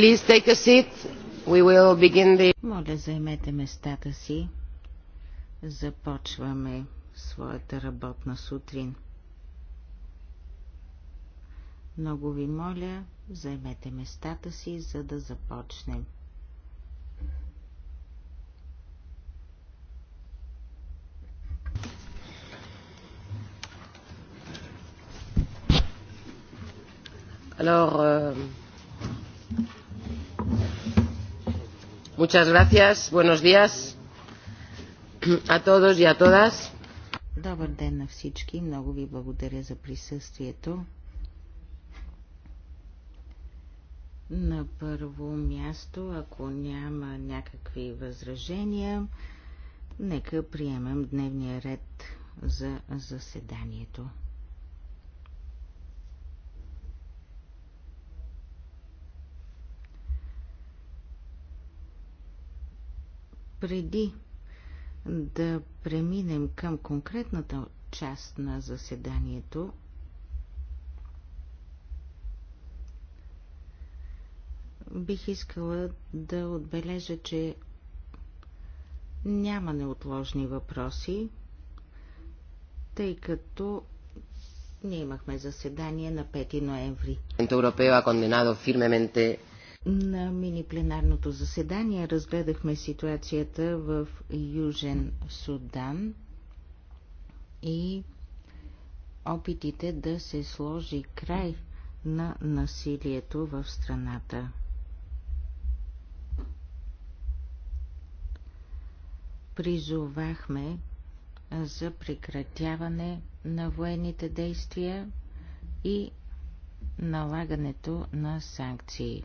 Please take a seat. We will begin the... Моля, заемете местата си. Започваме своята работна сутрин. Много ви моля, заемете местата си, за да започнем. Alors, euh, Muchas gracias. Buenos días a todos y a todas. Добър ден на всички. Много ви благодаря за присъствието. На първо място, ако няма някакви възражения, нека приемем дневния ред за заседанието. Преди да преминем към конкретната част на заседанието, бих искала да отбележа, че няма неотложни въпроси, тъй като ние имахме заседание на 5 ноември. Европейо ha condenado firmemente на мини-пленарното заседание разгледахме ситуацията в Южен Судан и опитите да се сложи край на насилието в страната. Призовахме за прекратяване на военните действия и налагането на санкции.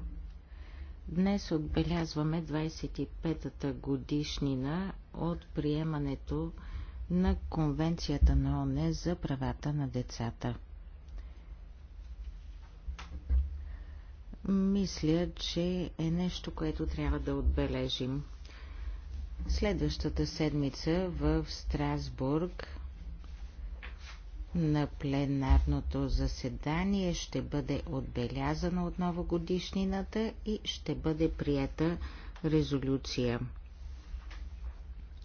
Днес отбелязваме 25-та годишнина от приемането на Конвенцията на ОНЕ за правата на децата. Мисля, че е нещо, което трябва да отбележим. Следващата седмица в Страсбург на пленарното заседание ще бъде отбелязана отново годишнината и ще бъде прията резолюция.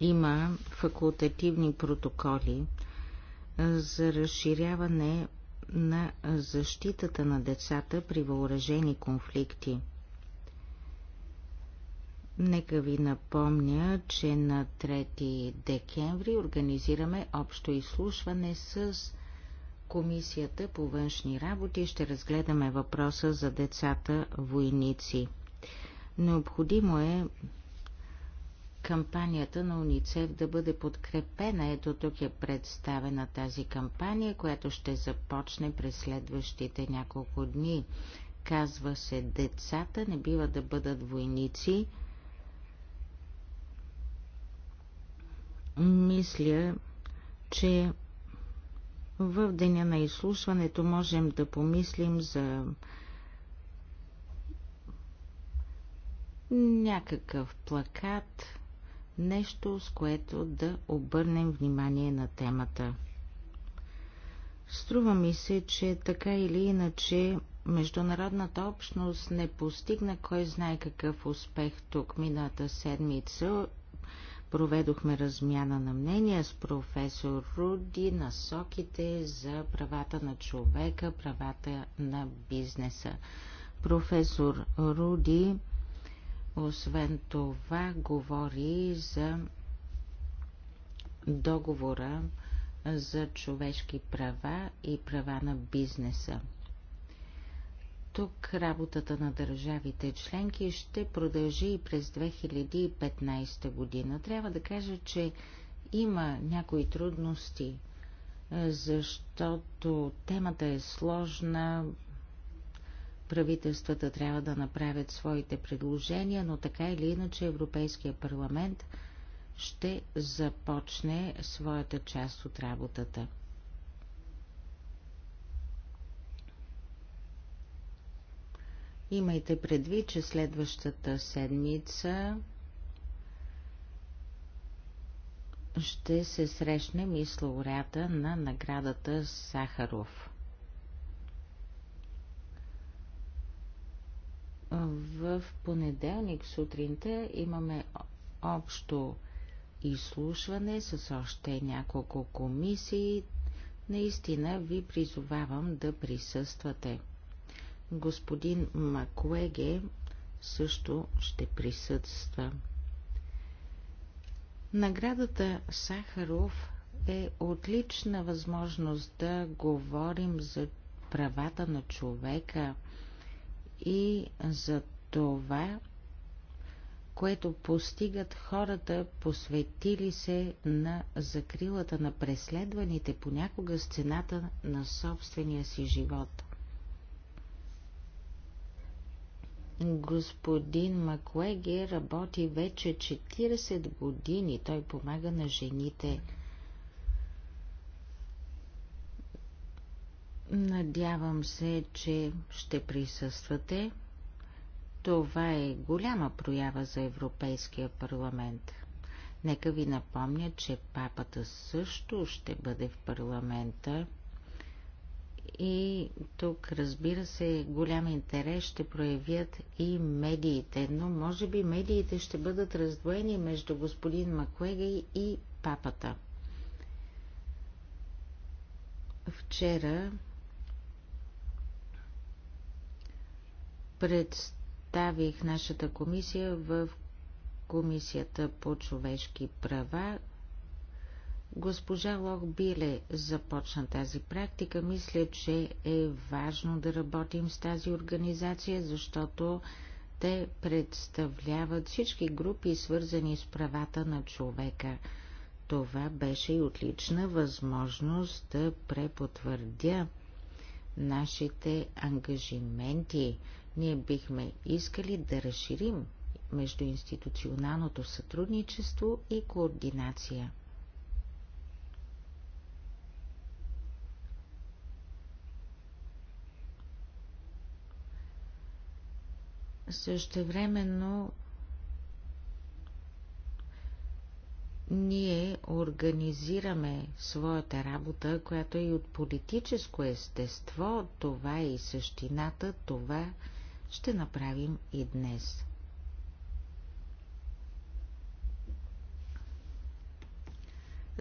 Има факултативни протоколи за разширяване на защитата на децата при въоръжени конфликти. Нека ви напомня, че на 3 декември организираме общо изслушване с Комисията по външни работи ще разгледаме въпроса за децата войници. Необходимо е кампанията на УНИЦЕФ да бъде подкрепена. Ето тук е представена тази кампания, която ще започне през следващите няколко дни. Казва се, децата не бива да бъдат войници. Мисля, че в деня на изслушването можем да помислим за някакъв плакат, нещо с което да обърнем внимание на темата. Струва ми се, че така или иначе международната общност не постигна кой знае какъв успех тук мината седмица Проведохме размяна на мнения с професор Руди, насоките за правата на човека, правата на бизнеса. Професор Руди, освен това, говори за договора за човешки права и права на бизнеса. Тук работата на държавите членки ще продължи и през 2015 година. Трябва да кажа, че има някои трудности, е, защото темата е сложна, правителствата трябва да направят своите предложения, но така или иначе Европейския парламент ще започне своята част от работата. Имайте предвид, че следващата седмица ще се срещнем и с лауреата на наградата Сахаров. В понеделник сутринта имаме общо изслушване с още няколко комисии. Наистина ви призовавам да присъствате. Господин Макуеге също ще присъства. Наградата Сахаров е отлична възможност да говорим за правата на човека и за това, което постигат хората, посветили се на закрилата на преследваните понякога сцената на собствения си живот – Господин Маклеге работи вече 40 години. Той помага на жените. Надявам се, че ще присъствате. Това е голяма проява за Европейския парламент. Нека ви напомня, че папата също ще бъде в парламента. И тук, разбира се, голям интерес ще проявят и медиите, но може би медиите ще бъдат раздвоени между господин Макуега и папата. Вчера представих нашата комисия в Комисията по човешки права Госпожа Лох Биле започна тази практика. Мисля, че е важно да работим с тази организация, защото те представляват всички групи, свързани с правата на човека. Това беше и отлична възможност да препотвърдя нашите ангажименти. Ние бихме искали да разширим междуинституционалното сътрудничество и координация. Същевременно ние организираме своята работа, която е и от политическо естество, това е и същината, това ще направим и днес.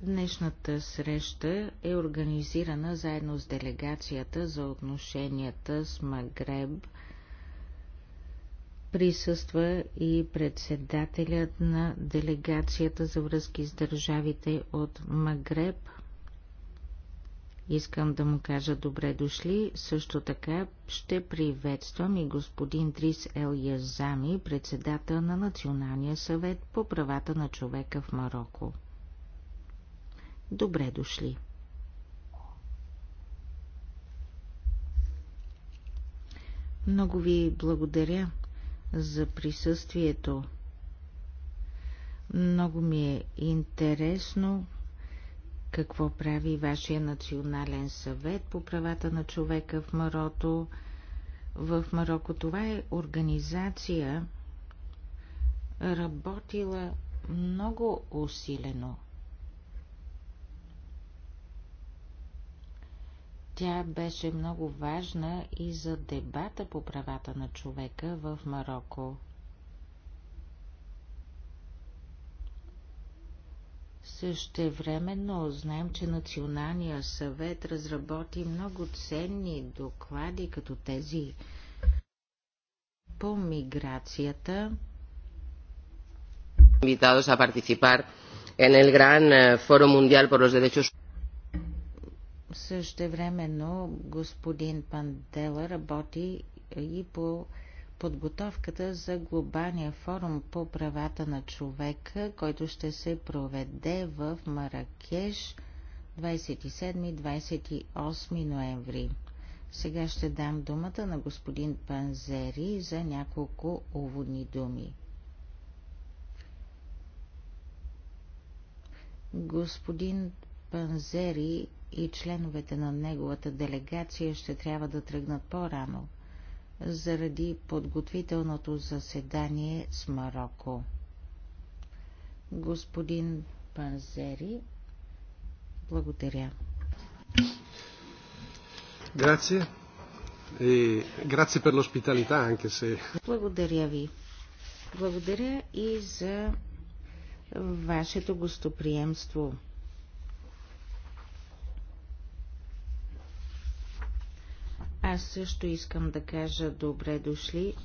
Днешната среща е организирана заедно с делегацията за отношенията с Магреб – Присъства и председателят на делегацията за връзки с държавите от Магреб. Искам да му кажа добре дошли. Също така ще приветствам и господин Трис Ел Язами, председател на Националния съвет по правата на човека в Марокко. Добре дошли! Много ви благодаря за присъствието. Много ми е интересно какво прави вашия национален съвет по правата на човека в Марото. В Марокко това е организация, работила много усилено – Тя беше много важна и за дебата по правата на човека в Марокко. Същевременно знаем, че Националния съвет разработи много ценни доклади, като тези по миграцията. Invitados a participar en el Gran eh, Foro Mundial por los Derechos Същевременно господин Пандела работи и по подготовката за глобалния форум по правата на човека, който ще се проведе в Маракеш 27-28 ноември. Сега ще дам думата на господин Панзери за няколко уводни думи. Господин Панзери и членовете на неговата делегация ще трябва да тръгнат по-рано, заради подготвителното заседание с Марокко. Господин Панзери, благодаря. Grazie. И grazie per l'ospitalità anche se... Благодаря ви. Благодаря и за вашето гостоприемство. Аз също искам да кажа добре дошли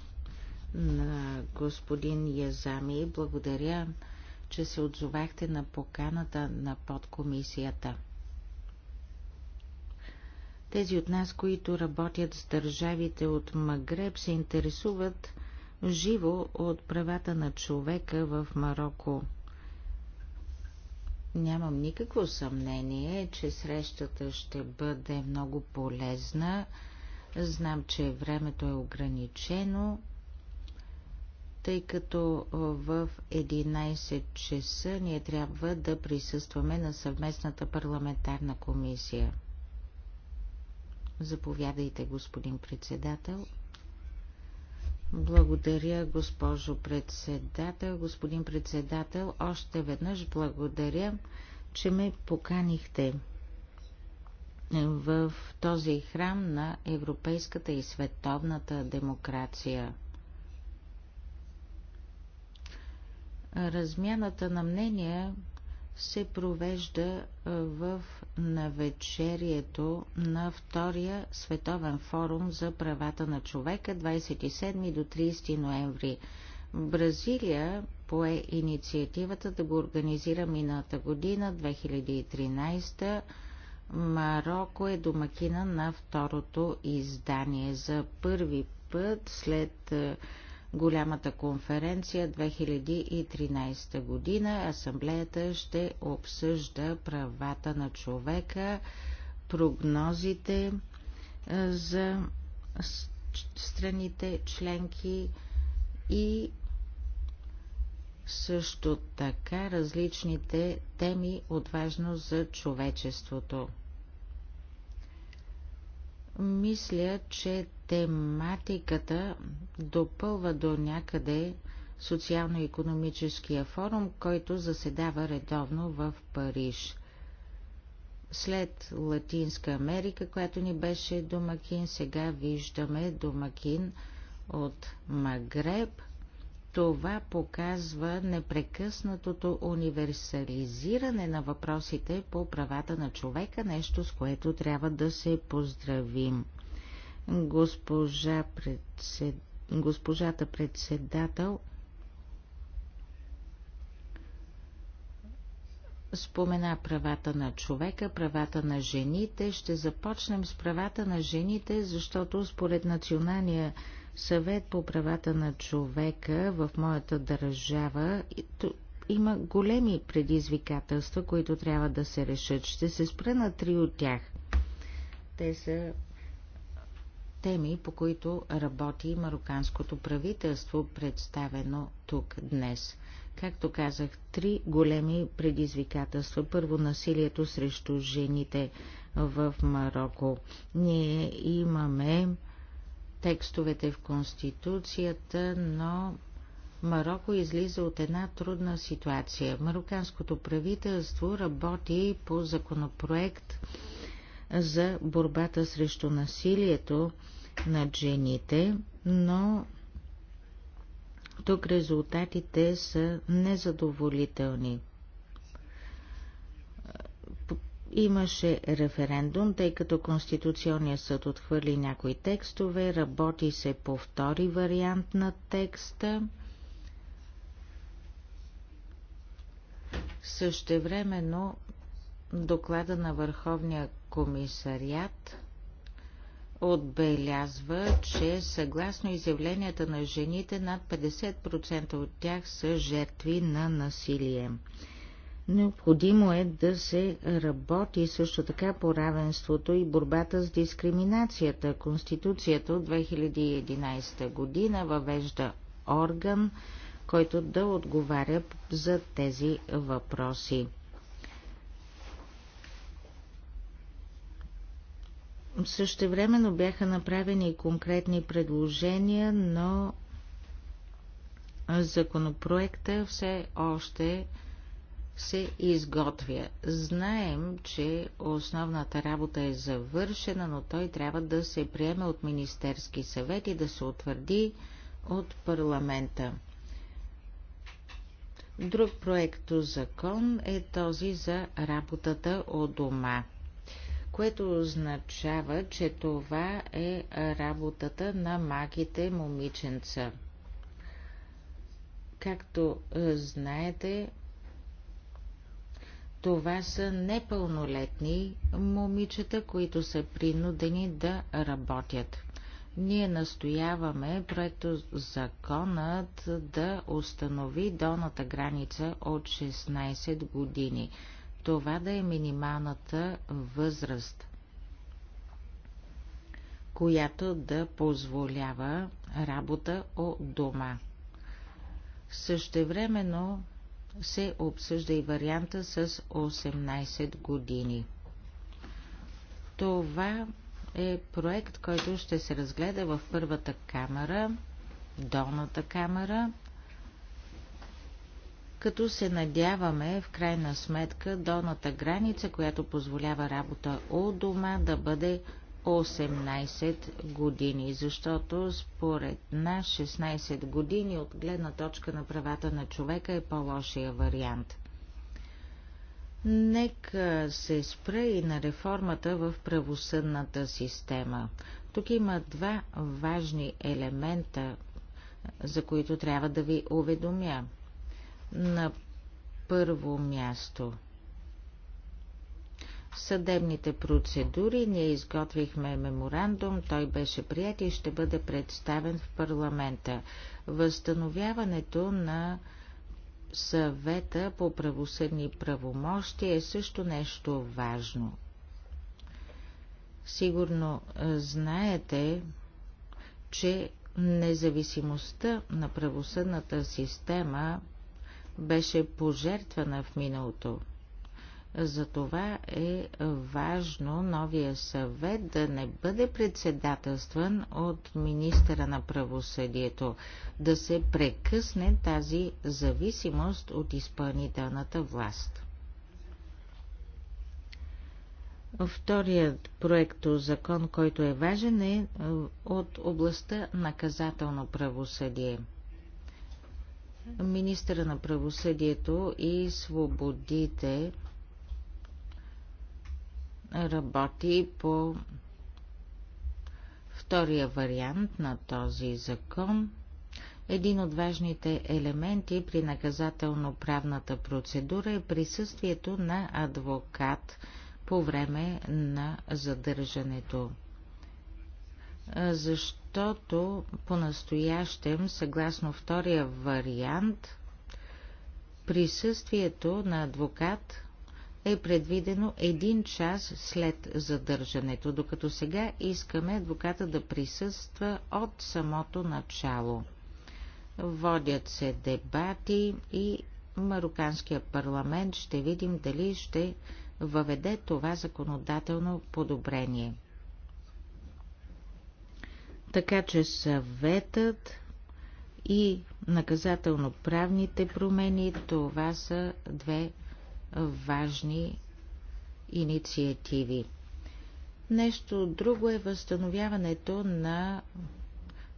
на господин Язами. Благодаря, че се отзовахте на поканата на подкомисията. Тези от нас, които работят с държавите от Магреб, се интересуват живо от правата на човека в Марокко. Нямам никакво съмнение, че срещата ще бъде много полезна. Знам, че времето е ограничено, тъй като в 11 часа ние трябва да присъстваме на съвместната парламентарна комисия. Заповядайте, господин председател. Благодаря, госпожо председател. Господин председател, още веднъж благодаря, че ме поканихте в този храм на европейската и световната демокрация. Размяната на мнения се провежда в навечерието на Втория световен форум за правата на човека 27 до 30 ноември. Бразилия пое инициативата да го организира миналата година 2013 Марокко е домакина на второто издание. За първи път след е, голямата конференция 2013 година асамблеята ще обсъжда правата на човека, прогнозите е, за страните членки и също така различните теми от важност за човечеството. Мисля, че тематиката допълва до някъде социално-економическия форум, който заседава редовно в Париж. След Латинска Америка, която ни беше домакин, сега виждаме домакин от Магреб – това показва непрекъснатото универсализиране на въпросите по правата на човека, нещо с което трябва да се поздравим. Госпожа председ... Госпожата председател спомена правата на човека, правата на жените. Ще започнем с правата на жените, защото според Националния съвет по правата на човека в моята държава има големи предизвикателства, които трябва да се решат. Ще се спра на три от тях. Те са теми, по които работи мароканското правителство, представено тук днес. Както казах, три големи предизвикателства. Първо, насилието срещу жените в Марокко. Ние имаме текстовете в Конституцията, но Марокко излиза от една трудна ситуация. Марокканското правителство работи по законопроект за борбата срещу насилието над жените, но тук резултатите са незадоволителни. Имаше референдум, тъй като Конституционният съд отхвърли някои текстове, работи се по втори вариант на текста. Същевременно доклада на Върховния комисариат отбелязва, че съгласно изявленията на жените, над 50% от тях са жертви на насилие. Необходимо е да се работи също така по равенството и борбата с дискриминацията. Конституцията от 2011 година въвежда орган, който да отговаря за тези въпроси. Същевременно бяха направени конкретни предложения, но законопроекта все още е се изготвя. Знаем, че основната работа е завършена, но той трябва да се приеме от Министерски съвет и да се утвърди от парламента. Друг проекто закон е този за работата от дома, което означава, че това е работата на маките момиченца. Както знаете, това са непълнолетни момичета, които са принудени да работят. Ние настояваме проекто законът да установи долната граница от 16 години. Това да е минималната възраст, която да позволява работа от дома. Същевременно се обсъжда и варианта с 18 години. Това е проект, който ще се разгледа в първата камера, долната камера, като се надяваме в крайна сметка долната граница, която позволява работа у дома да бъде 18 години, защото според нас 16 години от гледна точка на правата на човека е по-лошия вариант. Нека се спре и на реформата в правосъдната система. Тук има два важни елемента, за които трябва да ви уведомя. На първо място – съдебните процедури. Ние изготвихме меморандум, той беше прият и ще бъде представен в парламента. Възстановяването на съвета по правосъдни правомощи е също нещо важно. Сигурно е, знаете, че независимостта на правосъдната система беше пожертвана в миналото – затова е важно новия съвет да не бъде председателстван от министъра на правосъдието, да се прекъсне тази зависимост от изпълнителната власт. Вторият проекто закон, който е важен е, е от областта наказателно правосъдие. Министъра на правосъдието и свободите работи по втория вариант на този закон. Един от важните елементи при наказателно-правната процедура е присъствието на адвокат по време на задържането. Защото по-настоящем, съгласно втория вариант, присъствието на адвокат е предвидено един час след задържането, докато сега искаме адвоката да присъства от самото начало. Водят се дебати и Мароканския парламент ще видим дали ще въведе това законодателно подобрение. Така че съветът и наказателно-правните промени, това са две важни инициативи. Нещо друго е възстановяването на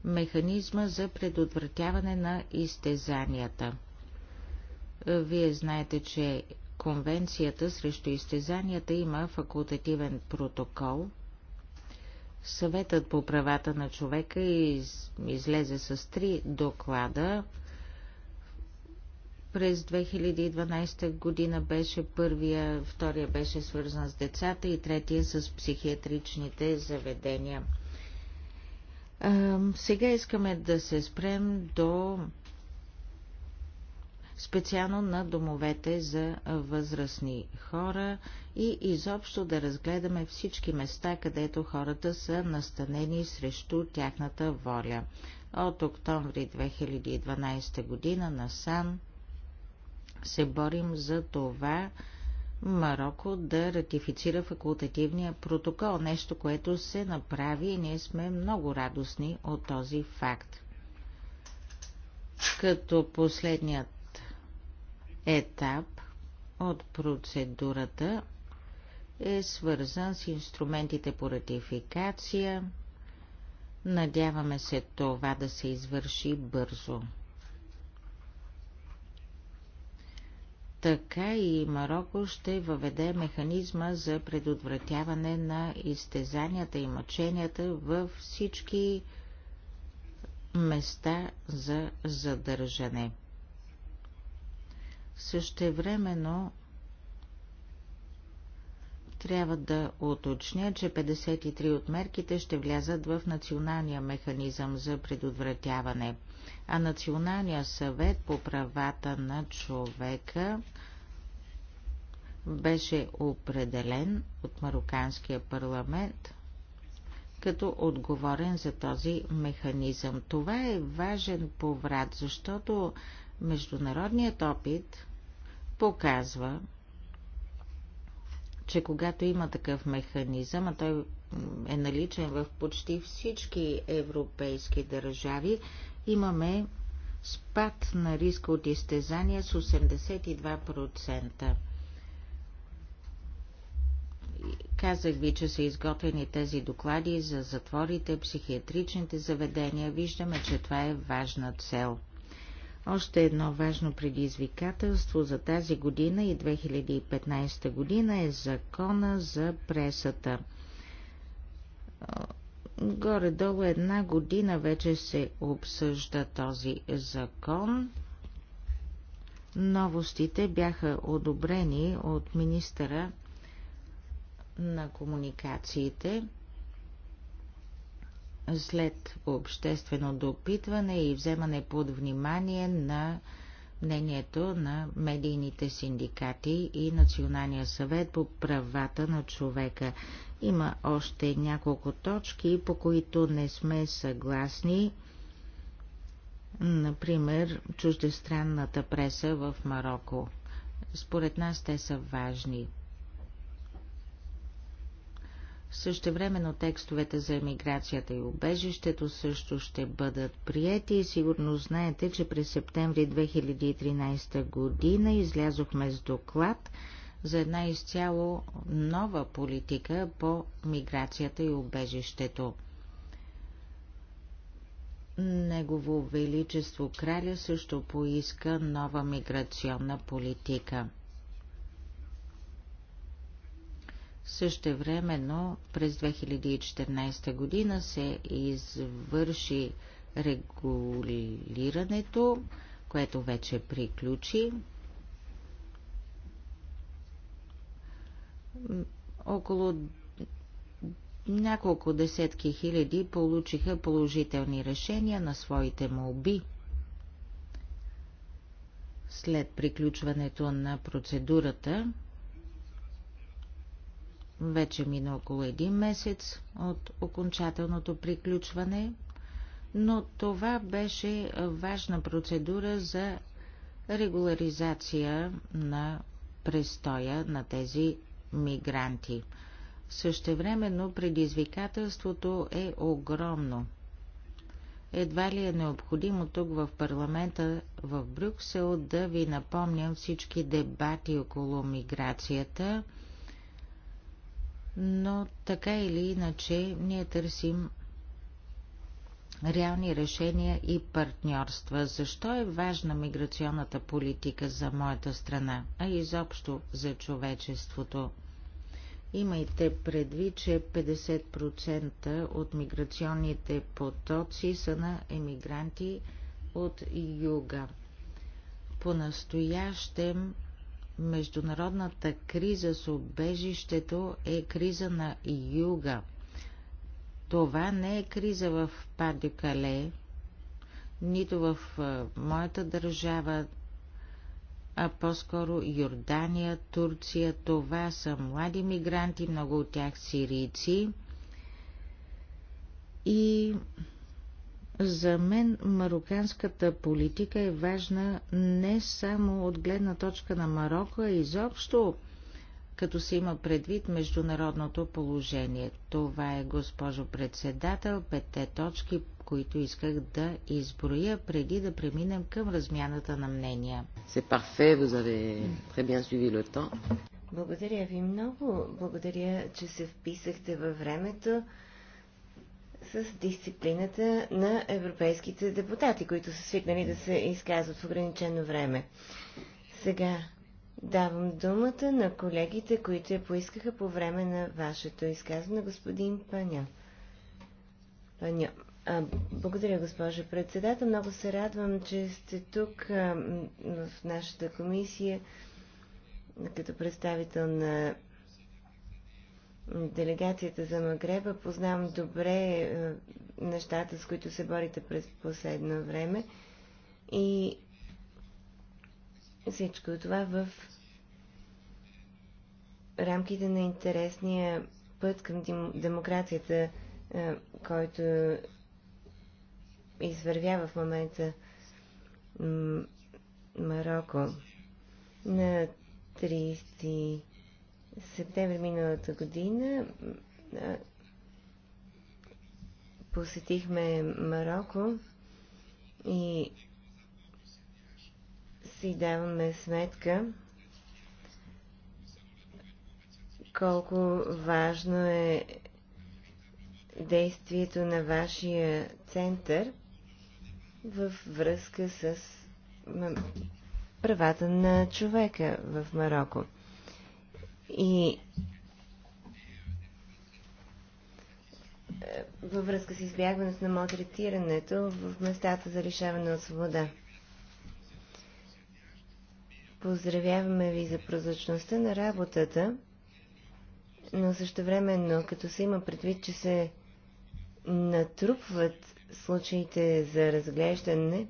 механизма за предотвратяване на изтезанията. Вие знаете, че Конвенцията срещу изтезанията има факултативен протокол. Съветът по правата на човека излезе с три доклада през 2012 година беше първия, втория беше свързан с децата и третия с психиатричните заведения. Сега искаме да се спрем до специално на домовете за възрастни хора и изобщо да разгледаме всички места, където хората са настанени срещу тяхната воля. От октомври 2012 година насам се борим за това Марокко да ратифицира факултативния протокол, нещо, което се направи и ние сме много радостни от този факт. Като последният етап от процедурата е свързан с инструментите по ратификация. Надяваме се това да се извърши бързо. така и Марокко ще въведе механизма за предотвратяване на изтезанията и мъченията във всички места за задържане. Същевременно трябва да уточня, че 53 от мерките ще влязат в националния механизъм за предотвратяване, а Националния съвет по правата на човека беше определен от Марокканския парламент като отговорен за този механизъм. Това е важен поврат, защото международният опит показва, че когато има такъв механизъм, а той е наличен в почти всички европейски държави, имаме спад на риска от изтезания с 82%. Казах ви, че са изготвени тези доклади за затворите, психиатричните заведения. Виждаме, че това е важна цел – още едно важно предизвикателство за тази година и 2015 година е закона за пресата. Горе-долу една година вече се обсъжда този закон. Новостите бяха одобрени от министъра на комуникациите след обществено допитване и вземане под внимание на мнението на медийните синдикати и Националния съвет по правата на човека. Има още няколко точки, по които не сме съгласни. Например, чуждестранната преса в Марокко. Според нас те са важни. Същевременно текстовете за емиграцията и убежището също ще бъдат прияти и сигурно знаете, че през септември 2013 година излязохме с доклад за една изцяло нова политика по миграцията и убежището. Негово Величество Краля също поиска нова миграционна политика – Също но през 2014 година се извърши регулирането, което вече приключи. Около няколко десетки хиляди получиха положителни решения на своите молби. След приключването на процедурата, вече мина около един месец от окончателното приключване, но това беше важна процедура за регуларизация на престоя на тези мигранти. Същевременно предизвикателството е огромно. Едва ли е необходимо тук в парламента в Брюксел да ви напомням всички дебати около миграцията – но така или иначе ние търсим реални решения и партньорства. Защо е важна миграционната политика за моята страна, а изобщо за човечеството? Имайте предвид, че 50% от миграционните потоци са на емигранти от юга. По-настоящем Международната криза с убежището е криза на юга. Това не е криза в Падюкале, нито в моята държава, а по-скоро Йордания, Турция. Това са млади мигранти, много от тях сирийци. И за мен мароканската политика е важна не само от гледна точка на Марокко, а изобщо като се има предвид международното положение. Това е, госпожо председател, петте точки, които исках да изброя преди да преминем към размяната на мнения. Благодаря ви много. Благодаря, че се вписахте във времето с дисциплината на европейските депутати, които са свикнали да се изказват в ограничено време. Сега давам думата на колегите, които я поискаха по време на вашето изказване, господин Паня. Паня. А, благодаря, госпожа председател. Много се радвам, че сте тук а, в нашата комисия като представител на делегацията за Магреба. Познавам добре е, нещата, с които се борите през последно време. И всичко това в рамките на интересния път към демокрацията, е, който извървява в момента Марокко. На 30 септември миналата година посетихме Марокко и си даваме сметка колко важно е действието на вашия център във връзка с правата на човека в Марокко. И е, във връзка с избягването на малтретирането в местата за лишаване от свобода. Поздравяваме ви за прозрачността на работата, но също времено, като се има предвид, че се натрупват случаите за разглеждане,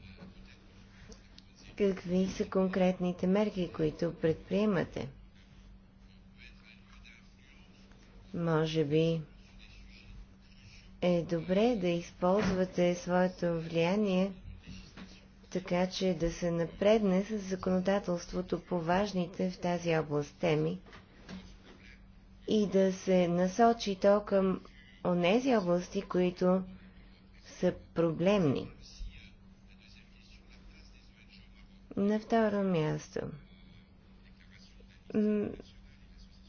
какви са конкретните мерки, които предприемате – Може би е добре да използвате своето влияние, така че да се напредне с законодателството по важните в тази област теми и да се насочи то към онези области, които са проблемни. На второ място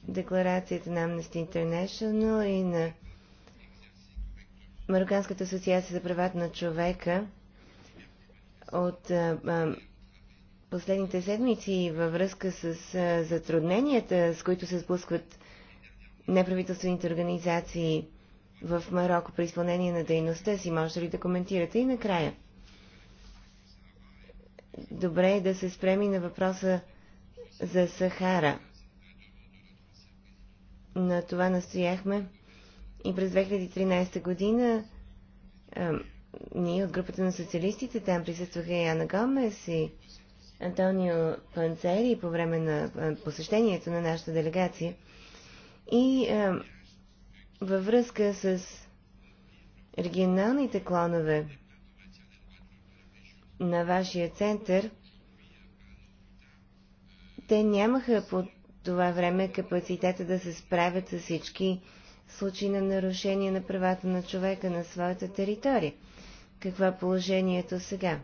декларацията на Amnesty International и на Марокканската асоциация за правата на човека от последните седмици във връзка с затрудненията, с които се сблъскват неправителствените организации в Марокко при изпълнение на дейността си. Може ли да коментирате и накрая? Добре е да се спреми на въпроса за Сахара – на това настояхме и през 2013 година а, ние от групата на социалистите там присъстваха и Ана Гомес и Антонио Панцери по време на посещението на нашата делегация. И а, във връзка с регионалните клонове на вашия център, те нямаха под това време капацитета да се справят с всички случаи на нарушение на правата на човека на своята територия. Какво е положението сега?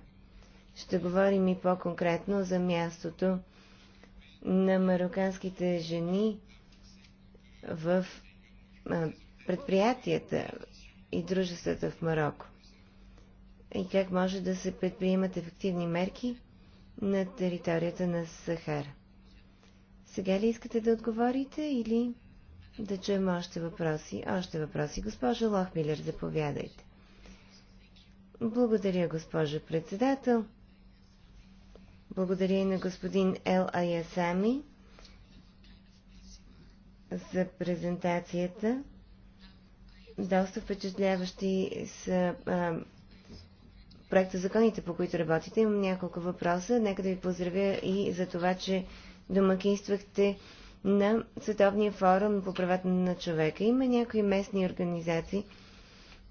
Ще говорим и по-конкретно за мястото на мароканските жени в предприятията и дружествата в Марокко. И как може да се предприемат ефективни мерки на територията на Сахара. Сега ли искате да отговорите или да чуем още въпроси? Още въпроси. Госпожа Лохмилер, заповядайте. Благодаря, госпожа председател. Благодаря и на господин Ел Аясами за презентацията. Доста впечатляващи са проекта законите, по които работите. Имам няколко въпроса. Нека да ви поздравя и за това, че домакинствахте на Световния форум по правата на човека. Има някои местни организации,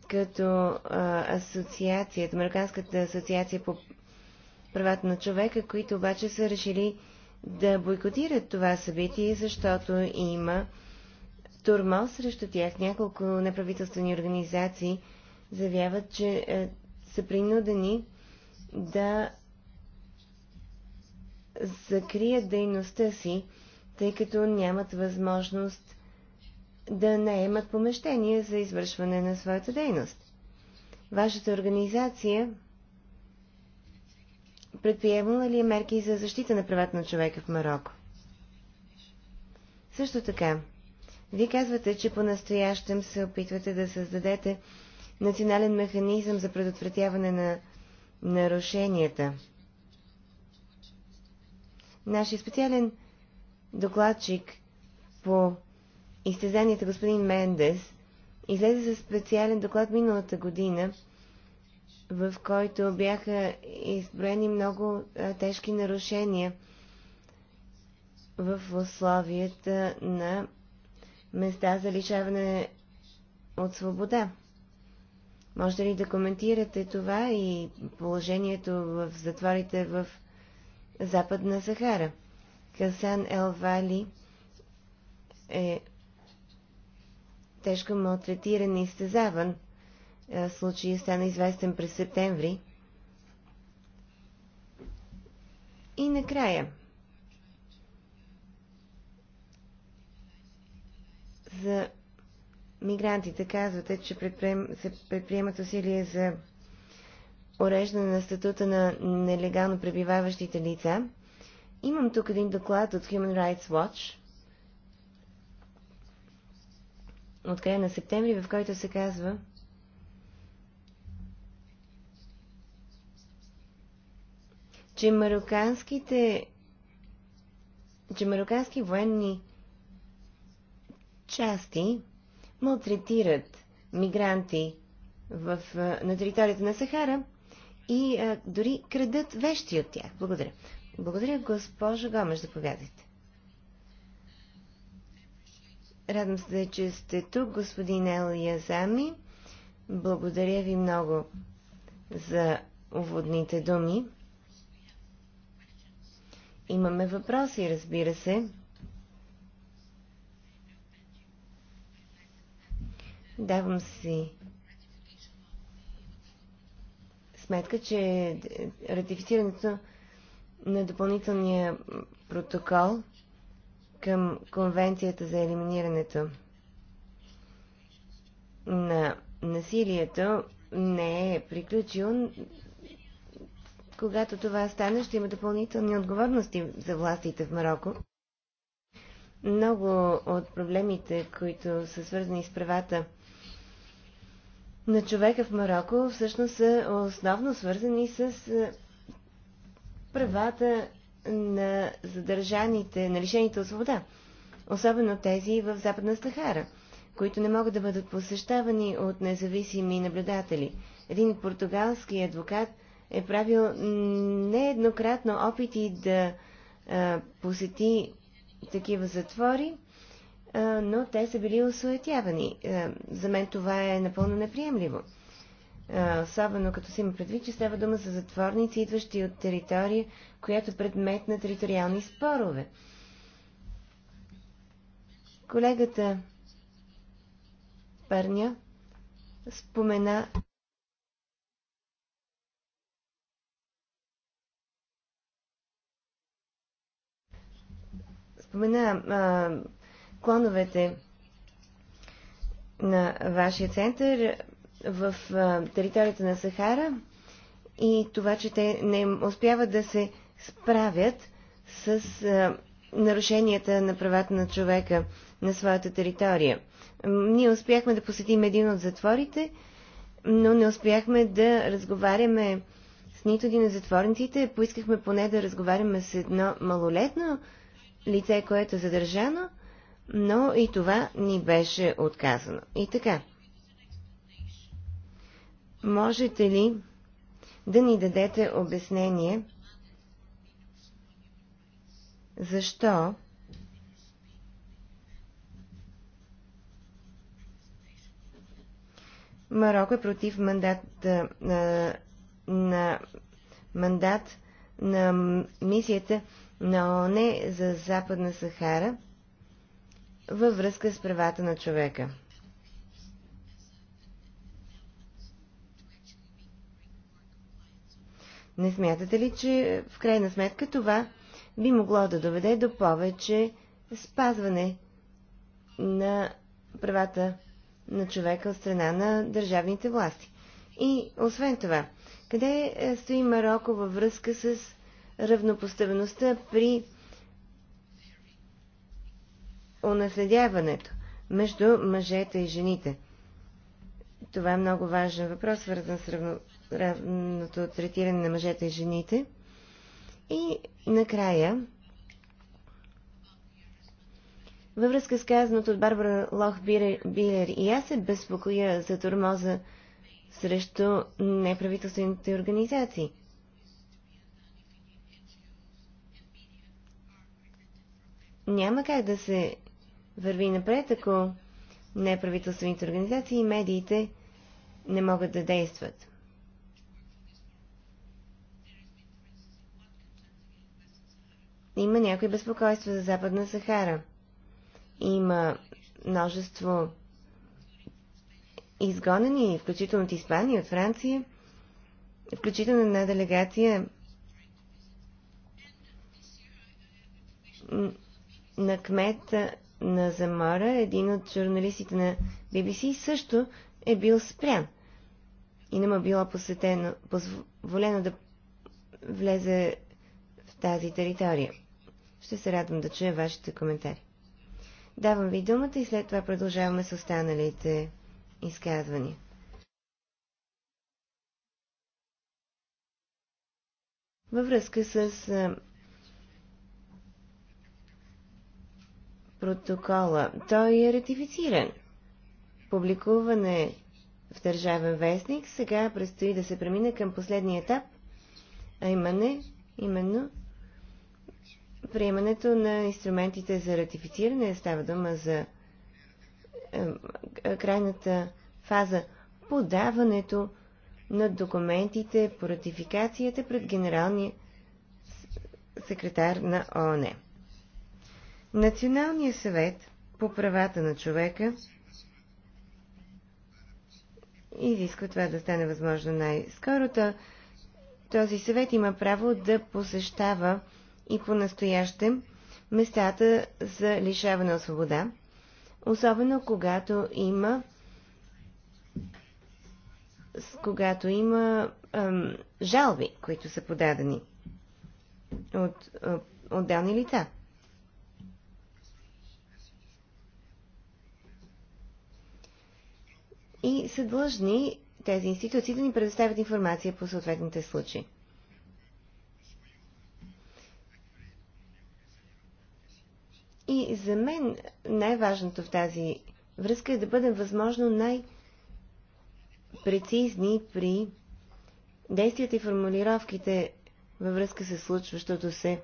като асоциацията, Американската асоциация по правата на човека, които обаче са решили да бойкотират това събитие, защото има турмоз срещу тях. Няколко неправителствени организации заявяват, че е, са принудени да закрият дейността си, тъй като нямат възможност да имат помещение за извършване на своята дейност. Вашата организация предприемала ли е мерки за защита на правата на човека в Марокко? Също така, вие казвате, че по-настоящем се опитвате да създадете национален механизъм за предотвратяване на нарушенията – Нашия специален докладчик по изтезанията господин Мендес излезе със специален доклад миналата година, в който бяха изброени много тежки нарушения в условията на места за лишаване от свобода. Може ли да коментирате това и положението в затворите в Западна Сахара. Касан Елвали е тежко малтретиран и изтезаван. Е, Случая стана известен през септември. И накрая. За мигрантите казвате, че предприем... се предприемат усилия за уреждане на статута на нелегално пребиваващите лица. Имам тук един доклад от Human Rights Watch от края на септември, в който се казва, че мароканските че марокански военни части малтретират мигранти в, на територията на Сахара, и а, дори крадат вещи от тях. Благодаря. Благодаря, госпожа Гомеш, заповядайте. Радвам се, че сте тук, господин Ел Язами. Благодаря ви много за уводните думи. Имаме въпроси, разбира се. Давам си сметка, че ратифицирането на допълнителния протокол към Конвенцията за елиминирането на насилието не е приключил. Когато това стане, ще има допълнителни отговорности за властите в Марокко. Много от проблемите, които са свързани с правата на човека в Марокко всъщност са основно свързани с е, правата на задържаните, на лишените от свобода, особено тези в Западна Сахара, които не могат да бъдат посещавани от независими наблюдатели. Един португалски адвокат е правил нееднократно опити да а, е, посети такива затвори но те са били осуетявани. За мен това е напълно неприемливо. Особено като си има предвид, че става дума за затворници, идващи от територия, която е предмет на териториални спорове. Колегата Парня спомена спомена клоновете на вашия център в територията на Сахара и това, че те не успяват да се справят с нарушенията на правата на човека на своята територия. Ние успяхме да посетим един от затворите, но не успяхме да разговаряме с нито един от затворниците. Поискахме поне да разговаряме с едно малолетно лице, което е задържано – но и това ни беше отказано. И така, можете ли да ни дадете обяснение защо Марокко е против мандат на, на мандат на мисията на ОНЕ за Западна Сахара – във връзка с правата на човека. Не смятате ли, че в крайна сметка това би могло да доведе до повече спазване на правата на човека от страна на държавните власти? И освен това, къде е, стои Марокко във връзка с равнопоставеността при онаследяването между мъжете и жените. Това е много важен въпрос, свързан с равно, равното третиране на мъжете и жените. И накрая, във връзка с казаното от Барбара Лох Билер и аз се безпокоя за тормоза срещу неправителствените организации. Няма как да се върви напред, ако неправителствените организации и медиите не могат да действат. Има някои безпокойства за Западна Сахара. Има множество изгонени, включително от Испания, от Франция, включително една делегация на кмета на Замора, един от журналистите на BBC, също е бил спрян. И не му е било посетено, позволено да влезе в тази територия. Ще се радвам да чуя вашите коментари. Давам ви думата и след това продължаваме с останалите изказвания. Във връзка с протокола. Той е ратифициран. Публикуване в Държавен вестник. Сега предстои да се премине към последния етап, а имане, именно приемането на инструментите за ратифициране. Става дума за крайната фаза подаването на документите по ратификацията пред генералния секретар на ООН. Националният съвет по правата на човека изисква това да стане възможно най-скоро. Този съвет има право да посещава и по-настоящем местата за лишаване от свобода, особено когато има когато има ем, жалби, които са подадени от, от отделни лица. и са длъжни тези институции да ни предоставят информация по съответните случаи. И за мен най-важното в тази връзка е да бъдем възможно най-прецизни при действията и формулировките във връзка с случващото се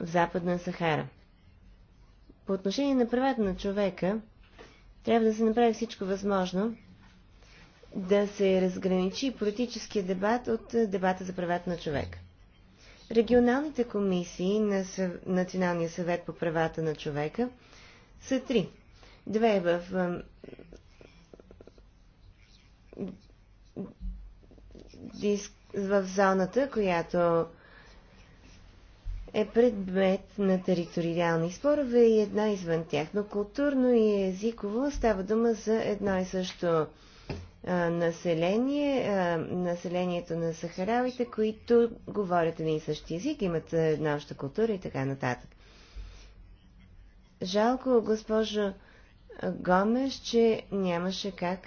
в Западна Сахара. По отношение на правата на човека, трябва да се направи всичко възможно да се разграничи политическия дебат от е, дебата за правата на човека. Регионалните комисии на Националния съвет по правата на човека са три. Две в е, в зоната, която е предмет на териториални спорове и една извън тях. Но културно и езиково става дума за едно и също а, население, а, населението на Сахаравите, които говорят един и същи език, имат една обща култура и така нататък. Жалко, госпожо Гомеш, че нямаше как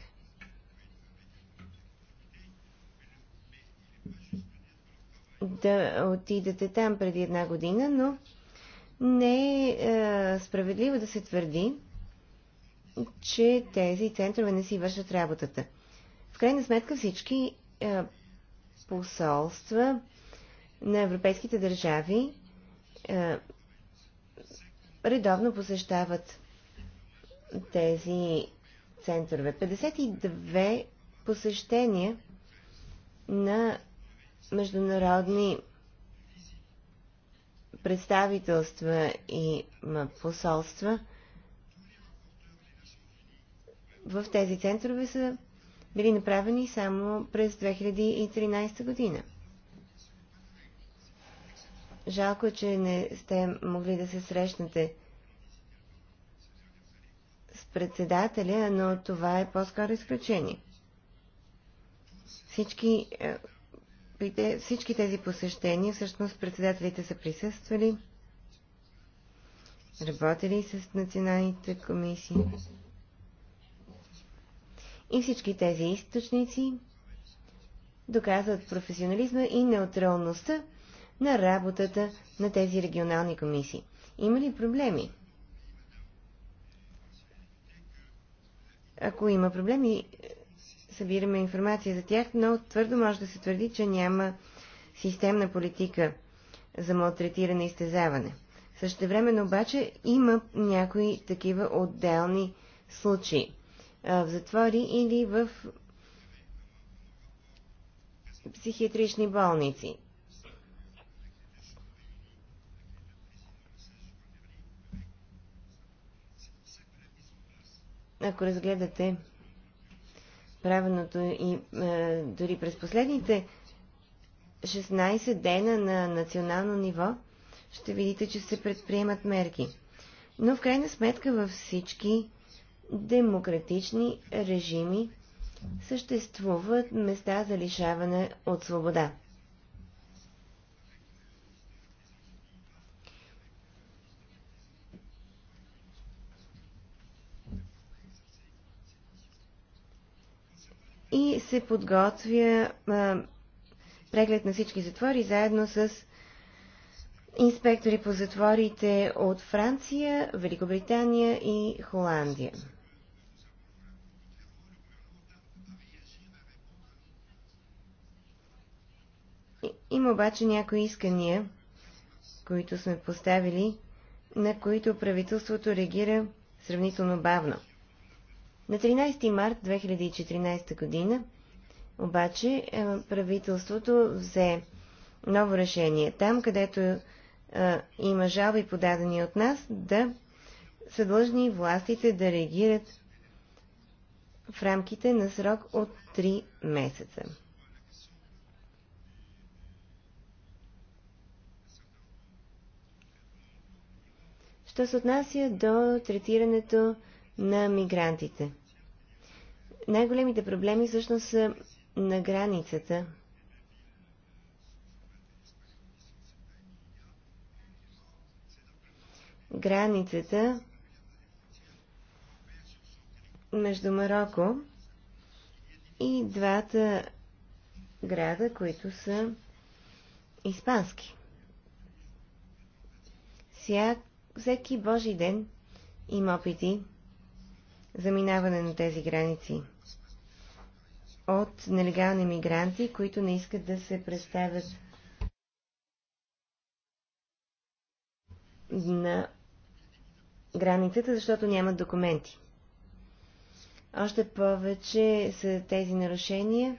да отидете там преди една година, но не е, е справедливо да се твърди, че тези центрове не си вършат работата. В крайна сметка всички е, посолства на европейските държави е, редовно посещават тези центрове. 52 посещения на международни представителства и посолства в тези центрове са били направени само през 2013 година. Жалко е, че не сте могли да се срещнете с председателя, но това е по-скоро изключение. Всички е, при те, всички тези посещения, всъщност, председателите са присъствали, работили с националните комисии. И всички тези източници доказват професионализма и неутралността на работата на тези регионални комисии. Има ли проблеми? Ако има проблеми, събираме информация за тях, но твърдо може да се твърди, че няма системна политика за малтретиране и стезаване. Същевременно обаче има някои такива отделни случаи. В затвори или в психиатрични болници. Ако разгледате правеното и е, дори през последните 16 дена на национално ниво, ще видите, че се предприемат мерки. Но в крайна сметка във всички демократични режими съществуват места за лишаване от свобода. и се подготвя а, преглед на всички затвори заедно с инспектори по затворите от Франция, Великобритания и Холандия. Има обаче някои искания, които сме поставили, на които правителството реагира сравнително бавно – на 13 март 2014 година обаче е, правителството взе ново решение. Там, където е, има жалби подадени от нас, да са длъжни властите да реагират в рамките на срок от 3 месеца. Що се отнася до третирането на мигрантите? най-големите проблеми всъщност са на границата. Границата между Марокко и двата града, които са испански. всеки Божи ден има опити заминаване на тези граници от нелегални мигранти, които не искат да се представят на границата, защото нямат документи. Още повече са тези нарушения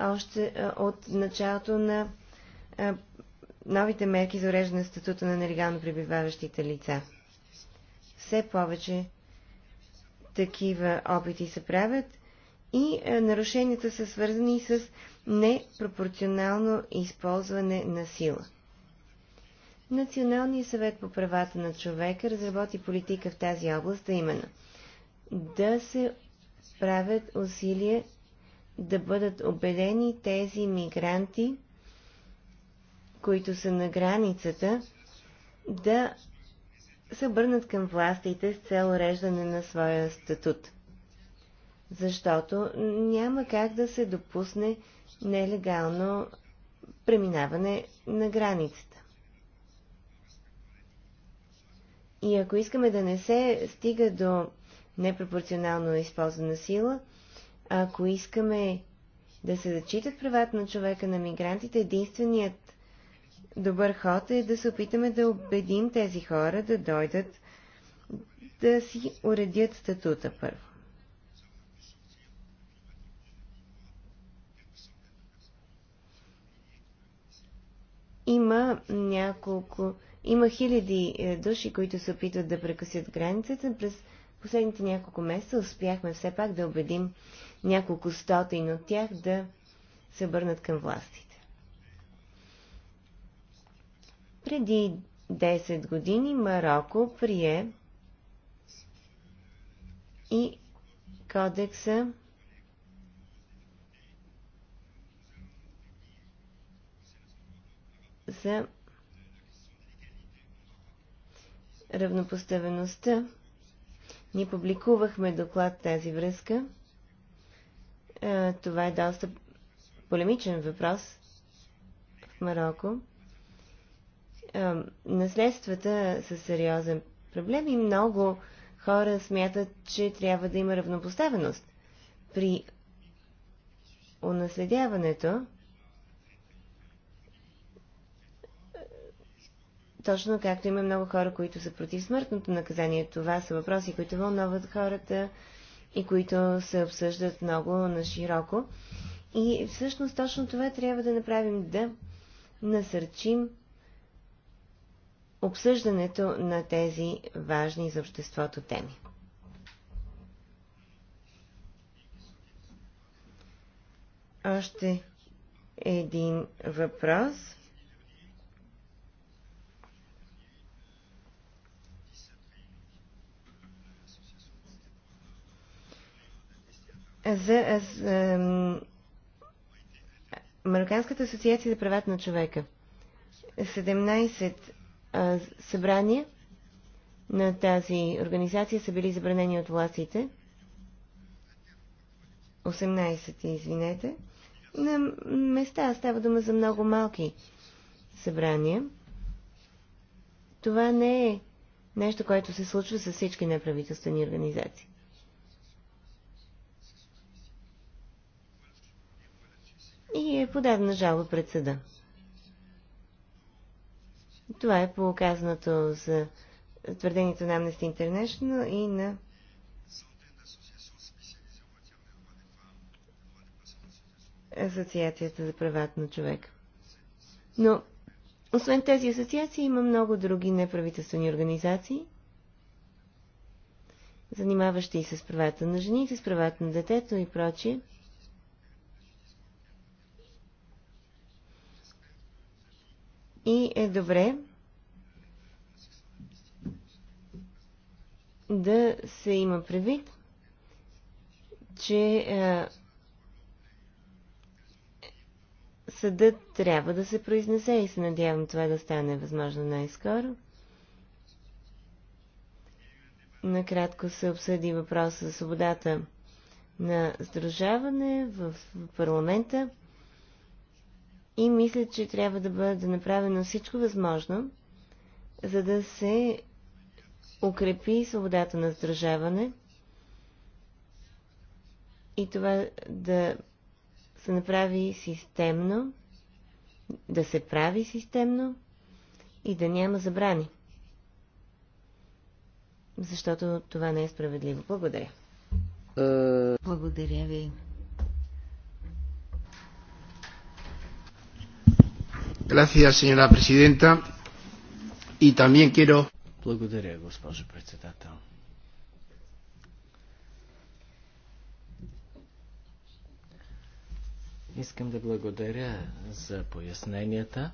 още от началото на новите мерки за уреждане на статута на нелегално пребиваващите лица. Все повече такива опити се правят и е, нарушенията са свързани с непропорционално използване на сила. Националният съвет по правата на човека разработи политика в тази област, а именно да се правят усилия да бъдат обедени тези мигранти, които са на границата, да се обърнат към властите с цел уреждане на своя статут. Защото няма как да се допусне нелегално преминаване на границата. И ако искаме да не се стига до непропорционално използвана сила, ако искаме да се зачитат правата на човека на мигрантите, единственият добър ход е да се опитаме да убедим тези хора да дойдат да си уредят статута първо. Има няколко, има хиляди е, души, които се опитват да прекъсят границата. През последните няколко месеца успяхме все пак да убедим няколко стотин от тях да се върнат към властите. Преди 10 години Марокко прие и кодекса за равнопоставеността. Ние публикувахме доклад тази връзка. Е, това е доста полемичен въпрос в Марокко а, е, наследствата са сериозен проблем и много хора смятат, че трябва да има равнопоставеност. При унаследяването, точно както има много хора, които са против смъртното наказание, това са въпроси, които вълнуват хората и които се обсъждат много на широко. И всъщност точно това трябва да направим, да насърчим обсъждането на тези важни за обществото теми. Още един въпрос. За, за Марокканската асоциация за правата на човека. 17 събрания на тази организация са били забранени от властите. 18, извинете. На места става дума за много малки събрания. Това не е нещо, което се случва с всички неправителствени организации. И е подадена жалба пред съда. Това е по за твърдението на Amnesty International и на Асоциацията за правата на човека. Но, освен тези асоциации, има много други неправителствени организации, занимаващи и с правата на жените, с правата на детето и прочие. И е добре да се има предвид, че а, е, съдът трябва да се произнесе и се надявам това да стане възможно най-скоро. Накратко се обсъди въпроса за свободата на сдружаване в парламента. И мисля, че трябва да бъде направено всичко възможно, за да се укрепи свободата на сдружаване и това да се направи системно, да се прави системно и да няма забрани. Защото това не е справедливо. Благодаря. Благодаря ви. Gracias, señora presidenta. también quiero... Благодаря, госпожо председател. Искам да благодаря за поясненията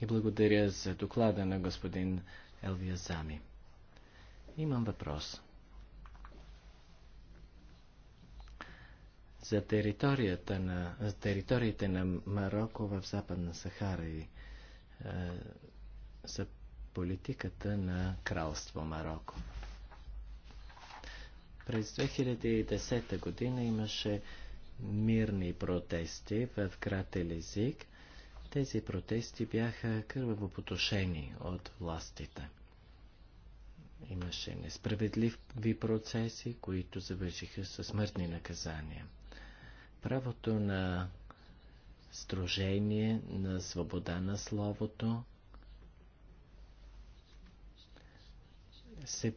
и благодаря за доклада на господин Елвия Зами. Имам въпрос. за територията на, за териториите на Марокко в Западна Сахара и е, за политиката на кралство Марокко. През 2010 година имаше мирни протести в град Елизик. Тези протести бяха кърваво потушени от властите. Имаше несправедливи процеси, които завършиха със смъртни наказания. Правото на сдружение, на свобода на словото се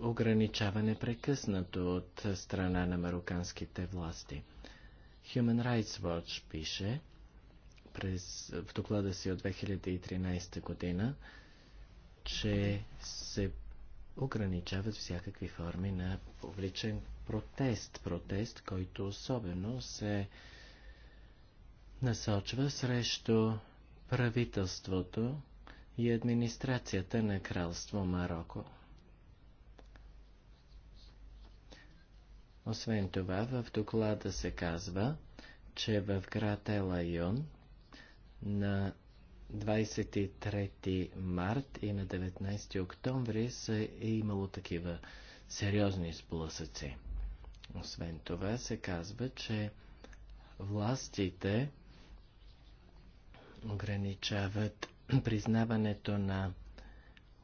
ограничава непрекъснато от страна на мароканските власти. Human Rights Watch пише през, в доклада си от 2013 година, че се ограничават всякакви форми на публичен протест. Протест, който особено се насочва срещу правителството и администрацията на кралство Марокко. Освен това, в доклада се казва, че в град Елайон на 23 март и на 19 октомври са е имало такива сериозни сблъсъци. Освен това се казва, че властите ограничават признаването на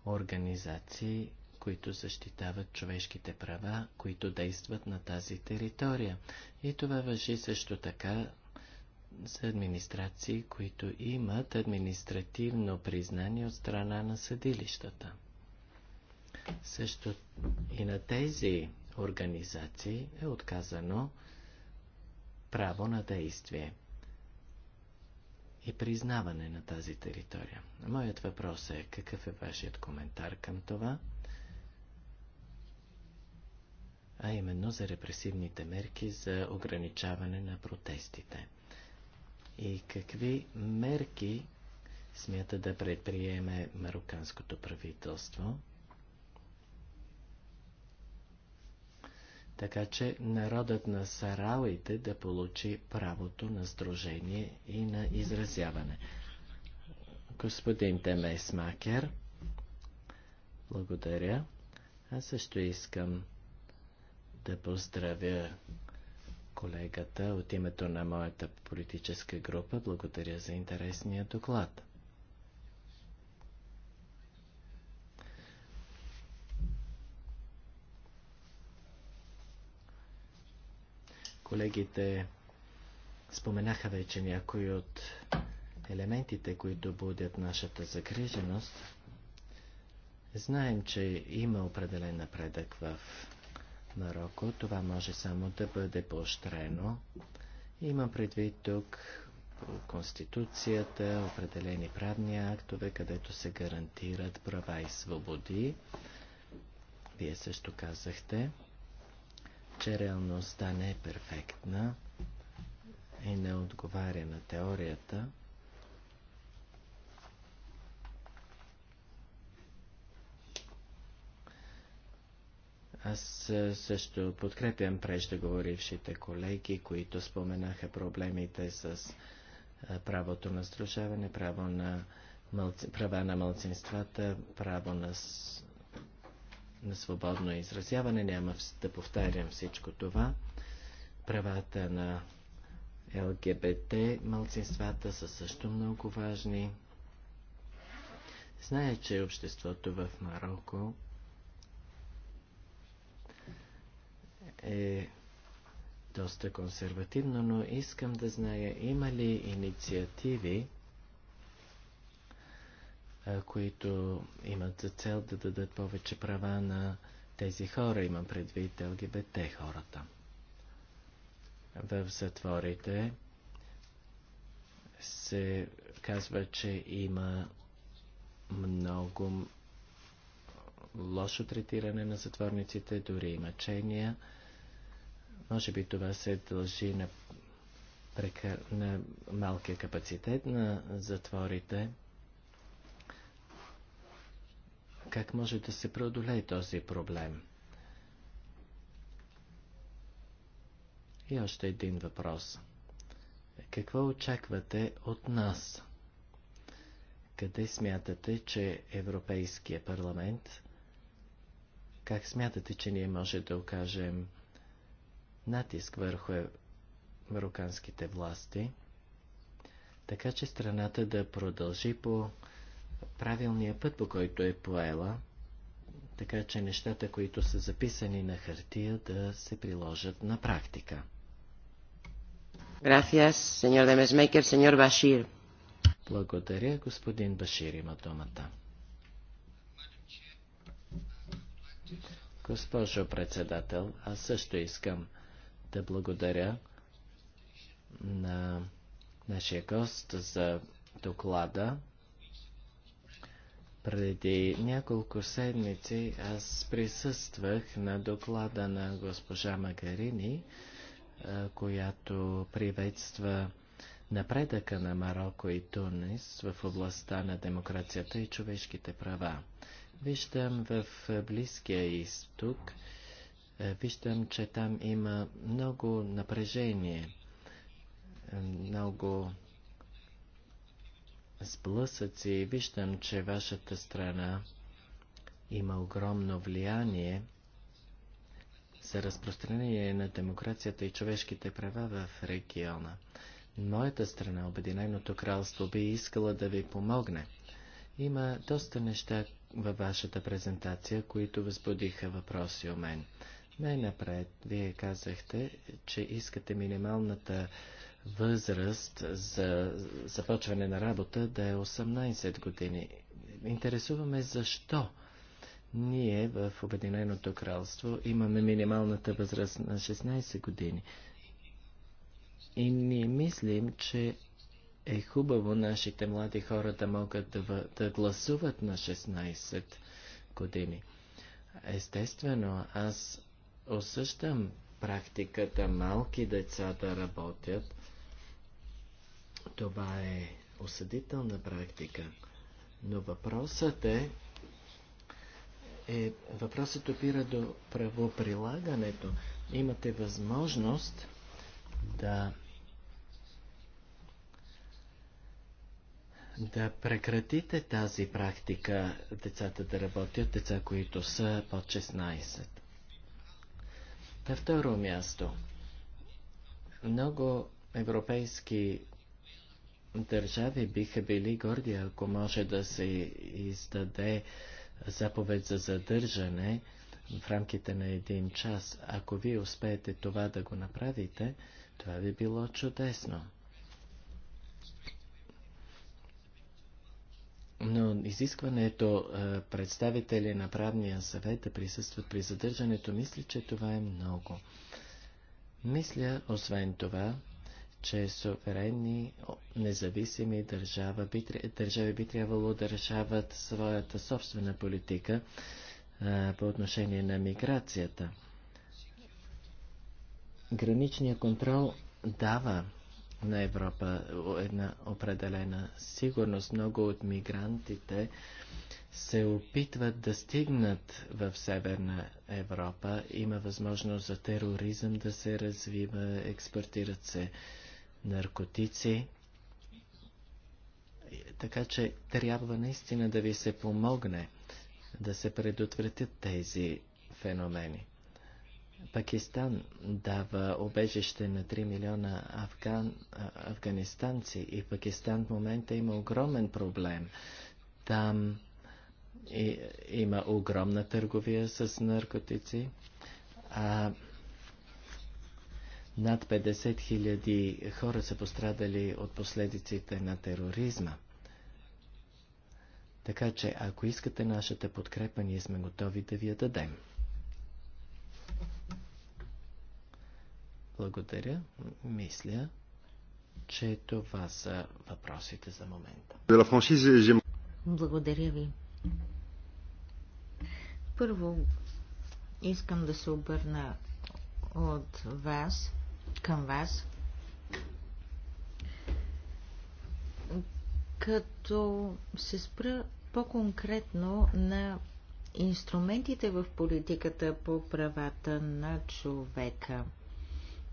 организации, които защитават човешките права, които действат на тази територия. И това въжи също така за администрации, които имат административно признание от страна на съдилищата. Също и на тези организации е отказано право на действие и признаване на тази територия. Моят въпрос е какъв е вашият коментар към това? а именно за репресивните мерки за ограничаване на протестите. И какви мерки смята да предприеме марокканското правителство така че народът на сарауите да получи правото на сдружение и на изразяване. Господин Темес Макер, благодаря. Аз също искам да поздравя колегата от името на моята политическа група. Благодаря за интересния доклад. Колегите споменаха вече някои от елементите, които будят нашата загриженост. Знаем, че има определен напредък в Марокко. Това може само да бъде поощрено. Има предвид тук Конституцията, определени правни актове, където се гарантират права и свободи. Вие също казахте че реалността не е перфектна и не отговаря на теорията. Аз също подкрепям преждеговорившите колеги, които споменаха проблемите с правото на сдружаване, право на мълци... права на мълцинствата, право на на свободно изразяване. Няма да повтарям всичко това. Правата на ЛГБТ мълцинствата са също много важни. Зная, че обществото в Марокко е доста консервативно, но искам да зная има ли инициативи, които имат за цел да дадат повече права на тези хора, имам предвид ЛГБТ хората. В затворите се казва, че има много лошо третиране на затворниците, дори и мъчения. Може би това се дължи на, прекър... на малкия капацитет на затворите как може да се преодолее този проблем? И още един въпрос. Какво очаквате от нас? Къде смятате, че Европейския парламент, как смятате, че ние може да окажем натиск върху е- мароканските власти, така че страната да продължи по правилния път, по който е поела, така че нещата, които са записани на хартия, да се приложат на практика. Gracias, señor Demesmaker. Señor Bashir. Благодаря, господин Башир има думата. Госпожо председател, аз също искам да благодаря на нашия гост за доклада. Преди няколко седмици аз присъствах на доклада на госпожа Магарини, която приветства напредъка на Марокко и Тунис в областта на демокрацията и човешките права. Виждам в Близкия изток, виждам, че там има много напрежение, много сблъсъци. и Виждам, че вашата страна има огромно влияние за разпространение на демокрацията и човешките права в региона. Моята страна, Обединеното кралство, би искала да ви помогне. Има доста неща във вашата презентация, които възбудиха въпроси у мен. Най-напред, вие казахте, че искате минималната възраст за започване на работа да е 18 години. Интересуваме защо ние в Обединеното кралство имаме минималната възраст на 16 години. И ние мислим, че е хубаво нашите млади хора да могат да, да гласуват на 16 години. Естествено, аз осъщам практиката малки деца да работят. Това е осъдителна практика. Но въпросът е, е въпросът опира до правоприлагането. Имате възможност да да прекратите тази практика децата да работят, деца, които са под 16. На второ място, много европейски държави биха били горди, ако може да се издаде заповед за задържане в рамките на един час. Ако вие успеете това да го направите, това би било чудесно. Но изискването е, представители на правния съвет да присъстват при задържането, мисля, че това е много. Мисля, освен това, че суверенни, независими държава би, държави би трябвало да решават своята собствена политика а, е, по отношение на миграцията. Граничният контрол дава на Европа една определена сигурност. Много от мигрантите се опитват да стигнат в Северна Европа. Има възможност за тероризъм да се развива, експортират се наркотици. Така че трябва наистина да ви се помогне да се предотвратят тези феномени. Пакистан дава обежище на 3 милиона афган, афганистанци и Пакистан в момента има огромен проблем. Там и, има огромна търговия с наркотици. А, над 50 хиляди хора са пострадали от последиците на тероризма. Така че, ако искате нашата подкрепа, ние сме готови да ви я дадем. Благодаря. Мисля, че това са въпросите за момента. Благодаря ви. Първо, искам да се обърна от вас към вас. Като се спра по-конкретно на инструментите в политиката по правата на човека –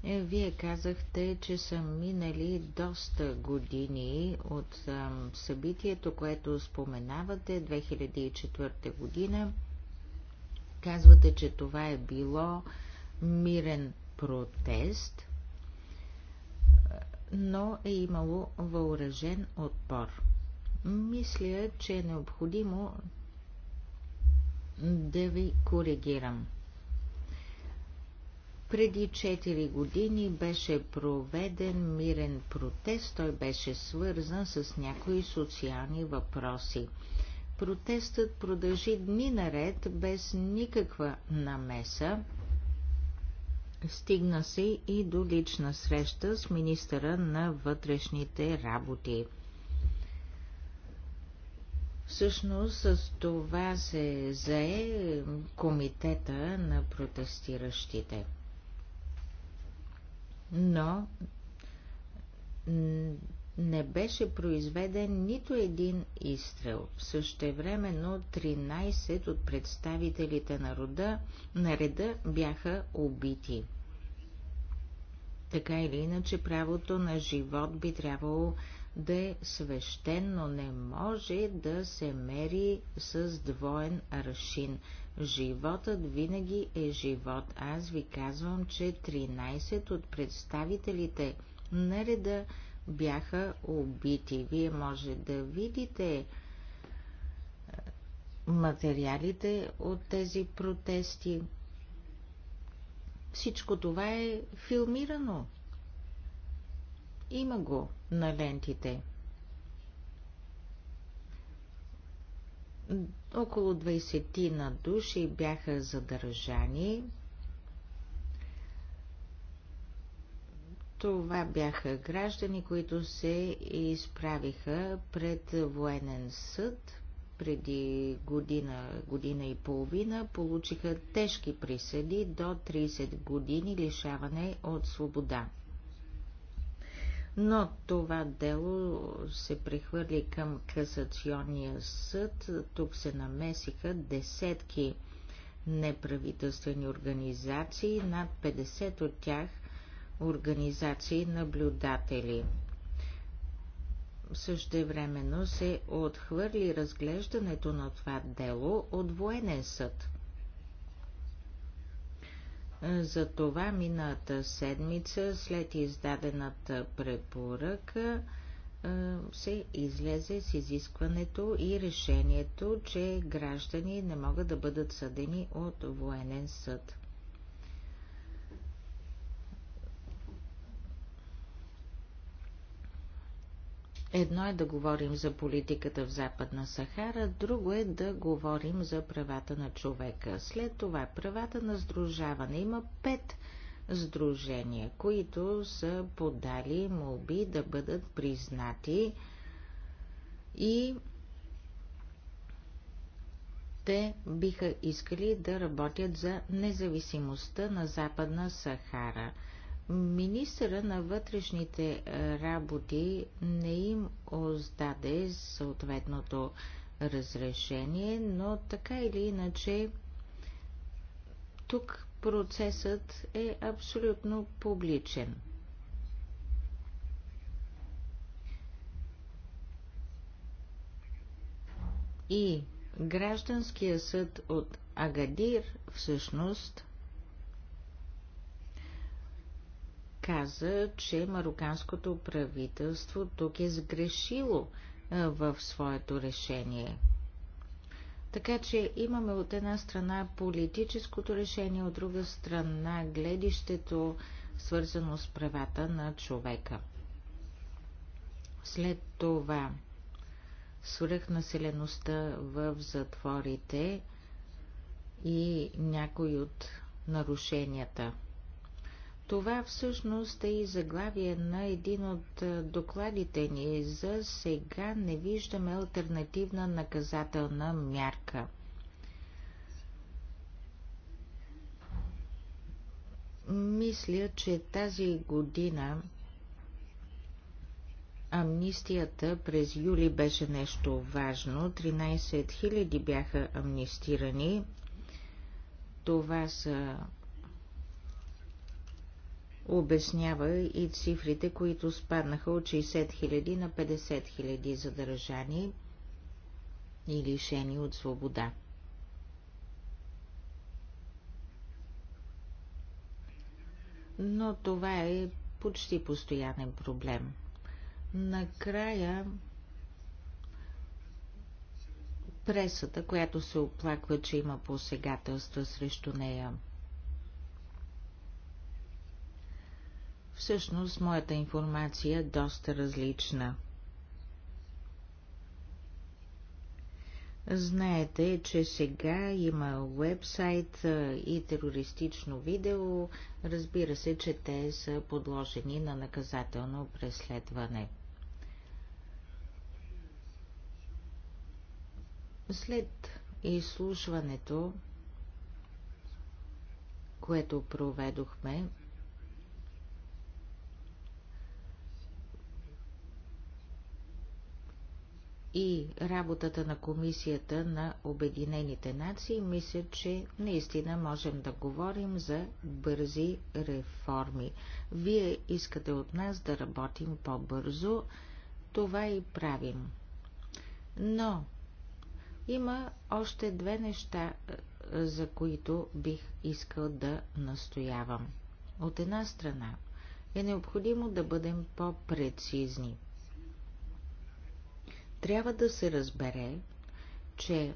вие казахте, че са минали доста години от събитието, което споменавате, 2004 година. Казвате, че това е било мирен протест, но е имало въоръжен отпор. Мисля, че е необходимо да ви коригирам. Преди 4 години беше проведен мирен протест, той беше свързан с някои социални въпроси. Протестът продължи дни наред без никаква намеса. Стигна се и до лична среща с министъра на вътрешните работи. Всъщност с това се зае комитета на протестиращите – но не беше произведен нито един изстрел. Същевременно 13 от представителите на, рода, на реда бяха убити. Така или иначе, правото на живот би трябвало да е свещен, но не може да се мери с двоен аршин. Животът винаги е живот. Аз ви казвам, че 13 от представителите на реда бяха убити. Вие може да видите е, материалите от тези протести. Всичко това е филмирано. Има го на лентите. Около 20 на души бяха задържани. Това бяха граждани, които се изправиха пред военен съд преди година, година и половина, получиха тежки присъди до 30 години лишаване от свобода но това дело се прехвърли към касационния съд. Тук се намесиха десетки неправителствени организации, над 50 от тях организации наблюдатели. Същевременно се отхвърли разглеждането на това дело от военен съд. За това миналата седмица, след издадената препоръка, е, се излезе с изискването и решението, че граждани не могат да бъдат съдени от военен съд. Едно е да говорим за политиката в Западна Сахара, друго е да говорим за правата на човека. След това правата на сдружаване. Има пет сдружения, които са подали молби да бъдат признати и те биха искали да работят за независимостта на Западна Сахара – Министъра на вътрешните е, работи не им оздаде съответното разрешение, но така или иначе тук процесът е абсолютно публичен. И гражданския съд от Агадир всъщност каза, че мароканското правителство тук е сгрешило в своето решение. Така че имаме от една страна политическото решение, от друга страна гледището, свързано с правата на човека. След това свръхнаселеността в затворите и някои от нарушенията – това всъщност е и заглавие на един от докладите ни. За сега не виждаме альтернативна наказателна мярка. Мисля, че тази година амнистията през юли беше нещо важно. 13 000 бяха амнистирани. Това са обяснява и цифрите, които спаднаха от 60 000 на 50 000 задържани и лишени от свобода. Но това е почти постоянен проблем. Накрая пресата, която се оплаква, че има посегателства срещу нея – Всъщност, моята информация е доста различна. Знаете, че сега има вебсайт и терористично видео. Разбира се, че те са подложени на наказателно преследване. След изслушването, което проведохме, и работата на Комисията на Обединените нации, мисля, че наистина можем да говорим за бързи реформи. Вие искате от нас да работим по-бързо, това и правим. Но има още две неща, е, за които бих искал да настоявам. От една страна е необходимо да бъдем по-прецизни – трябва да се разбере, че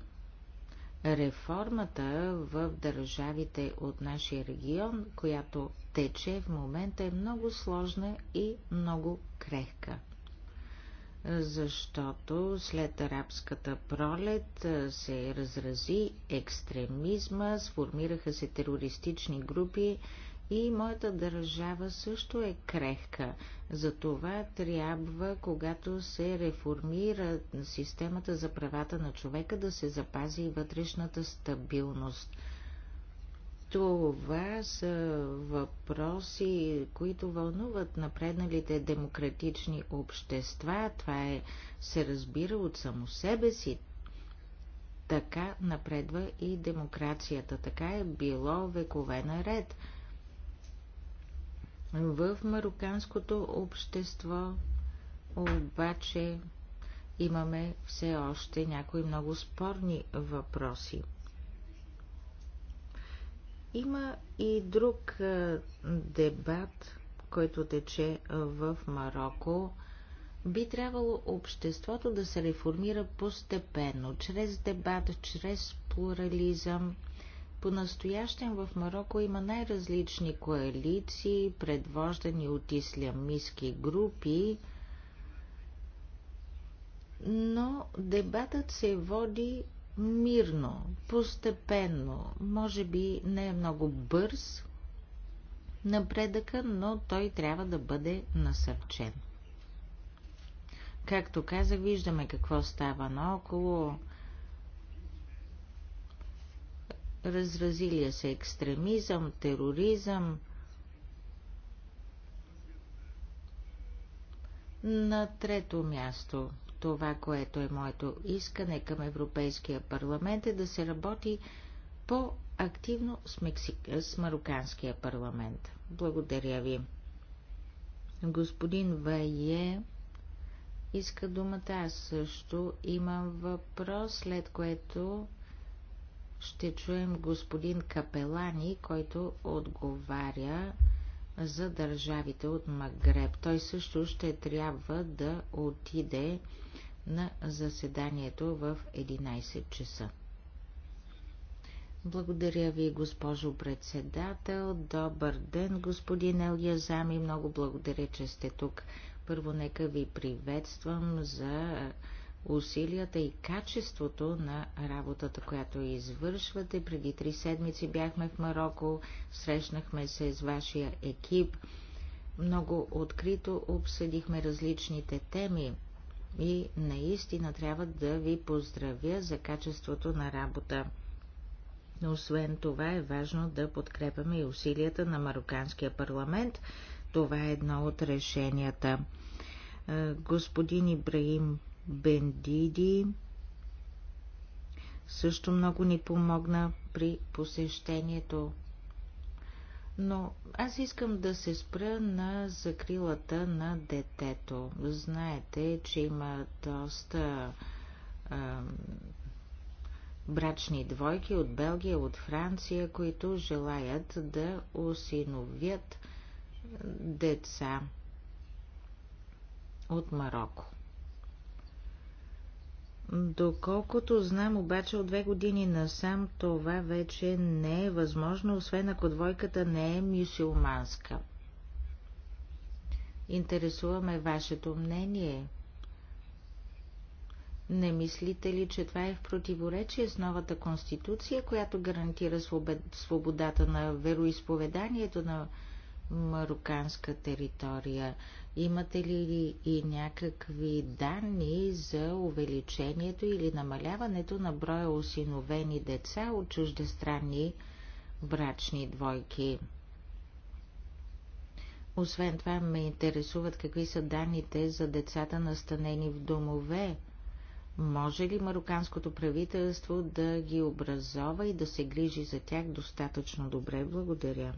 реформата в държавите от нашия регион, която тече в момента, е много сложна и много крехка. Защото след арабската пролет се разрази екстремизма, сформираха се терористични групи, и моята държава също е крехка. Затова трябва, когато се реформира системата за правата на човека, да се запази и вътрешната стабилност. Това са въпроси, които вълнуват напредналите демократични общества. Това е, се разбира от само себе си. Така напредва и демокрацията. Така е било векове наред. ред. В мароканското общество обаче имаме все още някои много спорни въпроси. Има и друг дебат, който тече в Марокко. Би трябвало обществото да се реформира постепенно, чрез дебат, чрез плурализъм. По-настоящен в Марокко има най-различни коалиции, предвождани от ислямистски групи, но дебатът се води мирно, постепенно, може би не е много бърз напредъка, но той трябва да бъде насърчен. Както казах, виждаме какво става наоколо. разразилия се екстремизъм, тероризъм. На трето място, това, което е моето искане към Европейския парламент е да се работи по-активно с, Мексик... с Марокканския парламент. Благодаря ви. Господин Вайе иска думата. Аз също имам въпрос, след което ще чуем господин Капелани, който отговаря за държавите от Магреб. Той също ще трябва да отиде на заседанието в 11 часа. Благодаря ви, госпожо председател. Добър ден, господин Елиазами. Много благодаря, че сте тук. Първо, нека ви приветствам за усилията и качеството на работата, която извършвате. Преди три седмици бяхме в Марокко, срещнахме се с вашия екип, много открито обсъдихме различните теми и наистина трябва да ви поздравя за качеството на работа. Но освен това е важно да подкрепяме и усилията на Марокканския парламент. Това е едно от решенията. Е, господин Ибраим Бендиди също много ни помогна при посещението. Но аз искам да се спра на закрилата на детето. Знаете, че има доста а, брачни двойки от Белгия, от Франция, които желаят да осиновят деца от Марокко. Доколкото знам обаче от две години насам това вече не е възможно, освен ако двойката не е мюсюлманска. Интересуваме вашето мнение. Не мислите ли, че това е в противоречие с новата конституция, която гарантира свободата на вероисповеданието на мароканска територия? Имате ли и някакви данни за увеличението или намаляването на броя осиновени деца от чуждестранни брачни двойки? Освен това ме интересуват какви са данните за децата настанени в домове. Може ли мароканското правителство да ги образова и да се грижи за тях достатъчно добре? Благодаря.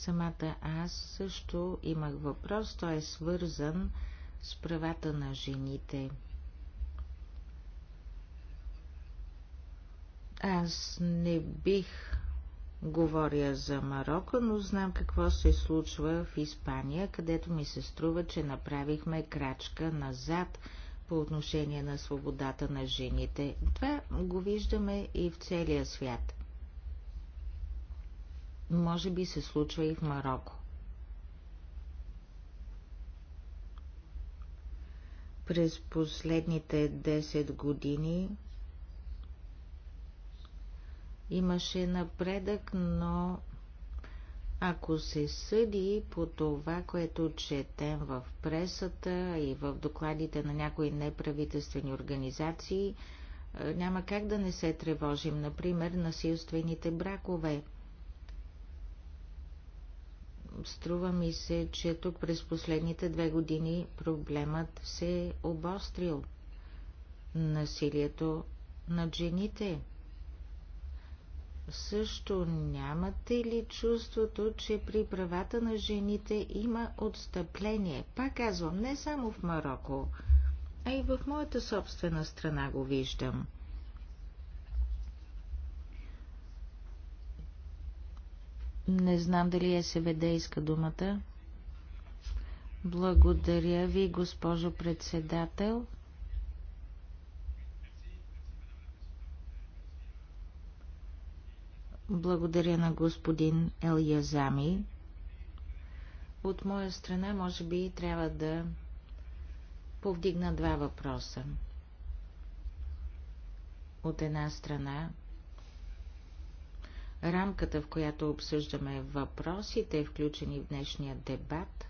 Самата аз също имах въпрос, той е свързан с правата на жените. Аз не бих говоря за Марокко, но знам какво се случва в Испания, където ми се струва, че направихме крачка назад по отношение на свободата на жените. Това го виждаме и в целия свят – може би се случва и в Марокко. През последните 10 години имаше напредък, но ако се съди по това, което четем в пресата и в докладите на някои неправителствени организации, е, няма как да не се тревожим, например, насилствените бракове – Струва ми се, че тук през последните две години проблемът се е обострил. Насилието над жените. Също нямате ли чувството, че при правата на жените има отстъпление? Пак казвам, не само в Марокко, а и в моята собствена страна го виждам – Не знам дали СВД е иска думата. Благодаря ви, госпожо председател. Благодаря на господин Елиазами. От моя страна, може би, трябва да повдигна два въпроса. От една страна, Рамката, в която обсъждаме въпросите, включени в днешния дебат,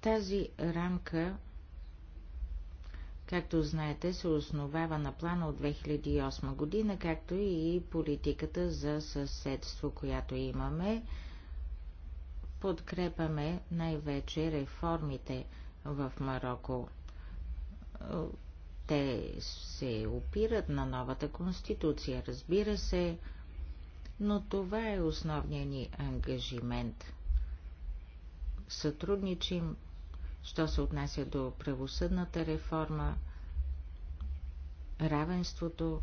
тази рамка, както знаете, се основава на плана от 2008 година, както и политиката за съседство, която имаме. Подкрепаме най-вече реформите в Марокко те се опират на новата конституция, разбира се, но това е основният ни ангажимент. Сътрудничим, що се отнася до правосъдната реформа, равенството,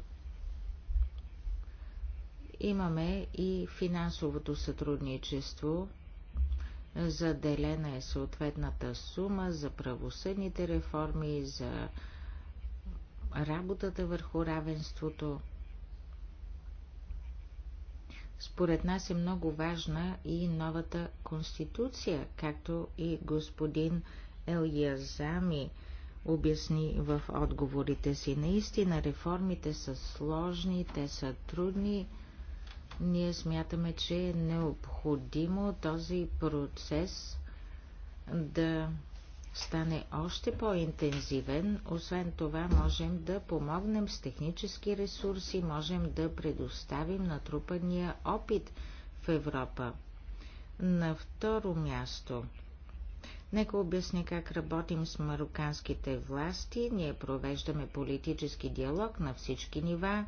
имаме и финансовото сътрудничество. Заделена е съответната сума за правосъдните реформи, за работата върху равенството. Според нас е много важна и новата конституция, както и господин Елиазами обясни в отговорите си. Наистина реформите са сложни, те са трудни. Ние смятаме, че е необходимо този процес да стане още по-интензивен. Освен това, можем да помогнем с технически ресурси, можем да предоставим натрупания опит в Европа. На второ място. Нека обясня как работим с мароканските власти. Ние провеждаме политически диалог на всички нива,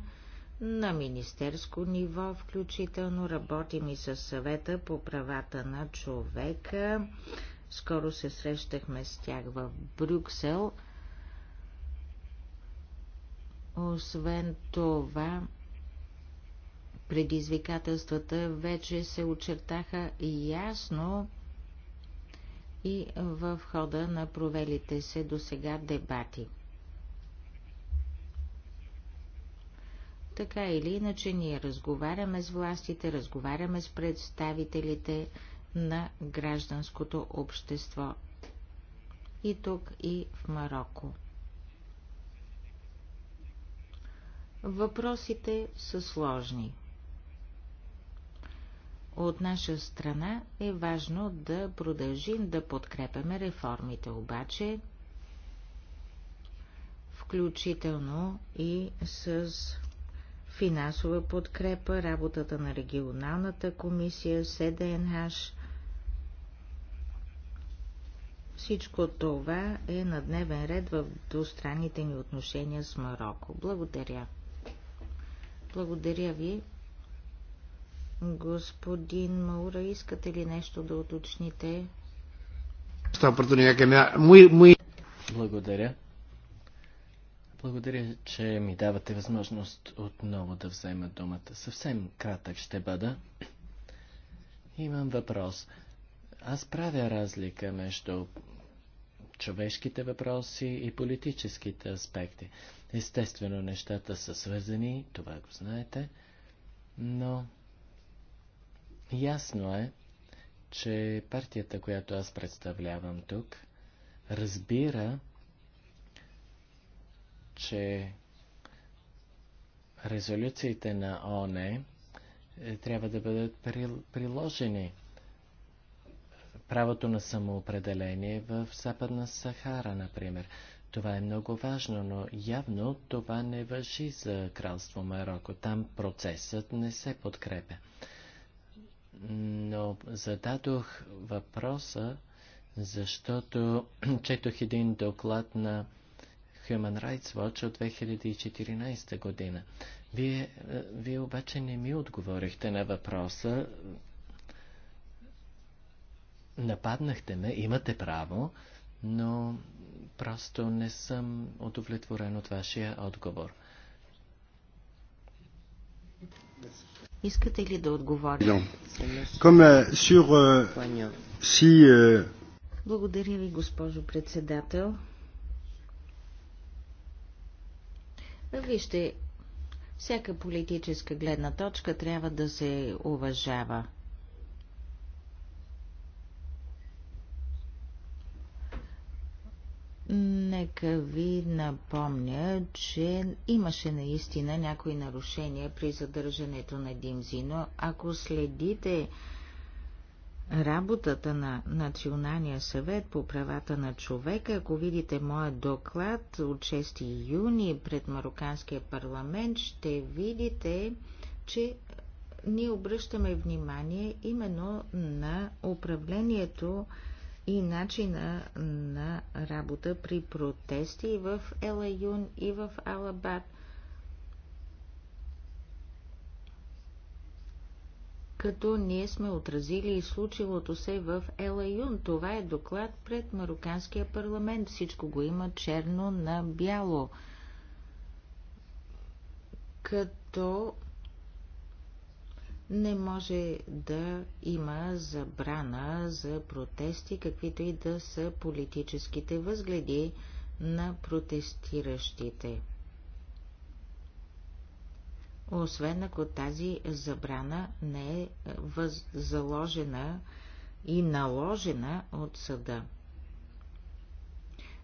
на министерско ниво, включително работим и с съвета по правата на човека, скоро се срещахме с тях в Брюксел. Освен това, предизвикателствата вече се очертаха ясно и в хода на провелите се до сега дебати. Така или иначе ние разговаряме с властите, разговаряме с представителите на гражданското общество. И тук, и в Марокко. Въпросите са сложни. От наша страна е важно да продължим да подкрепяме реформите, обаче включително и с финансова подкрепа, работата на регионалната комисия, СДНХ всичко това е на дневен ред в двустранните ни отношения с Марокко. Благодаря. Благодаря ви. Господин Маура, искате ли нещо да уточните? Благодаря. Благодаря, че ми давате възможност отново да взема думата. Съвсем кратък ще бъда. Имам въпрос. Аз правя разлика между човешките въпроси и политическите аспекти. Естествено, нещата са свързани, това го знаете, но ясно е, че партията, която аз представлявам тук, разбира, че резолюциите на ОНЕ трябва да бъдат приложени правото на самоопределение в Западна Сахара, например. Това е много важно, но явно това не въжи за кралство Марокко. Там процесът не се подкрепя. Но зададох въпроса, защото четох един доклад на Human Rights Watch от 2014 година. Вие, е, вие обаче не ми отговорихте на въпроса Нападнахте ме, имате право, но просто не съм удовлетворен от вашия отговор. Искате ли да отговорите? Euh, euh, euh, Благодаря ви, госпожо председател. Вижте, всяка политическа гледна точка трябва да се уважава. Нека ви напомня, че имаше наистина някои нарушения при задържането на Димзи, но ако следите работата на Националния съвет по правата на човека, ако видите моят доклад от 6 юни пред Марокканския парламент, ще видите, че ние обръщаме внимание именно на управлението и начина на работа при протести в Елаюн и в Алабад. Като ние сме отразили и случилото се в Елаюн, това е доклад пред Марокканския парламент. Всичко го има черно на бяло. Като не може да има забрана за протести, каквито и да са политическите възгледи на протестиращите. Освен ако тази забрана не е заложена и наложена от съда.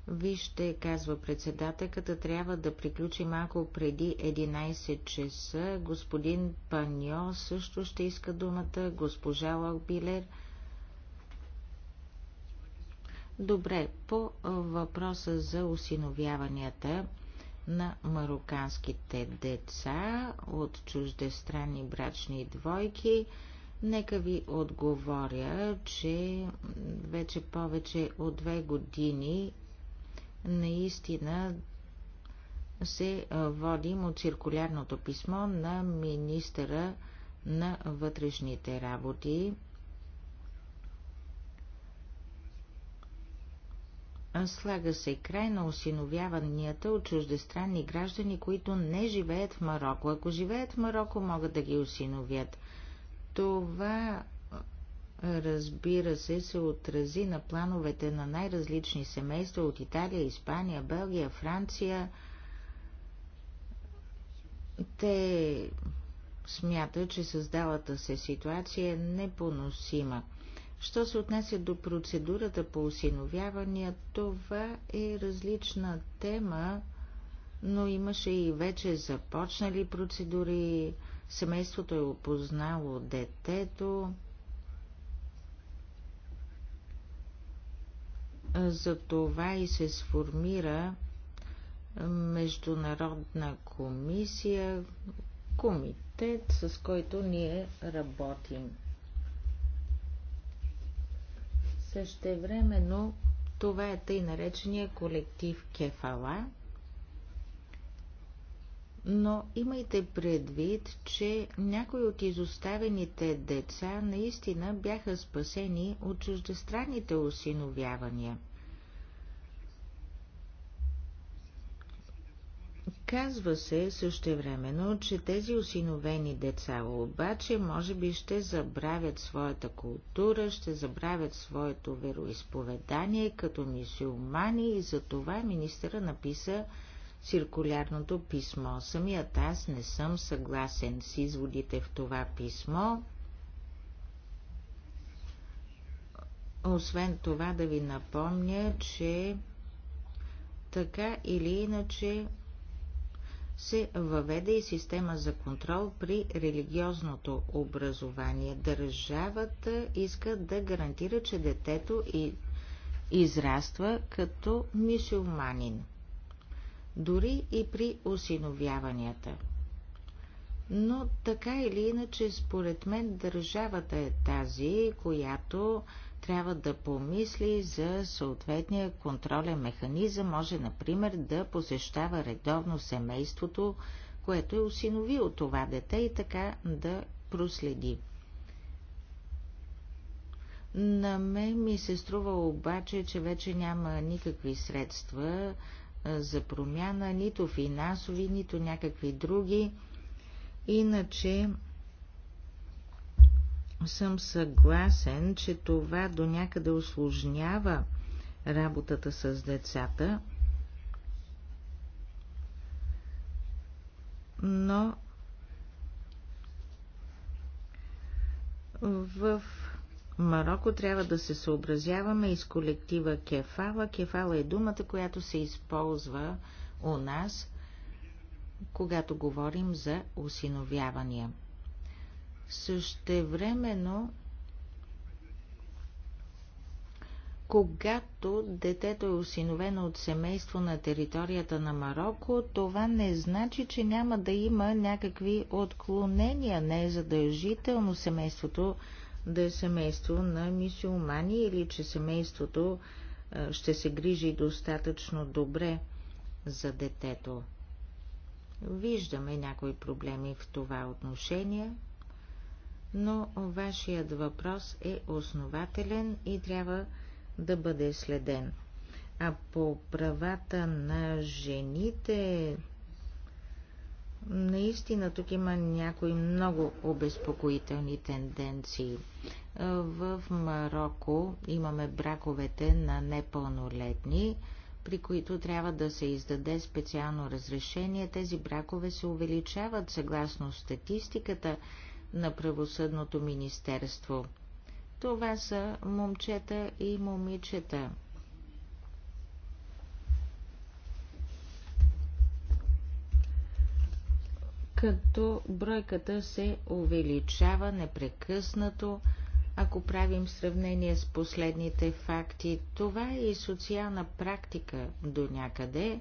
Вижте, казва председателката, трябва да приключи малко преди 11 часа. Господин Паньо също ще иска думата, госпожа Лакбилер. Добре, по въпроса за осиновяванията на мароканските деца от чуждестранни брачни двойки, нека ви отговоря, че вече повече от две години наистина се водим от циркулярното писмо на министъра на вътрешните работи. Слага се край на осиновяванията от чуждестранни граждани, които не живеят в Марокко. Ако живеят в Марокко, могат да ги осиновят. Това разбира се, се отрази на плановете на най-различни семейства от Италия, Испания, Белгия, Франция. Те смятат, че създалата се ситуация е непоносима. Що се отнася до процедурата по осиновявания, това е различна тема, но имаше и вече започнали процедури, семейството е опознало детето, За това и се сформира международна комисия, комитет, с който ние работим. Същевременно това е тъй наречения колектив Кефала – но имайте предвид, че някои от изоставените деца наистина бяха спасени от чуждестранните осиновявания. Казва се същевременно, че тези осиновени деца обаче може би ще забравят своята култура, ще забравят своето вероисповедание като мисиомани и за това министъра написа циркулярното писмо. Самият аз не съм съгласен с изводите в това писмо. Освен това да ви напомня, че така или иначе се въведе и система за контрол при религиозното образование. Държавата иска да гарантира, че детето и израства като мисюлманин дори и при осиновяванията. Но така или иначе, според мен, държавата е тази, която трябва да помисли за съответния контролен механизъм, може, например, да посещава редовно семейството, което е осиновило това дете и така да проследи. На мен ми се струва обаче, че вече няма никакви средства за промяна, нито финансови, нито някакви други. Иначе съм съгласен, че това до някъде осложнява работата с децата, но в Марокко трябва да се съобразяваме и с колектива кефала. Кефала е думата, която се използва у нас, когато говорим за осиновявания. Същевременно, когато детето е осиновено от семейство на територията на Марокко, това не значи, че няма да има някакви отклонения. Не е задължително семейството да е семейство на мисиомани или че семейството ще се грижи достатъчно добре за детето. Виждаме някои проблеми в това отношение, но вашият въпрос е основателен и трябва да бъде следен. А по правата на жените, Наистина тук има някои много обезпокоителни тенденции. В Марокко имаме браковете на непълнолетни, при които трябва да се издаде специално разрешение. Тези бракове се увеличават съгласно статистиката на Правосъдното министерство. Това са момчета и момичета, като бройката се увеличава непрекъснато, ако правим сравнение с последните факти. Това е и социална практика до някъде,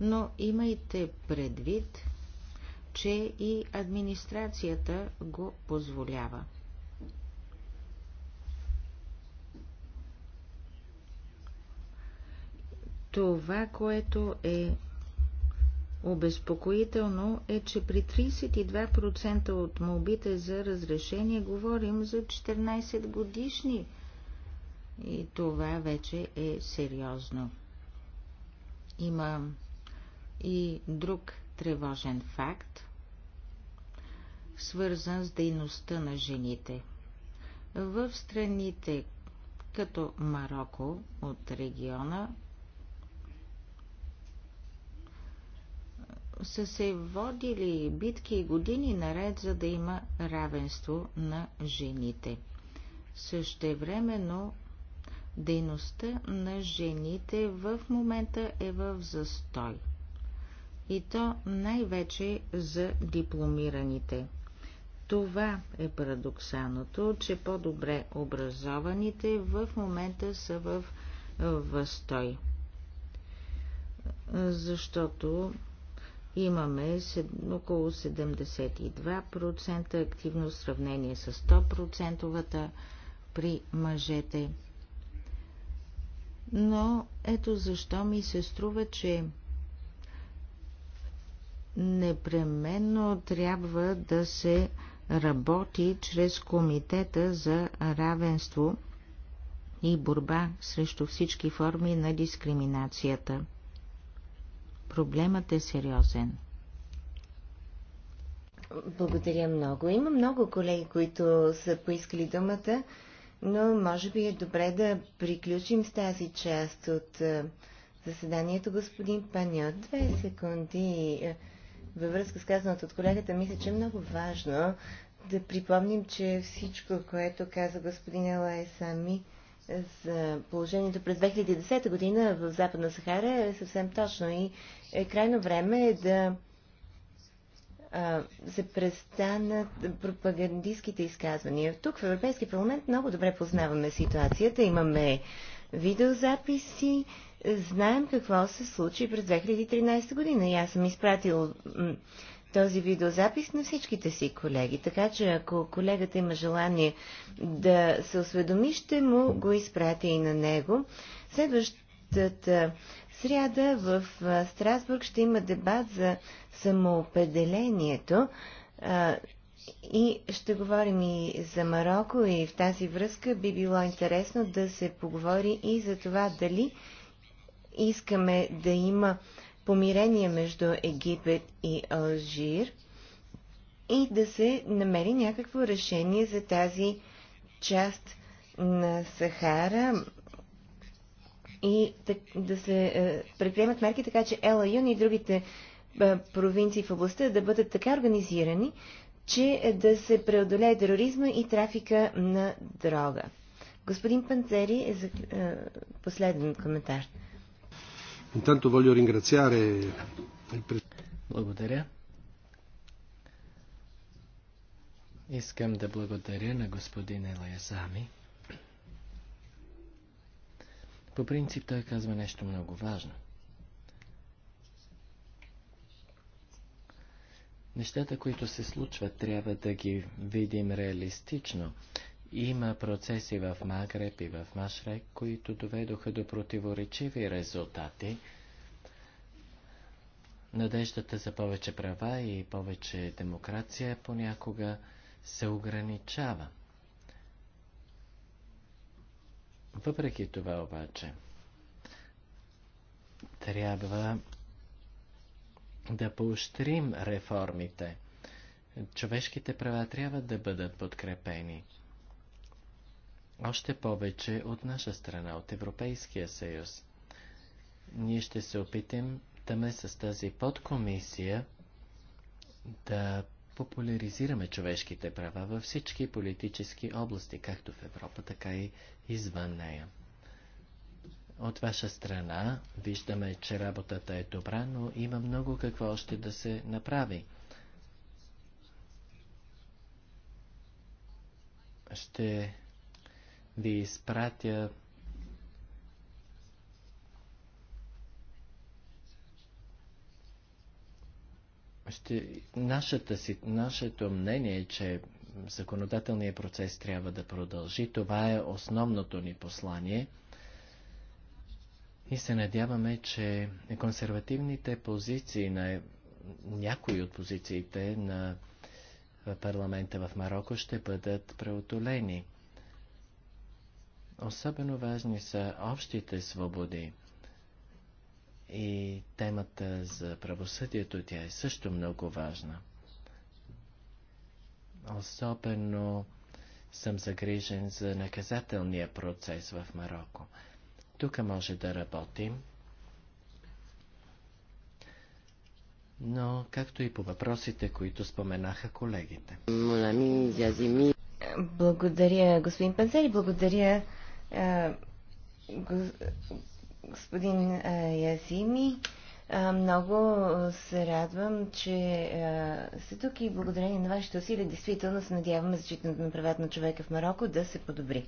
но имайте предвид, че и администрацията го позволява. Това, което е обезпокоително е, че при 32% от молбите за разрешение говорим за 14 годишни. И това вече е сериозно. Има и друг тревожен факт, свързан с дейността на жените. В страните като Марокко от региона са се водили битки и години наред, за да има равенство на жените. Същевременно дейността на жените в момента е в застой. И то най-вече за дипломираните. Това е парадоксалното, че по-добре образованите в момента са в възстой. Защото имаме около 72% активност в сравнение с 100% при мъжете. Но ето защо ми се струва, че непременно трябва да се работи чрез Комитета за равенство и борба срещу всички форми на дискриминацията. Проблемът е сериозен. Благодаря много. Има много колеги, които са поискали думата, но може би е добре да приключим с тази част от заседанието, господин Паньо. Две секунди е, във връзка с казаното от колегата. Мисля, че е много важно да припомним, че всичко, което каза господин Елай Сами, за положението през 2010 година в Западна Сахара е съвсем точно и е крайно време да се престанат пропагандистските изказвания. Тук в Европейския парламент много добре познаваме ситуацията, имаме видеозаписи, знаем какво се случи през 2013 година. И аз съм изпратил този видеозапис на всичките си колеги. Така че ако колегата има желание да се осведоми, ще му го изпрати и на него. Следващата сряда в Страсбург ще има дебат за самоопределението и ще говорим и за Марокко и в тази връзка би било интересно да се поговори и за това дали искаме да има помирение между Египет и Алжир и да се намери някакво решение за тази част на Сахара и да се е, предприемат мерки така, че Ела Юн и другите е, провинции в областта да бъдат така организирани, че е, да се преодолее тероризма и трафика на дрога. Господин Панцери, е за, последен коментар. Intanto voglio ringraziare il Благодаря. Искам да благодаря на господин Елеазами. По принцип той казва нещо много важно. Нещата, които се случват, трябва да ги видим реалистично. Има процеси в Магреб и в Машрек, които доведоха до противоречиви резултати. Надеждата за повече права и повече демокрация понякога се ограничава. Въпреки това обаче, трябва да поощрим реформите. Човешките права трябва да бъдат подкрепени – още повече от наша страна, от Европейския съюз. Ние ще се опитим даме с тази подкомисия да популяризираме човешките права във всички политически области, както в Европа, така и извън нея. От ваша страна виждаме, че работата е добра, но има много какво още да се направи. Ще ви изпратя ще, нашата си, нашето мнение е, че законодателният процес трябва да продължи. Това е основното ни послание. И се надяваме, че консервативните позиции на някои от позициите на парламента в Марокко ще бъдат преодолени. Особено важни са общите свободи. И темата за правосъдието, тя е също много важна. Особено съм загрижен за наказателния процес в Марокко. Тук може да работим, но както и по въпросите, които споменаха колегите. Ами, благодаря, господин Панцер, благодаря е, господин е, Язими. Е, много се радвам, че сте тук и благодарение на вашите усилия действително се надяваме защитането на правата на човека в Марокко да се подобри.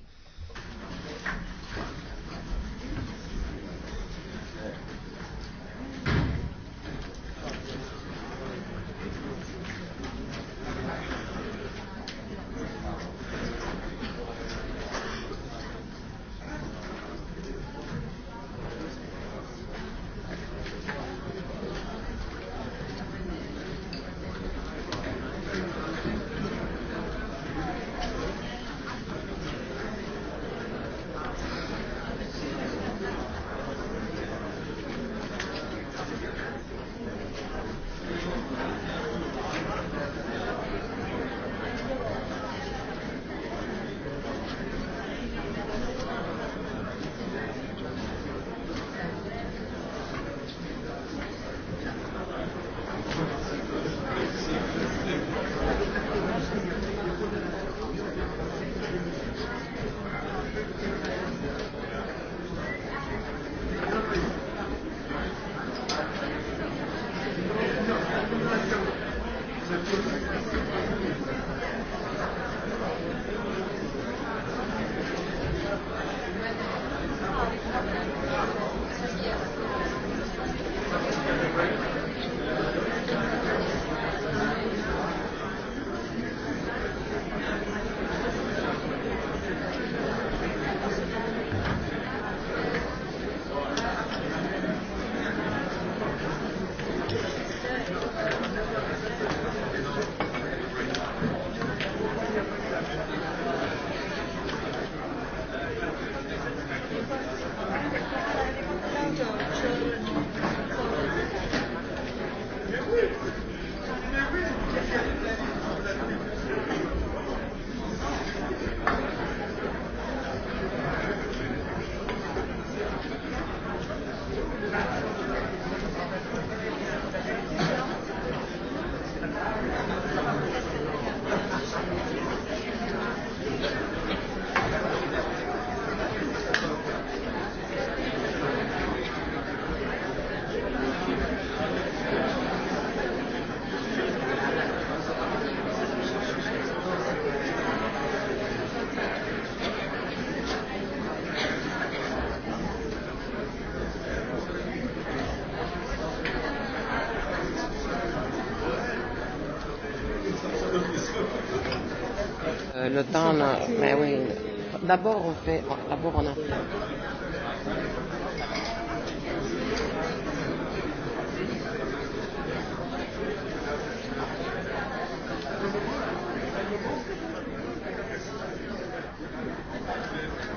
le temps. Là, Mais oui. D'abord on fait. D'abord on a fait. Thank you.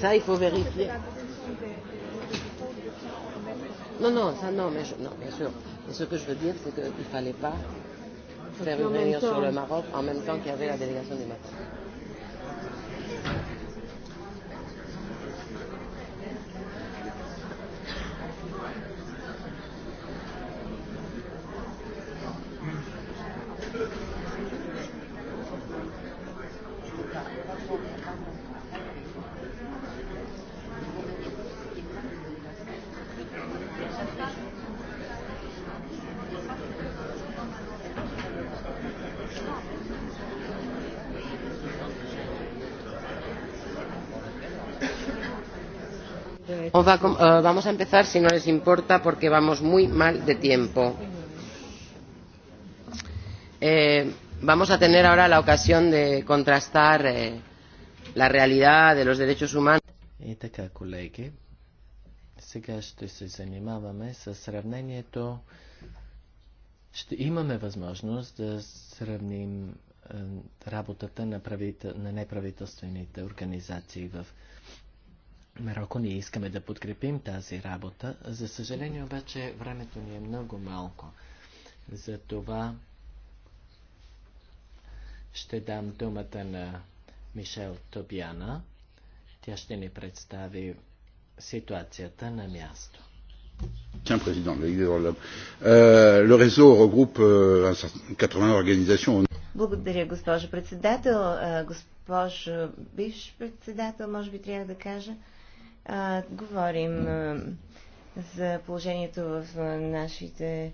ça, il faut vérifier. Non, non, ça non, mais je, non, bien sûr. Mais ce que je veux dire, c'est qu'il ne fallait pas faire une réunion sur le Maroc en même temps qu'il y avait la délégation des Maroc. vamos a empezar, si no les importa, porque vamos muy mal de tiempo. Eh, vamos a tener ahora la ocasión de contrastar eh, la realidad de los derechos humanos. И така, колеги, сега ще се занимаваме с сравнението. Ще имаме възможност да сравним работата на, правител... на неправителствените организации в Марокко ние искаме да подкрепим тази работа. За съжаление обаче времето ни е много малко. Затова ще дам думата на Мишел Тобяна. Тя ще ни представи ситуацията на място. Tiens, Président, euh, le réseau regroupe 80 euh, organisations. Благодаря, госпожо председател. Госпожо бивш председател, може би трябва да кажа. А, говорим а, за положението в а, нашите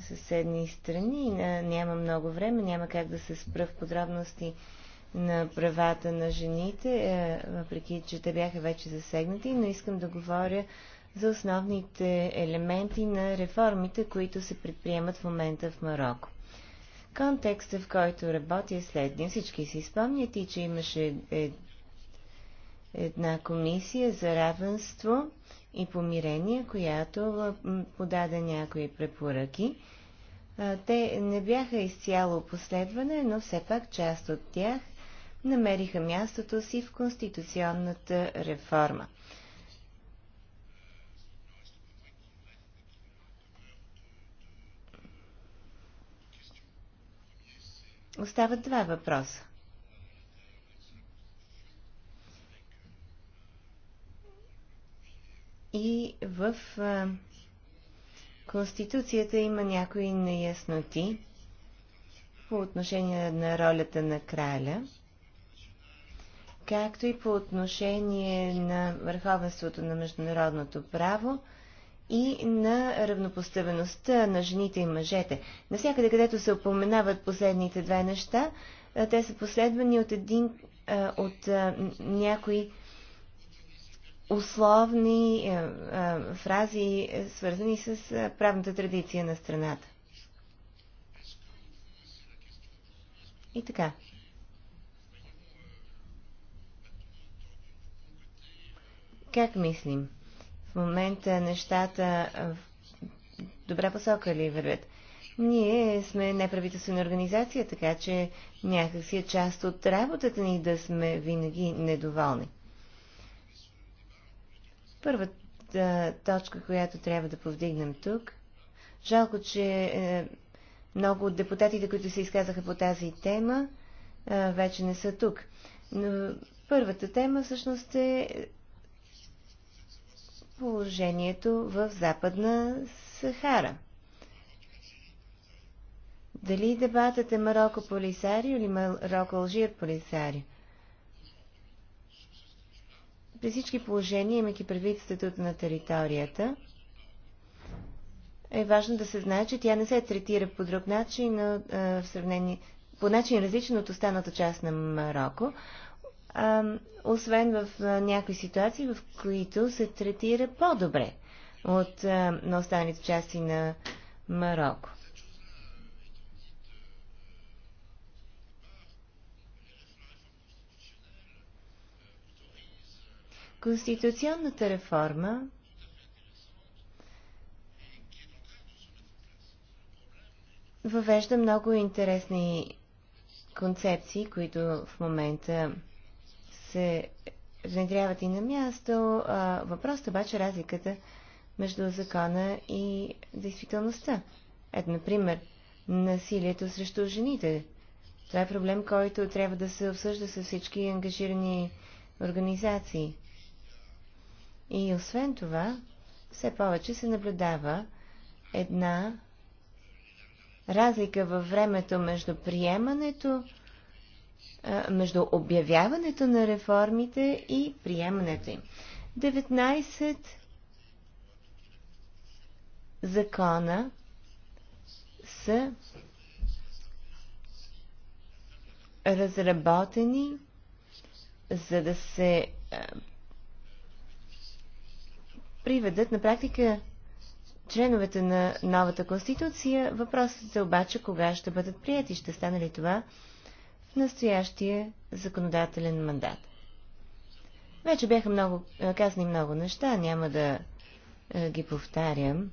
съседни страни. А, няма много време, няма как да се спра в подробности на правата на жените, а, въпреки че те бяха вече засегнати, но искам да говоря за основните елементи на реформите, които се предприемат в момента в Марокко. Контекстът, в който работя е следния. Всички си спомняте, че имаше една комисия за равенство и помирение, която подаде някои препоръки. Те не бяха изцяло последване, но все пак част от тях намериха мястото си в конституционната реформа. Остават два въпроса. и в а, Конституцията има някои неясноти по отношение на ролята на краля, както и по отношение на върховенството на международното право и на равнопоставеността на жените и мъжете. Насякъде, където се упоменават последните две неща, те са последвани от един от някои условни е, е, фрази, е, свързани с правната традиция на страната. И така. Как мислим? В момента нещата в добра посока ли вървят? Ние сме неправителствена организация, така че някакси е част от работата ни да сме винаги недоволни. Първата точка, която трябва да повдигнем тук, жалко, че е, много от депутатите, които се изказаха по тази тема, вече не са тук. Но първата тема всъщност е положението в Западна Сахара. Дали дебатът е Марокко Полисарио или Марокко Алжир Полисарио? При всички положения, имайки предвид статута на територията, е важно да се знае, че тя не се третира по друг начин, но в сравнение, по начин различен от останалата част на Марокко, а, освен в някои ситуации, в които се третира по-добре от а, на останалите части на Марокко. Конституционната реформа въвежда много интересни концепции, които в момента се внедряват и на място. Въпросът обаче е разликата между закона и действителността. Ето, например, насилието срещу жените. Това е проблем, който трябва да се обсъжда с всички ангажирани организации – и освен това, все повече се наблюдава една разлика във времето между приемането, между обявяването на реформите и приемането им. 19 закона са разработени, за да се приведат на практика членовете на новата конституция. Въпросът е обаче кога ще бъдат прияти. Ще стане ли това в настоящия законодателен мандат? Вече бяха много, е, казани много неща, няма да е, ги повтарям,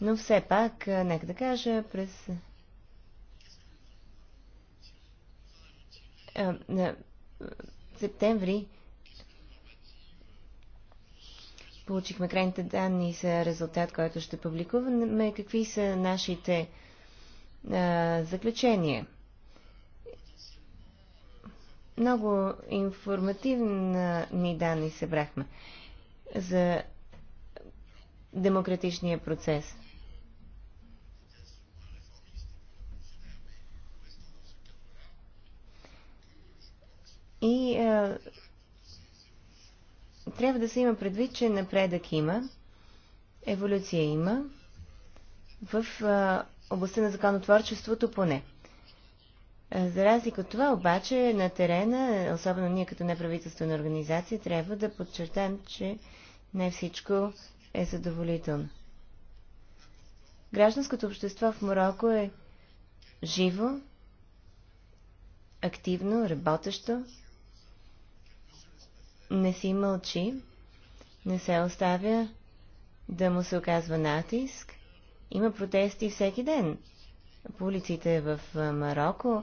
но все пак, е, нека да кажа, през септември Получихме крайните данни за резултат, който ще публикуваме. Какви са нашите а, заключения? Много информативни данни събрахме за демократичния процес. И а, трябва да се има предвид, че напредък има, еволюция има, в а, областта на законотворчеството поне. За разлика от това, обаче, на терена, особено ние като неправителствена организация, трябва да подчертаем, че не всичко е задоволително. Гражданското общество в Мороко е живо, активно, работещо, не си мълчи, не се оставя да му се оказва натиск. Има протести всеки ден. По улиците в Марокко,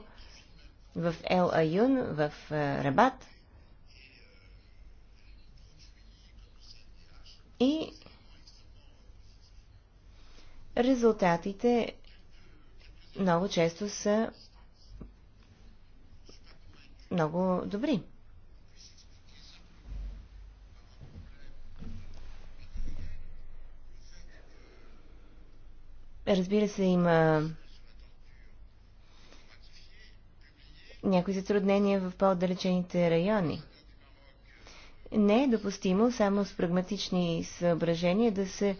в Ел Аюн, в Рабат. И резултатите много често са много добри. Разбира се, има някои затруднения в по-отдалечените райони. Не е допустимо само с прагматични съображения да се е,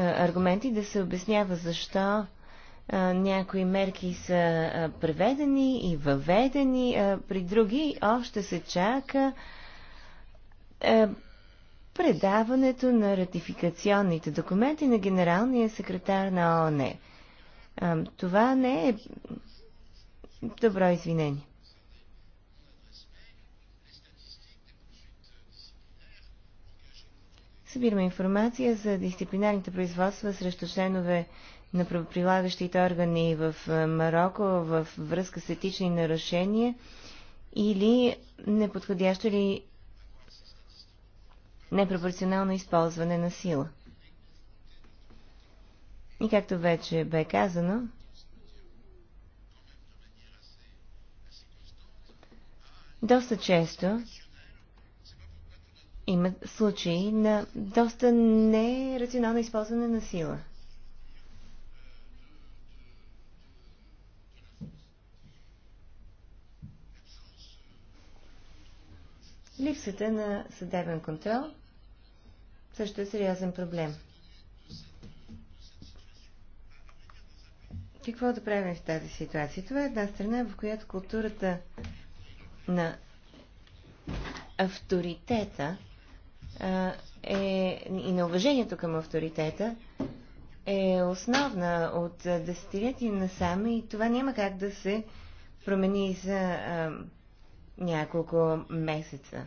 аргументи да се обяснява защо е, някои мерки са е, преведени и въведени, при други още се чака предаването на ратификационните документи на генералния секретар на ООН. Това не е добро извинение. Събираме информация за дисциплинарните производства срещу членове на правоприлагащите органи в е, Марокко във връзка с етични нарушения или неподходящо ли непропорционално използване на сила. И както вече бе казано, доста често има случаи на доста нерационално използване на сила. Липсата на съдебен контрол също е сериозен проблем. Какво да правим в тази ситуация? Това е една страна, в която културата на авторитета е, и на уважението към авторитета е основна от десетилетия насам и това няма как да се промени за а, няколко месеца.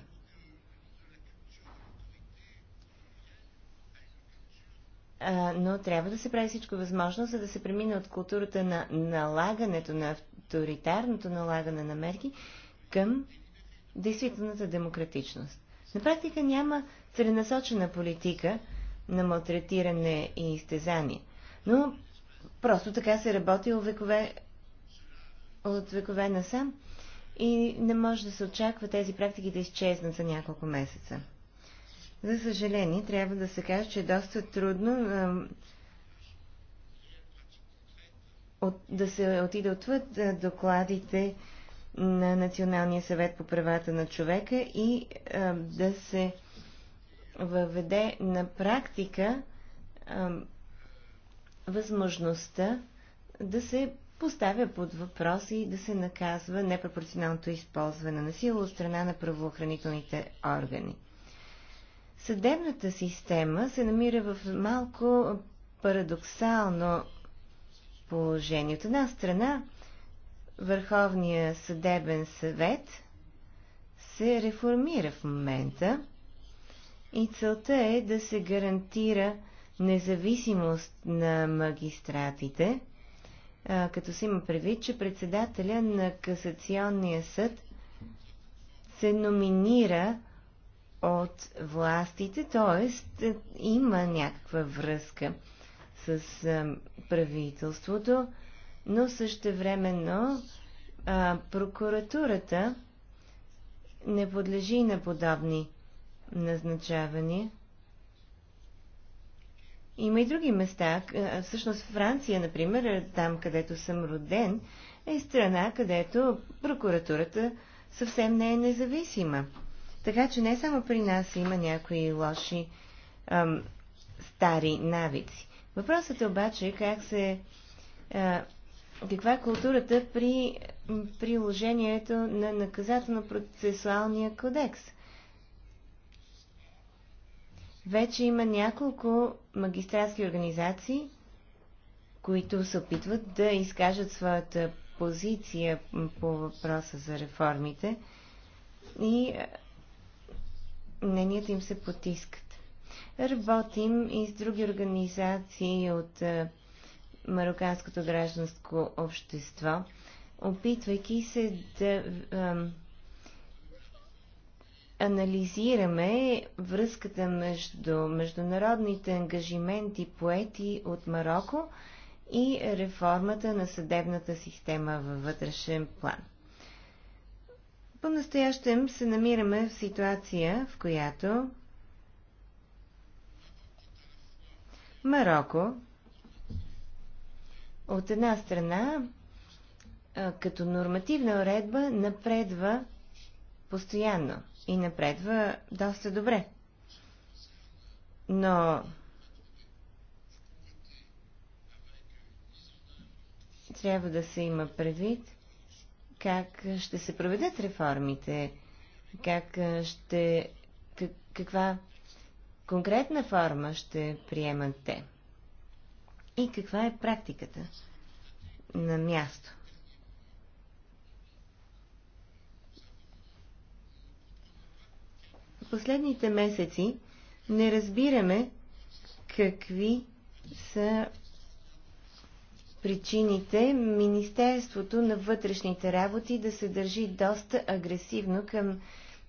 но трябва да се прави всичко възможно, за да се премине от културата на налагането, на авторитарното налагане на мерки към действителната демократичност. На практика няма целенасочена политика на малтретиране и изтезание, но просто така се работи от векове, от векове насам и не може да се очаква тези практики да изчезнат за няколко месеца. За съжаление, трябва да се каже, че е доста трудно а, от, да се отиде отвъд а, докладите на Националния съвет по правата на човека и а, да се въведе на практика а, възможността да се поставя под въпрос и да се наказва непропорционалното използване на сила от страна на правоохранителните органи. Съдебната система се намира в малко парадоксално положение. От една страна, Върховния съдебен съвет се реформира в момента и целта е да се гарантира независимост на магистратите, като се има предвид, че председателя на касационния съд се номинира от властите, т.е. има някаква връзка с правителството, но същевременно а, прокуратурата не подлежи на подобни назначавания. Има и други места. Всъщност Франция, например, там където съм роден, е страна, където прокуратурата съвсем не е независима. Така че не само при нас има някои лоши ам, стари навици. Въпросът е обаче как се. А, каква е културата при приложението на наказателно-процесуалния кодекс? Вече има няколко магистратски организации, които се опитват да изкажат своята позиция по въпроса за реформите. И мненията им се потискат. Работим и с други организации от е, мароканското гражданско общество, опитвайки се да е, а, анализираме връзката между международните ангажименти поети от Марокко и реформата на съдебната система във вътрешен план. По-настоящем се намираме в ситуация, в която Марокко от една страна като нормативна уредба напредва постоянно и напредва доста добре. Но трябва да се има предвид, как ще се проведат реформите, как ще, каква конкретна форма ще приемат те и каква е практиката на място. Последните месеци не разбираме какви са причините Министерството на вътрешните работи да се държи доста агресивно към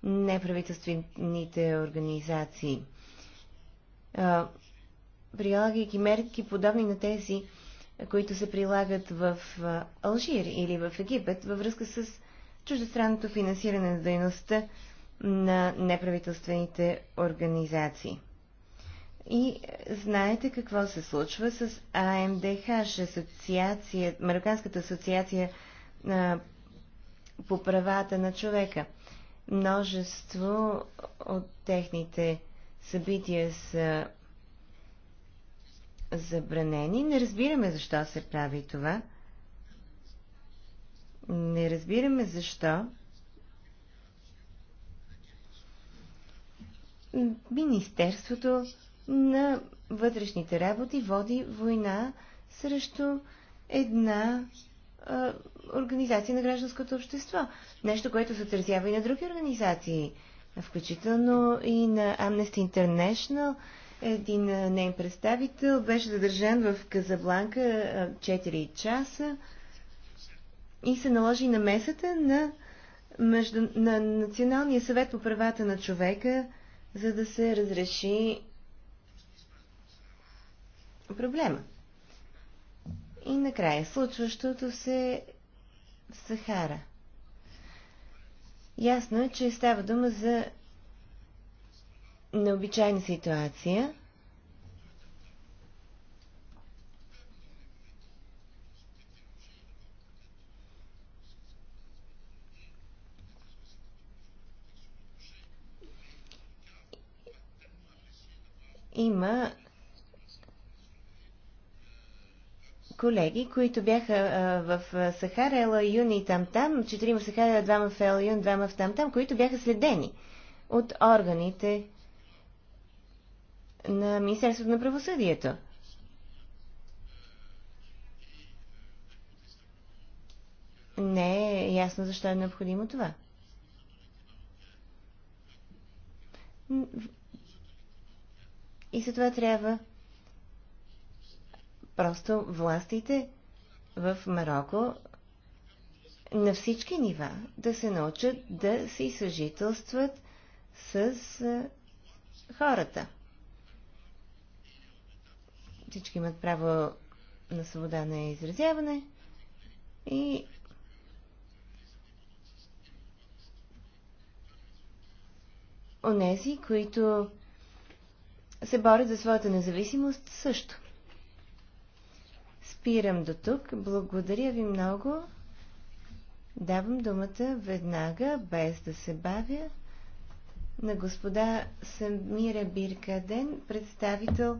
неправителствените организации. Прилагайки мерки подобни на тези, които се прилагат в Алжир или в Египет във връзка с чуждестранното финансиране на дейността на неправителствените организации. И е, знаете какво се случва с АМДХ, асоциация, Марокканската асоциация а, по правата на човека. Множество от техните събития са забранени. Не разбираме защо се прави това. Не разбираме защо Министерството на вътрешните работи води война срещу една а, организация на гражданското общество. Нещо, което се отразява и на други организации, включително и на Amnesty International. Един нейн представител беше задържан в Казабланка 4 часа и се наложи на месата на, между... на Националния съвет по правата на човека, за да се разреши проблема. И накрая, случващото се в Сахара. Ясно е, че става дума за необичайна ситуация. Има колеги, които бяха а, в Сахара, Ела Юн и там-там, четирима Сахара, двама в Ела Юн, двама в там-там, които бяха следени от органите на Министерството на правосъдието. Не е ясно защо е необходимо това. И за това трябва Просто властите в Марокко на всички нива да се научат да си съжителстват с хората. Всички имат право на свобода на изразяване и онези, които се борят за своята независимост също. Спирам до тук. Благодаря ви много. Давам думата веднага, без да се бавя, на господа Самира Биркаден, представител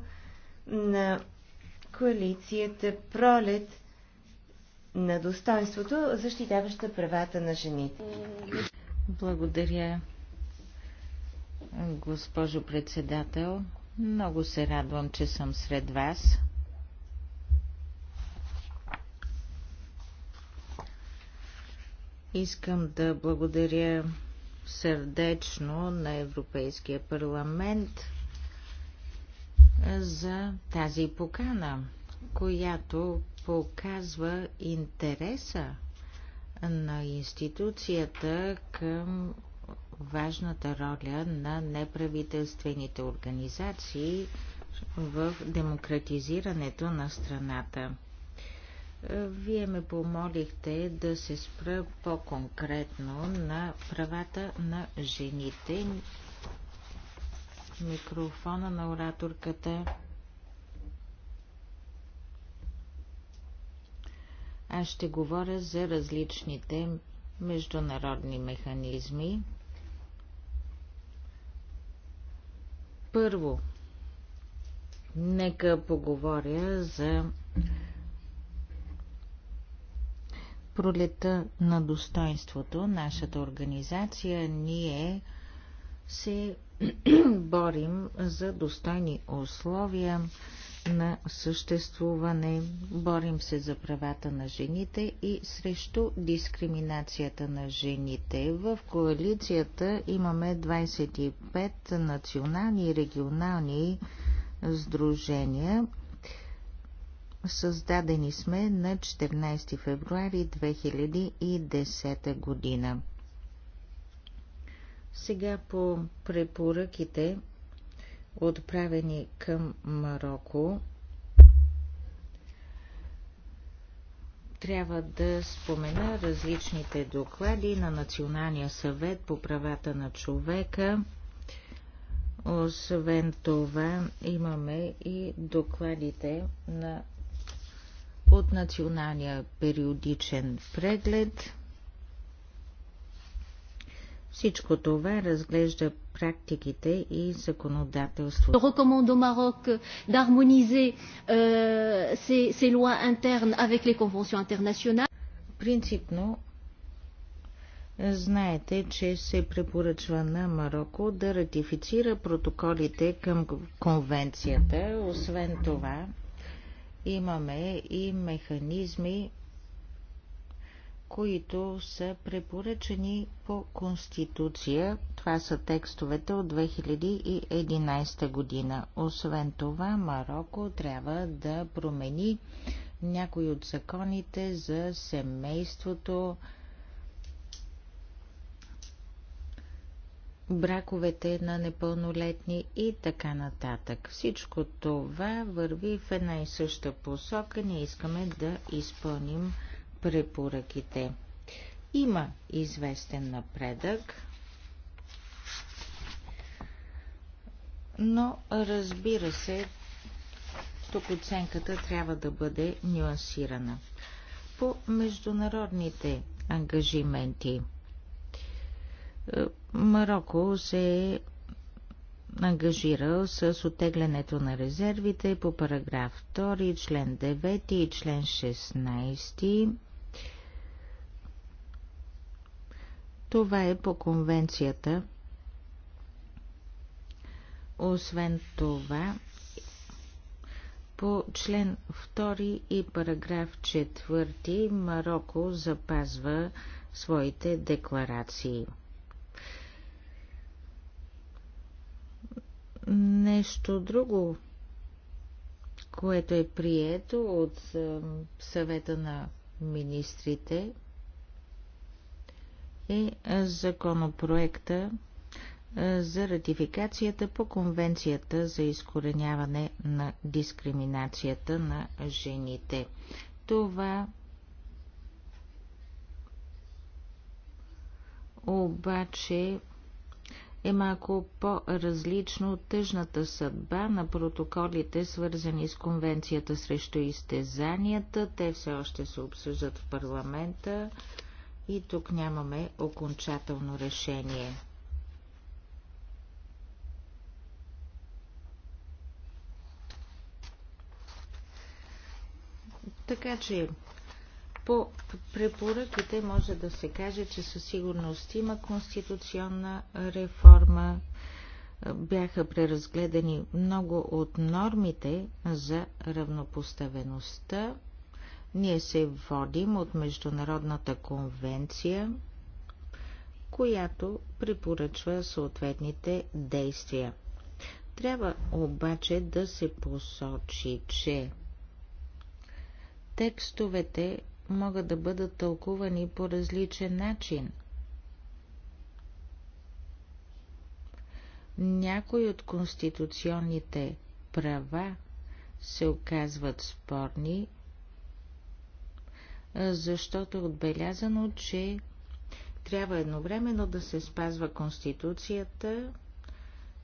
на коалицията Пролет на достоинството, защитаваща правата на жените. Благодаря, госпожо председател. Много се радвам, че съм сред вас. Искам да благодаря сърдечно на Европейския парламент за тази покана, която показва интереса на институцията към важната роля на неправителствените организации в демократизирането на страната. Вие ме помолихте да се спра по-конкретно на правата на жените. Микрофона на ораторката. Аз ще говоря за различните международни механизми. Първо, нека поговоря за пролета на достоинството, нашата организация, ние се борим за достойни условия на съществуване, борим се за правата на жените и срещу дискриминацията на жените. В коалицията имаме 25 национални и регионални сдружения – Създадени сме на 14 февруари 2010 година. Сега по препоръките, отправени към Марокко, трябва да спомена различните доклади на Националния съвет по правата на човека. Освен това имаме и докладите на от националния периодичен преглед. Всичко това разглежда практиките и законодателството. Рекомендо Марок Maroc euh, d'harmoniser euh, ses, ses lois internes avec les conventions internationales. Принципно Знаете, че се препоръчва на Марокко да ратифицира протоколите към конвенцията. Освен това, Имаме и механизми, които са препоръчени по Конституция. Това са текстовете от 2011 година. Освен това, Марокко трябва да промени някои от законите за семейството, браковете на непълнолетни и така нататък. Всичко това върви в една и съща посока. Ние искаме да изпълним препоръките. Има известен напредък, но разбира се, тук оценката трябва да бъде нюансирана. По международните ангажименти – Марокко се е ангажирал с отеглянето на резервите по параграф 2, член 9 и член 16. Това е по конвенцията. Освен това, по член 2 и параграф 4 Марокко запазва своите декларации. Нещо друго, което е прието от съвета на министрите, е законопроекта за ратификацията по Конвенцията за изкореняване на дискриминацията на жените. Това обаче е малко по-различно от тъжната съдба на протоколите, свързани с Конвенцията срещу изтезанията. Те все още се обсъждат в парламента и тук нямаме окончателно решение. Така че по препоръките може да се каже, че със сигурност има конституционна реформа. Бяха преразгледани много от нормите за равнопоставеността. Ние се водим от Международната конвенция, която препоръчва съответните действия. Трябва обаче да се посочи, че текстовете могат да бъдат тълкувани по различен начин. Някои от конституционните права се оказват спорни, защото е отбелязано, че трябва едновременно да се спазва Конституцията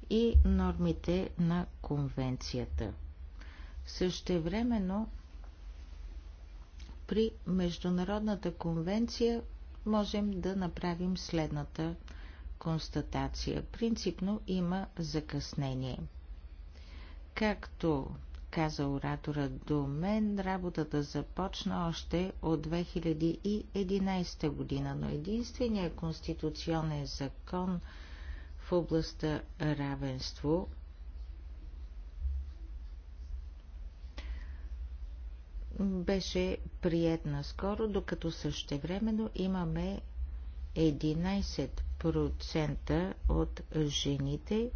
и нормите на Конвенцията. Същевременно при Международната конвенция можем да направим следната констатация. Принципно има закъснение. Както каза оратора до мен, работата започна още от 2011 година, но единственият конституционен закон в областта равенство – беше прият наскоро, докато същевременно имаме 11% от жените,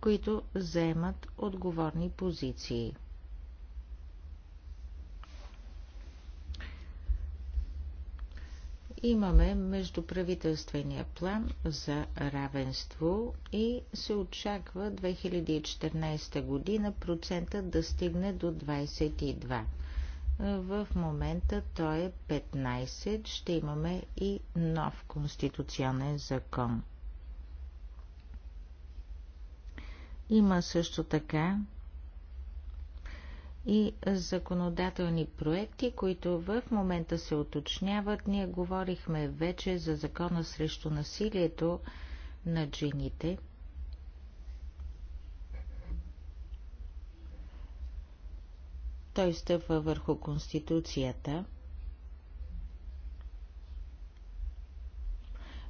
които заемат отговорни позиции. Имаме междуправителствения план за равенство и се очаква 2014 година процента да стигне до 22%. В момента той е 15, ще имаме и нов конституционен закон. Има също така и законодателни проекти, които в момента се уточняват. Ние говорихме вече за закона срещу насилието на жените. Той стъпва върху Конституцията,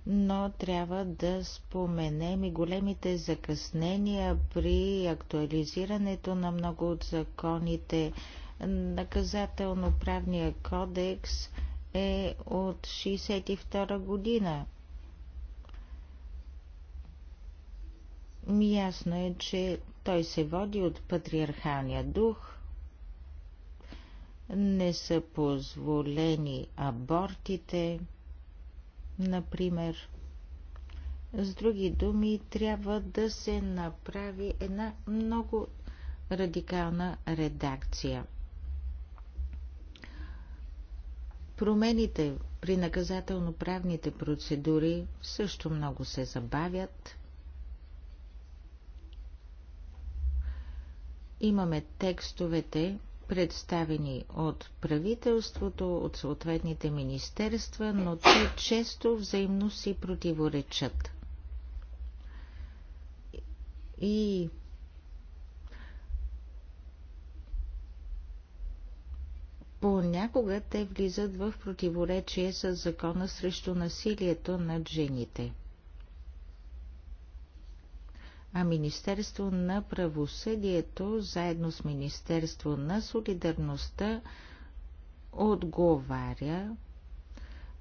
но трябва да споменем и големите закъснения при актуализирането на много от законите. Наказателно-правния кодекс е от 1962 година. Ясно е, че той се води от патриархалния дух – не са позволени абортите, например. С други думи, трябва да се направи една много радикална редакция. Промените при наказателно-правните процедури също много се забавят. Имаме текстовете, представени от правителството, от съответните министерства, но те често взаимно си противоречат. И понякога те влизат в противоречие с закона срещу насилието над жените – а Министерство на правосъдието заедно с Министерство на солидарността отговаря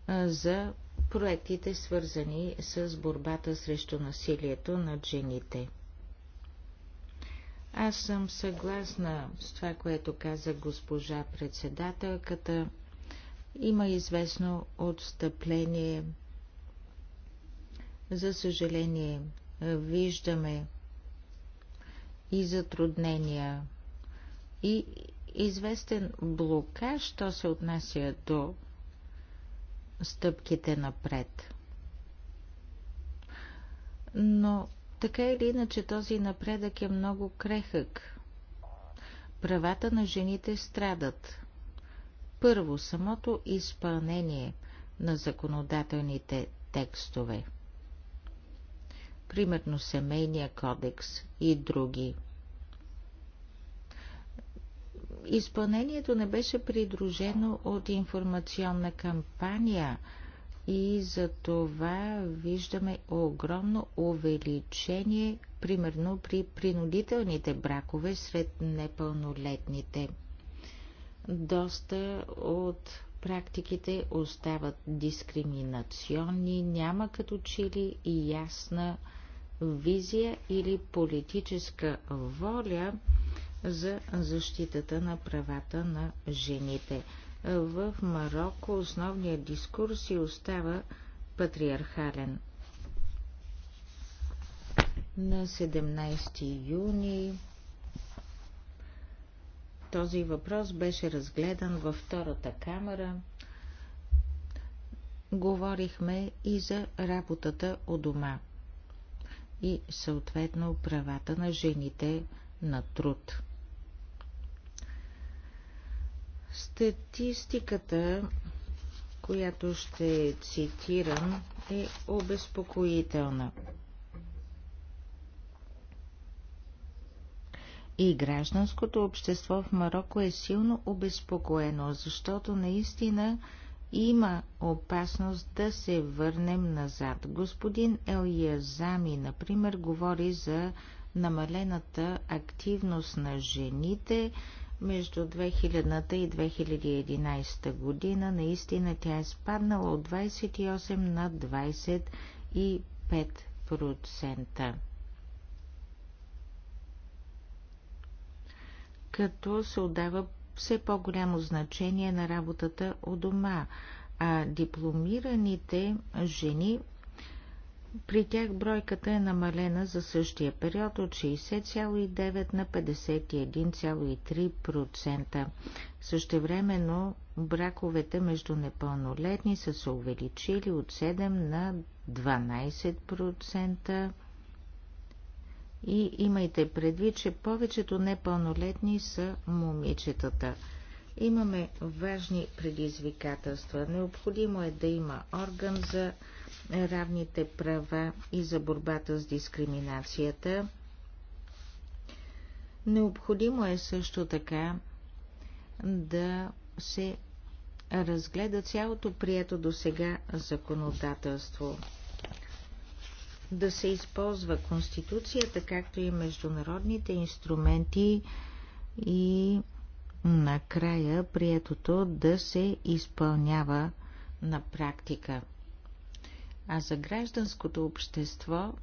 за проектите, свързани с борбата срещу насилието над жените. Аз съм съгласна с това, което каза госпожа председателката. Има известно отстъпление. За съжаление, виждаме и затруднения, и известен блокаж, що се отнася до стъпките напред. Но така или иначе този напредък е много крехък. Правата на жените страдат. Първо, самото изпълнение на законодателните текстове – примерно семейния кодекс и други. Изпълнението не беше придружено от информационна кампания и за това виждаме огромно увеличение, примерно при принудителните бракове сред непълнолетните. Доста от практиките остават дискриминационни, няма като чили и ясна визия или политическа воля за защитата на правата на жените. В Марокко основният дискурс и остава патриархален. На 17 юни този въпрос беше разгледан във втората камера. Говорихме и за работата у дома и съответно правата на жените на труд. Статистиката, която ще цитирам, е обезпокоителна. И гражданското общество в Марокко е силно обезпокоено, защото наистина има опасност да се върнем назад. Господин Елиязами, например, говори за намалената активност на жените между 2000-та и 2011 година. Наистина тя е спаднала от 28 на 25%. като се отдава все по-голямо значение на работата у дома, а дипломираните жени при тях бройката е намалена за същия период от 60,9 на 51,3%. Същевременно браковете между непълнолетни са се увеличили от 7 на 12%. И имайте предвид, че повечето непълнолетни са момичетата. Имаме важни предизвикателства. Необходимо е да има орган за равните права и за борбата с дискриминацията. Необходимо е също така да се разгледа цялото прието до сега законодателство да се използва Конституцията, както и международните инструменти и накрая приетото да се изпълнява на практика. А за гражданското общество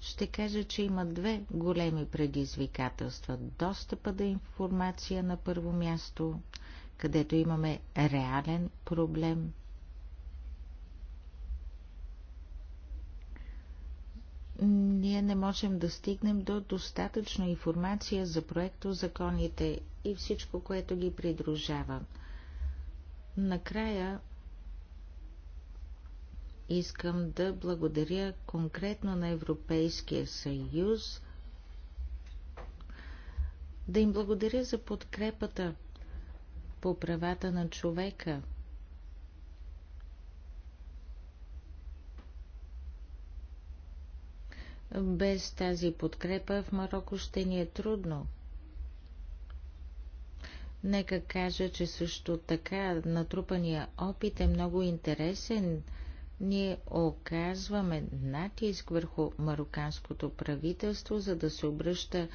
ще кажа, че има две големи предизвикателства. Достъпа до информация на първо място, където имаме реален проблем ние не можем да стигнем до достатъчно информация за проекто, законите и всичко, което ги придружава. Накрая искам да благодаря конкретно на Европейския съюз, да им благодаря за подкрепата по правата на човека – Без тази подкрепа в Марокко ще ни е трудно. Нека кажа, че също така натрупания опит е много интересен. Ние оказваме натиск върху мароканското правителство, за да се обръща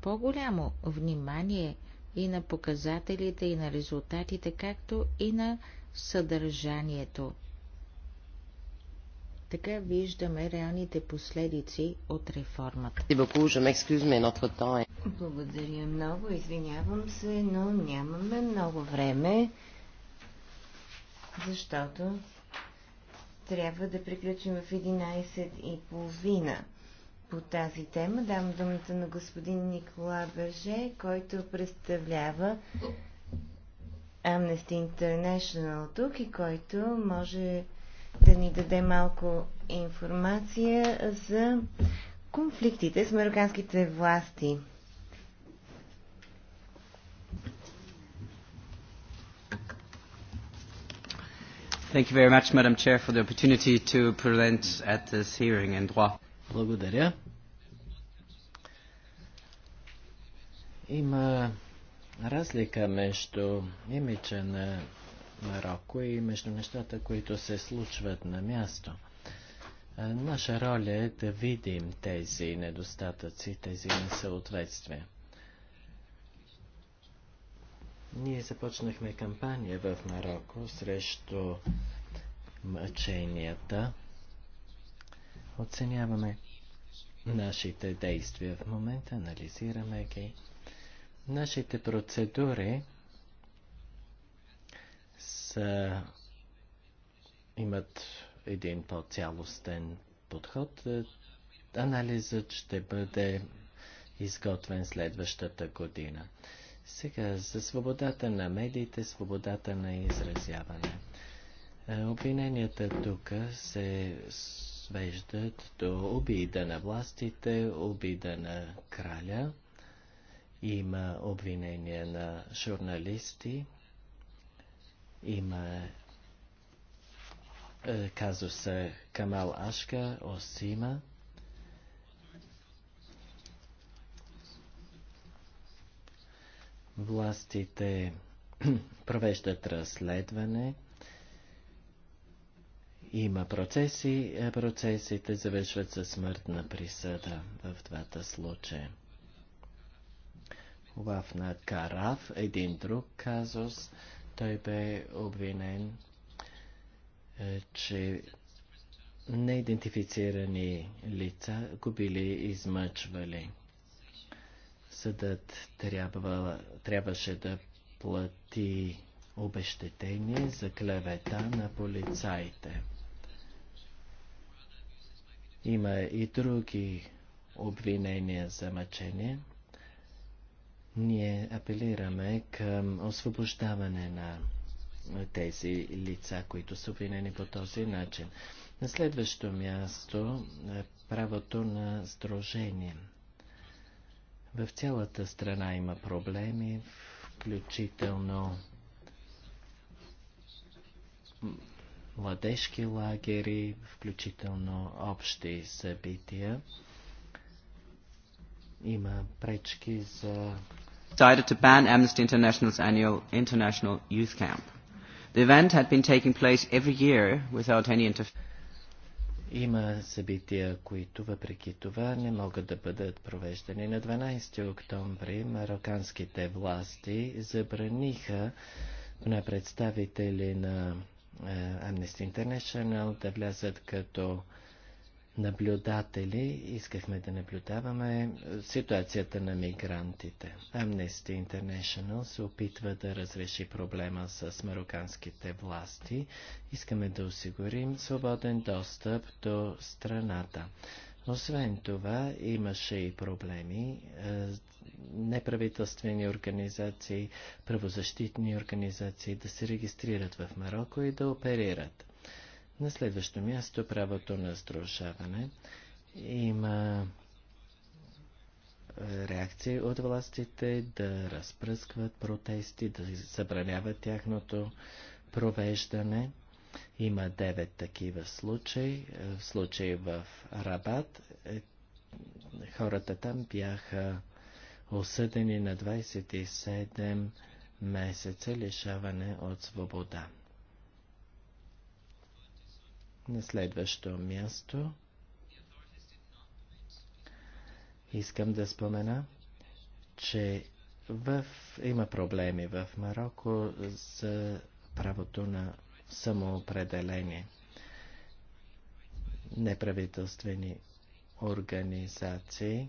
по-голямо внимание и на показателите, и на резултатите, както и на съдържанието. Така виждаме реалните последици от реформата. Благодаря много, извинявам се, но нямаме много време, защото трябва да приключим в половина по тази тема. Дам думата на господин Никола Берже, който представлява Amnesty International тук и който може да ни даде малко информация за конфликтите с мароканските власти. Thank you very much, Madam Chair, for the opportunity to present at this hearing in Droit. Благодаря. Има разлика между имиджа на Марокко и между нещата, които се случват на място. Наша роля е да видим тези недостатъци, тези несъответствия. Ние започнахме кампания в Марокко срещу мъченията. Оценяваме нашите действия в момента, анализираме ги. Нашите процедури са, е, имат един по-цялостен подход. Е, анализът ще бъде изготвен следващата година. Сега за свободата на медиите, свободата на изразяване. Е, обвиненията тук се свеждат до обида на властите, обида на краля. Има обвинения на журналисти, има е, казуса Камал Ашка, Осима. Властите провеждат разследване. Има процеси, е, процесите завършват със смъртна присъда в двата случая. Лав на Караф, един друг казус – той бе обвинен, е, че неидентифицирани лица го били измъчвали. Съдът трябва, трябваше да плати обещетение за клевета на полицаите. Има и други обвинения за мъчение. Ние апелираме към освобождаване на тези лица, които са обвинени по този начин. На следващо място е правото на сдружение. В цялата страна има проблеми, включително младежки лагери, включително общи събития. Има пречки за decided to ban Amnesty International's annual International Youth Camp. The event had been taking place every year without any interference. Има събития, които въпреки това не могат да бъдат провеждани. На 12 октомври мароканските власти забраниха на представители на Amnesty International да влязат като наблюдатели, искахме да наблюдаваме ситуацията на мигрантите. Amnesty International се опитва да разреши проблема с мароканските власти. Искаме да осигурим свободен достъп до страната. Освен това, имаше и проблеми. Е, неправителствени организации, правозащитни организации да се регистрират в Марокко и да оперират. На следващо място правото на струшаване има е, реакции от властите да разпръскват протести, да забраняват тяхното провеждане. Има девет такива случаи. В е, случаи в Рабат е, хората там бяха осъдени на 27 месеца лишаване от свобода. На следващо място искам да спомена, че в, има проблеми в Марокко за правото на самоопределение. Неправителствени организации,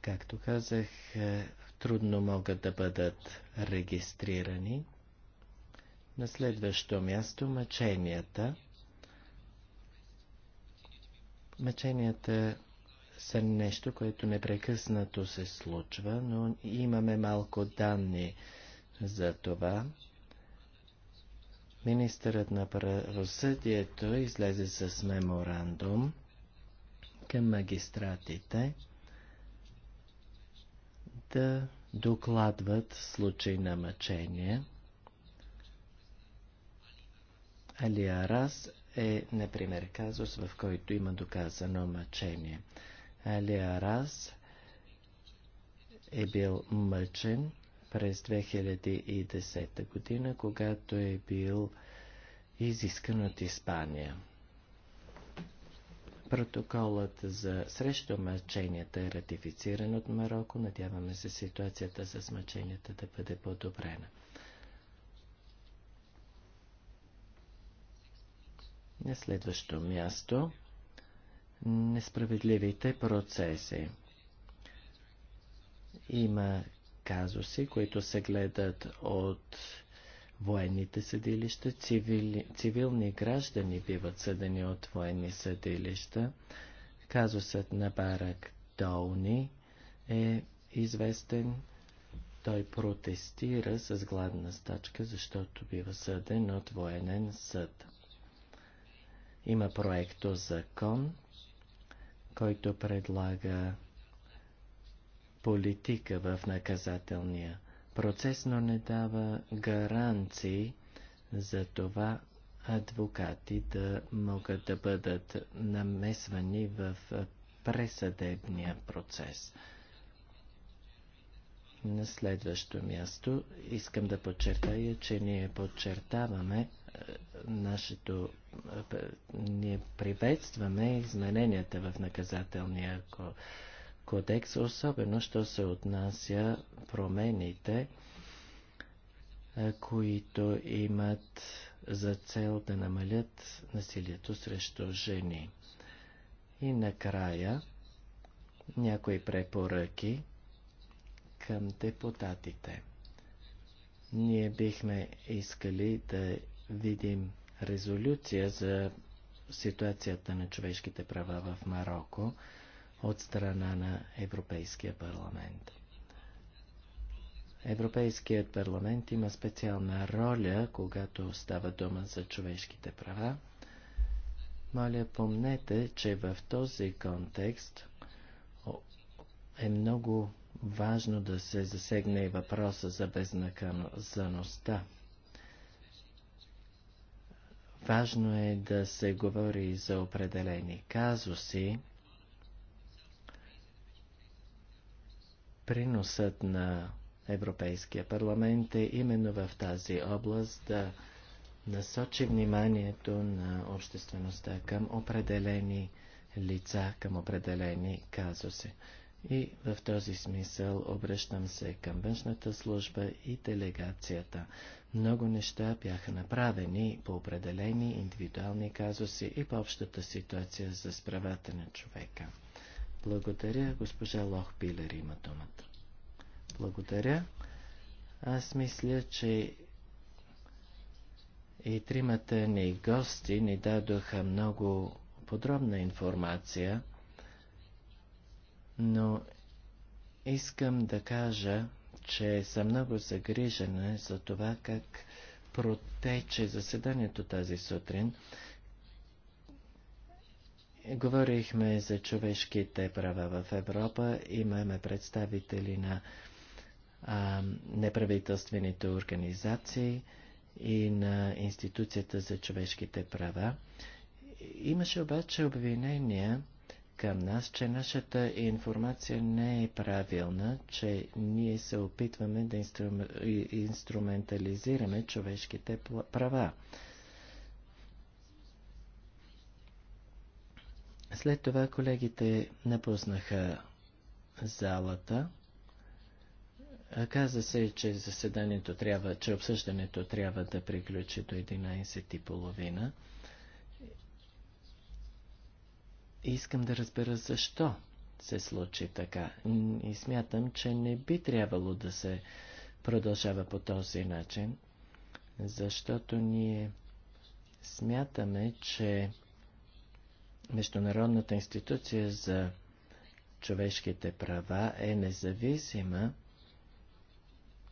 както казах, е, трудно могат да бъдат регистрирани. На следващо място мъченията. Мъченията са нещо, което непрекъснато се случва, но имаме малко данни за това. Министърът на правосъдието излезе с меморандум към магистратите да докладват случай на мъчение. Алиарас е, например, казус, в който има доказано мъчение. Алиарас е бил мъчен през 2010 година, когато е бил изискан от Испания. Протоколът за срещу мъченията е ратифициран от Марокко. Надяваме се ситуацията с мъченията да бъде подобрена. На следващо място несправедливите процеси. Има казуси, които се гледат от военните съдилища, цивили, цивилни граждани биват съдени от военни съдилища. Казусът на Барак Долни е известен. Той протестира с гладна стачка, защото бива съден от военен съд. Има проекто закон, който предлага политика в наказателния процес, но не дава гаранции за това адвокати да могат да бъдат намесвани в пресъдебния процес. На следващо място искам да подчертая, че ние подчертаваме нашето... Ние приветстваме измененията в наказателния кодекс, особено, що се отнася промените, които имат за цел да намалят насилието срещу жени. И накрая някои препоръки към депутатите. Ние бихме искали да видим резолюция за ситуацията на човешките права в Марокко от страна на Европейския парламент. Европейският парламент има специална роля, когато става дума за човешките права. Моля, помнете, че в този контекст е много важно да се засегне и въпроса за безнаказаността. Важно е да се говори за определени казуси. Приносът на Европейския парламент е именно в тази област да насочи вниманието на обществеността към определени лица, към определени казуси. И в този смисъл обръщам се към външната служба и делегацията. Много неща бяха направени по определени индивидуални казуси и по общата ситуация за справата на човека. Благодаря, госпожа Лох Пилер има думата. Благодаря. Аз мисля, че и тримата ни гости ни дадоха много подробна информация, но искам да кажа, че съм много загрижена за това как протече заседанието тази сутрин. Говорихме за човешките права в Европа. Имаме представители на а, неправителствените организации и на Институцията за човешките права. Имаше обаче обвинения към нас, че нашата информация не е правилна, че ние се опитваме да инструментализираме човешките права. След това колегите напуснаха залата. Каза се, че заседанието трябва, че обсъждането трябва да приключи до 11.30. Искам да разбера защо се случи така. И смятам, че не би трябвало да се продължава по този начин, защото ние смятаме, че Международната институция за човешките права е независима,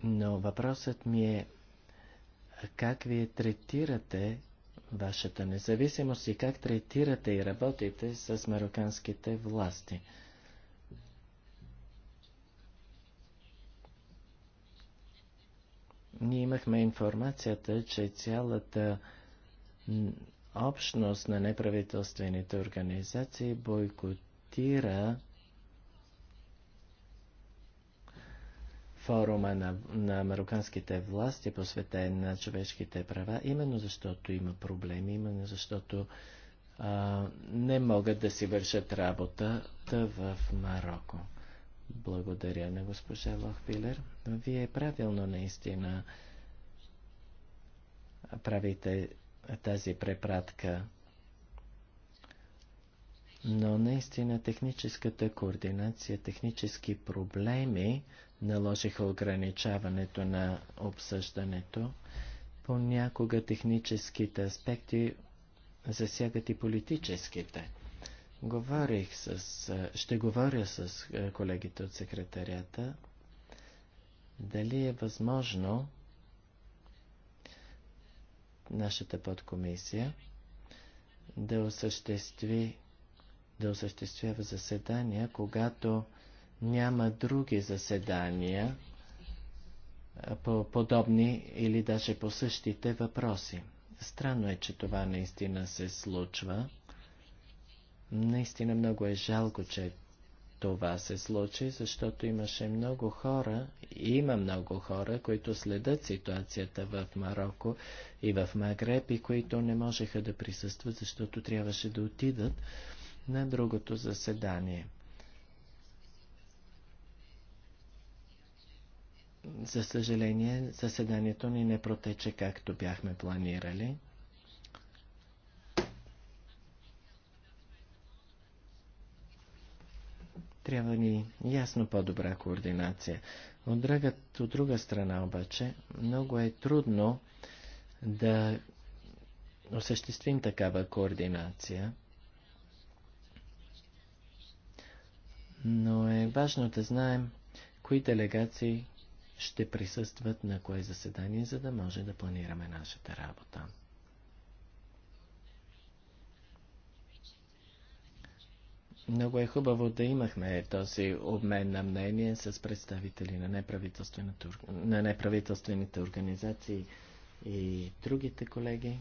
но въпросът ми е как вие третирате вашата независимост и как третирате и работите с мароканските власти. Ние имахме информацията, че цялата общност на неправителствените организации бойкотира форума на, на мароканските власти, посветен на човешките права, именно защото има проблеми, именно защото а, не могат да си вършат работата в Марокко. Благодаря на госпожа Лохпилер. Вие правилно наистина правите тази препратка. Но наистина техническата координация, технически проблеми наложиха ограничаването на обсъждането. Понякога техническите аспекти засягат и политическите. Говорих с, ще говоря с колегите от секретарията, дали е възможно нашата подкомисия да осъществи да осъществява заседания, когато няма други заседания по подобни или даже по същите въпроси. Странно е, че това наистина се случва. Наистина много е жалко, че това се случи, защото имаше много хора, и има много хора, които следят ситуацията в Марокко и в Магреб и които не можеха да присъстват, защото трябваше да отидат на другото заседание. За съжаление, заседанието ни не протече както бяхме планирали. Трябва ни ясно по-добра координация. От друга, от друга страна обаче, много е трудно да осъществим такава координация. Но е важно да знаем кои делегации ще присъстват на кое заседание, за да може да планираме нашата работа. Много е хубаво да имахме този обмен на мнение с представители на, на неправителствените организации и другите колеги.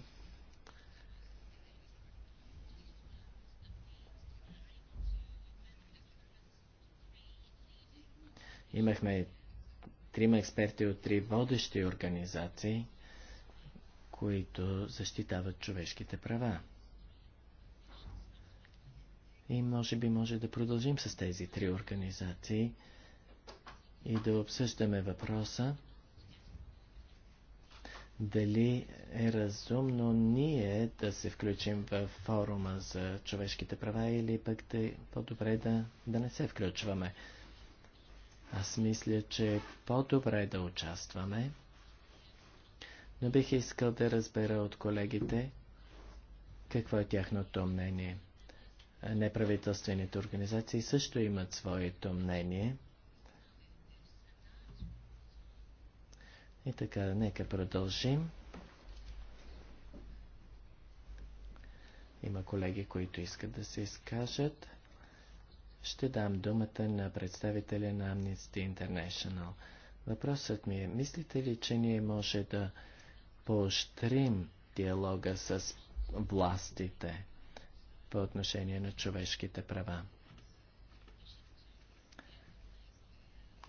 Имахме трима експерти от три водещи организации, които защитават човешките права. И може би може да продължим с тези три организации и да обсъждаме въпроса дали е разумно ние да се включим в форума за човешките права или пък да, по-добре да, да не се включваме. Аз мисля, че е по-добре да участваме, но бих искал да разбера от колегите какво е тяхното мнение. Неправителствените организации също имат своето мнение. И така, нека продължим. Има колеги, които искат да се изкажат ще дам думата на представителя на Amnesty International. Въпросът ми е, мислите ли, че ние може да поощрим диалога с властите по отношение на човешките права?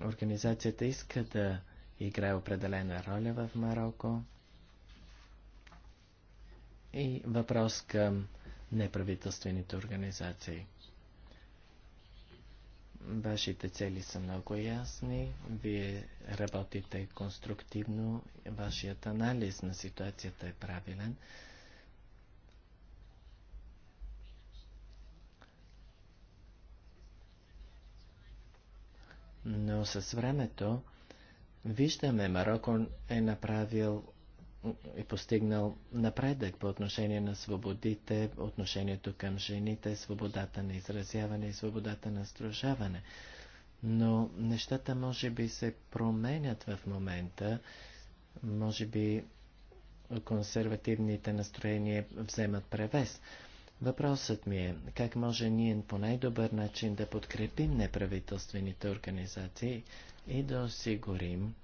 Организацията иска да играе определена роля в Марокко. И въпрос към неправителствените организации. Вашите цели са много ясни. Вие работите конструктивно. Вашият анализ на ситуацията е правилен. Но с времето виждаме, Марокон е направил е постигнал напредък по отношение на свободите, отношението към жените, свободата на изразяване и свободата на сдружаване. Но нещата може би се променят в момента, може би консервативните настроения вземат превес. Въпросът ми е, как може ние по най-добър начин да подкрепим неправителствените организации и да осигурим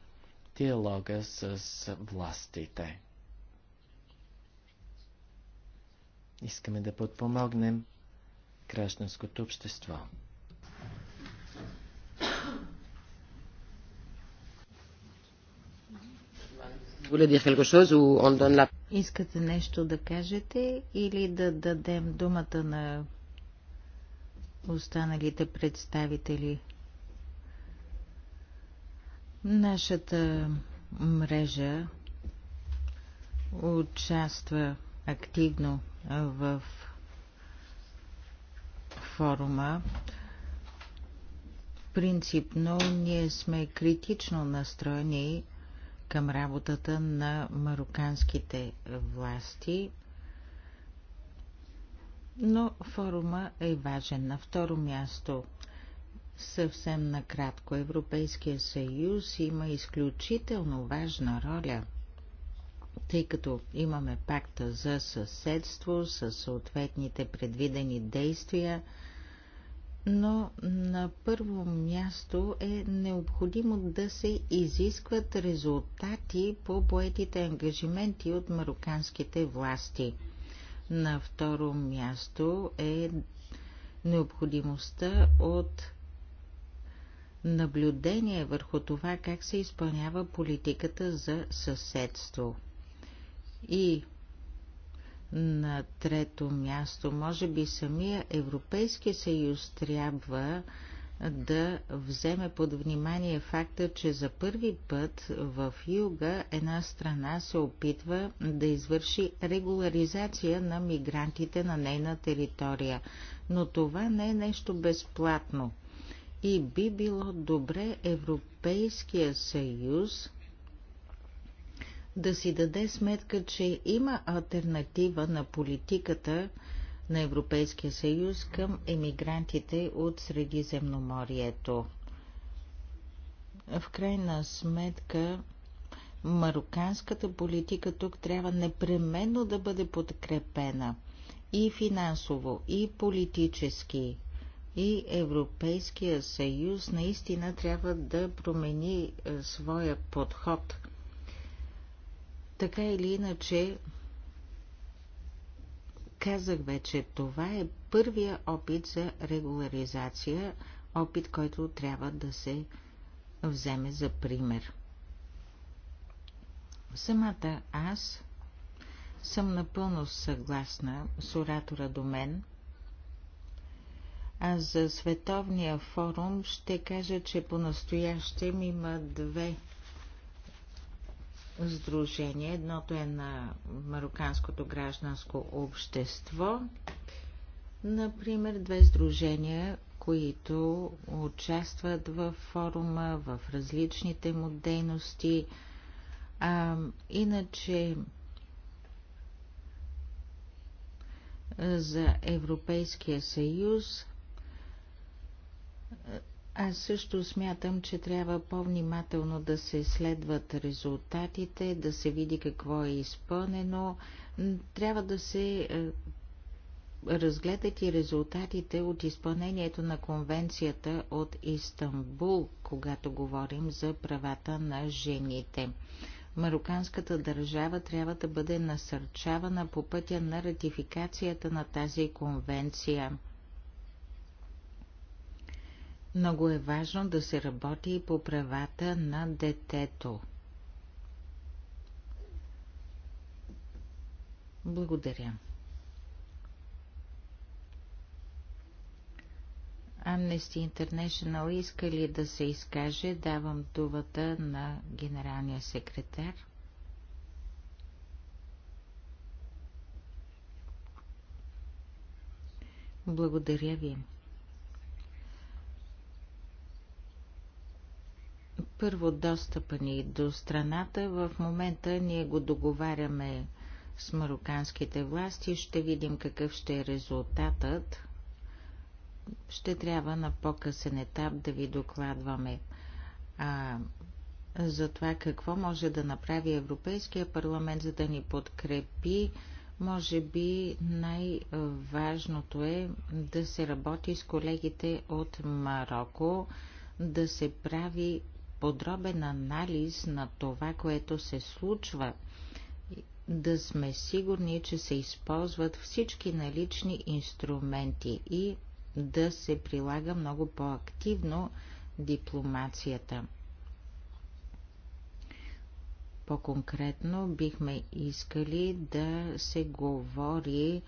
диалога с властите. Искаме да подпомогнем гражданското общество. Искате нещо да кажете или да дадем думата на останалите представители? Нашата мрежа участва активно в форума. Принципно ние сме критично настроени към работата на мароканските власти, но форума е важен. На второ място – Съвсем накратко, Европейския съюз има изключително важна роля, тъй като имаме пакта за съседство с съответните предвидени действия, но на първо място е необходимо да се изискват резултати по поетите ангажименти от мароканските власти. На второ място е необходимостта от наблюдение върху това как се изпълнява политиката за съседство. И на трето място, може би самия Европейски съюз трябва да вземе под внимание факта, че за първи път в юга една страна се опитва да извърши регуларизация на мигрантите на нейна територия. Но това не е нещо безплатно и би било добре Европейския съюз да си даде сметка, че има альтернатива на политиката на Европейския съюз към емигрантите от Средиземноморието. В крайна сметка, мароканската политика тук трябва непременно да бъде подкрепена и финансово, и политически и Европейския съюз наистина трябва да промени е, своя подход. Така или иначе, казах вече, това е първия опит за регуларизация, опит, който трябва да се вземе за пример. Самата аз съм напълно съгласна с оратора до мен – а за Световния форум ще кажа, че по-настоящем има две сдружения. Едното е на Мароканското гражданско общество. Например, две сдружения, които участват в форума, в различните му дейности. А, иначе за Европейския съюз аз също смятам, че трябва по-внимателно да се следват резултатите, да се види какво е изпълнено. Трябва да се е, разгледат и резултатите от изпълнението на конвенцията от Истанбул, когато говорим за правата на жените. Мароканската държава трябва да бъде насърчавана по пътя на ратификацията на тази конвенция. Много е важно да се работи и по правата на детето. Благодаря. Amnesty International иска ли да се изкаже? Давам думата на генералния секретар. Благодаря ви. Първо достъпа ни до страната. В момента ние го договаряме с мароканските власти. Ще видим какъв ще е резултатът. Ще трябва на по-късен етап да ви докладваме. А, за това какво може да направи Европейския парламент, за да ни подкрепи, може би най-важното е да се работи с колегите от Марокко, да се прави подробен анализ на това, което се случва, да сме сигурни, че се използват всички налични инструменти и да се прилага много по-активно дипломацията. По-конкретно бихме искали да се говори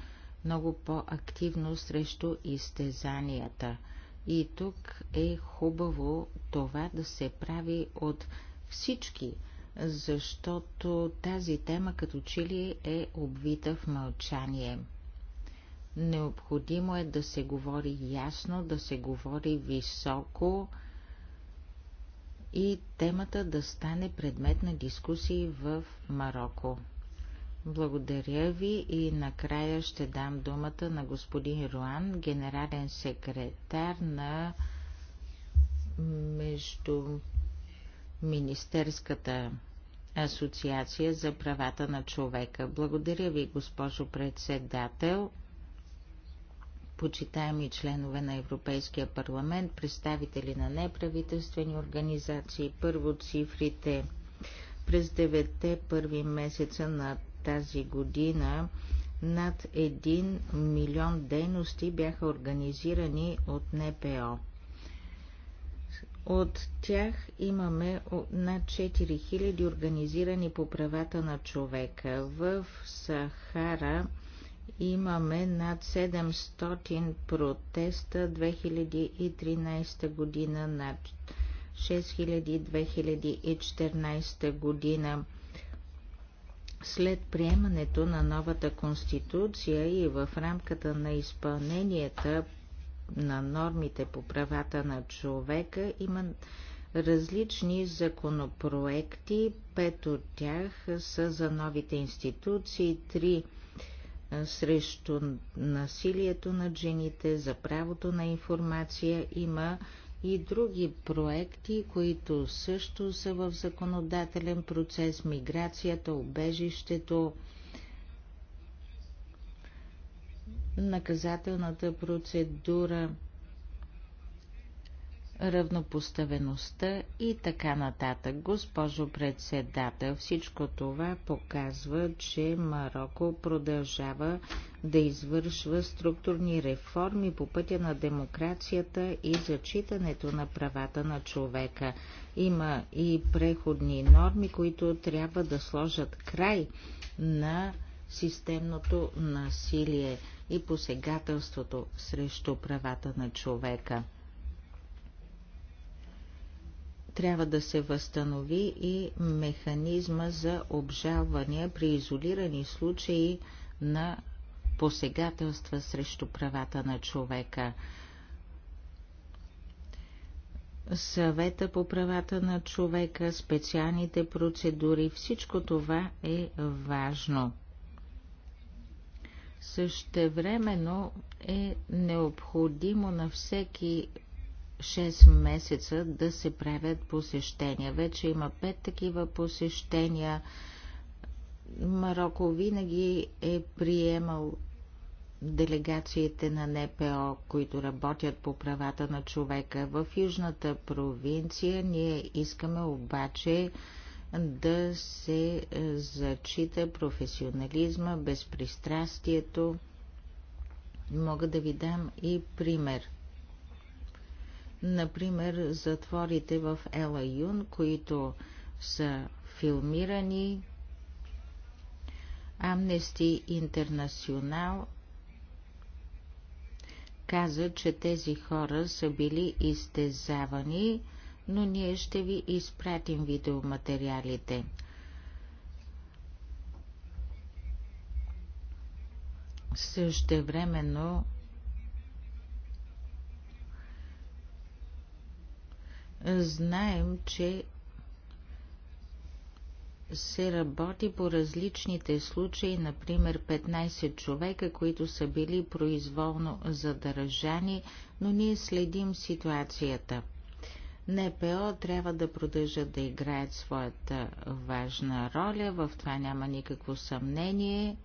много по-активно срещу изтезанията – и тук е хубаво това да се прави от всички, защото тази тема като че ли е обвита в мълчание. Необходимо е да се говори ясно, да се говори високо и темата да стане предмет на дискусии в Марокко. Благодаря ви и накрая ще дам думата на господин Руан, генерален секретар на между Министерската асоциация за правата на човека. Благодаря ви, госпожо председател, почитаеми членове на Европейския парламент, представители на неправителствени организации, първо цифрите през девете първи месеца на тази година над 1 милион дейности бяха организирани от НПО. От тях имаме над 4000 организирани по правата на човека. В Сахара имаме над 700 протеста 2013 година, над 6000 2014 година. След приемането на новата конституция и в рамката на изпълненията на нормите по правата на човека има различни законопроекти, пет от тях са за новите институции, три срещу насилието на жените, за правото на информация има и други проекти, които също са в законодателен процес, миграцията, обежището, наказателната процедура – равнопоставеността и така нататък. Госпожо председател, всичко това показва, че Марокко продължава да извършва структурни реформи по пътя на демокрацията и зачитането на правата на човека. Има и преходни норми, които трябва да сложат край на системното насилие и посегателството срещу правата на човека. Трябва да се възстанови и механизма за обжалвания при изолирани случаи на посегателства срещу правата на човека. Съвета по правата на човека, специалните процедури, всичко това е важно. Същевременно е необходимо на всеки 6 месеца да се правят посещения. Вече има 5 такива посещения. Марокко винаги е приемал делегациите на НПО, които работят по правата на човека. В Южната провинция ние искаме обаче да се е, зачита професионализма, безпристрастието. Мога да ви дам и пример – Например, затворите в Ела Юн, които са филмирани. Amnesty International каза, че тези хора са били изтезавани, но ние ще ви изпратим видеоматериалите. Също времено. знаем, че се работи по различните случаи, например 15 човека, които са били произволно задържани, но ние следим ситуацията. НПО трябва да продължат да играят своята важна роля, в това няма никакво съмнение.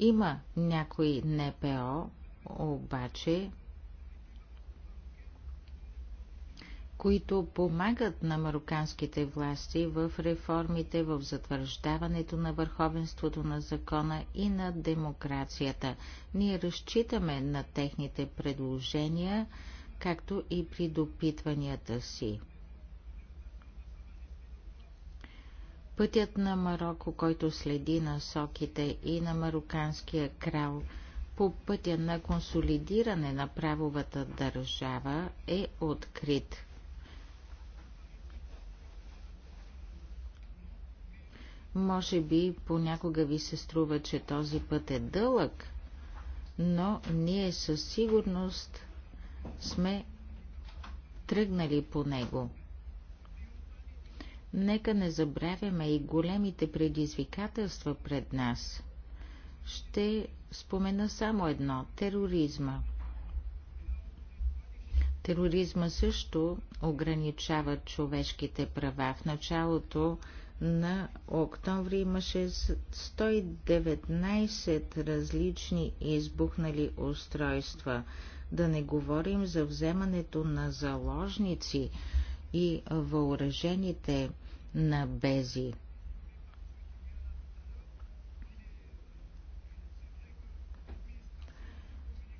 Има някои НПО, обаче, които помагат на мароканските власти в реформите, в затвърждаването на върховенството на закона и на демокрацията. Ние разчитаме на техните предложения, както и при допитванията си. Пътят на Марокко, който следи насоките и на мароканския крал по пътя на консолидиране на правовата държава е открит – Може би понякога ви се струва, че този път е дълъг, но ние със сигурност сме тръгнали по него. Нека не забравяме и големите предизвикателства пред нас. Ще спомена само едно – тероризма. Тероризма също ограничава човешките права. В началото на октомври имаше 119 различни избухнали устройства. Да не говорим за вземането на заложници и въоръжените на Бези.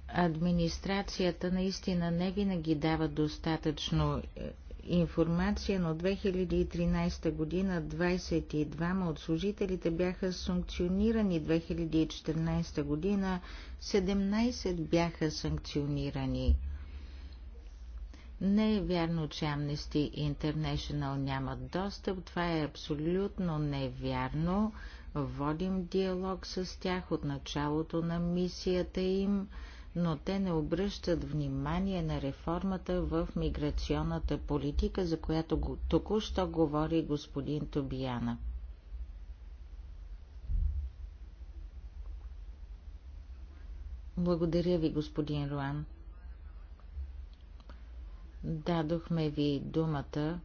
Администрацията наистина не винаги дава достатъчно е, информация, но 2013 година 22 от служителите бяха санкционирани, 2014 година 17 бяха санкционирани. Не е вярно, че Amnesty International нямат достъп. Това е абсолютно невярно. Водим диалог с тях от началото на мисията им но те не обръщат внимание на реформата в миграционната политика, за която току-що говори господин Тобияна. Благодаря ви, господин Руан. Дадохме ви думата,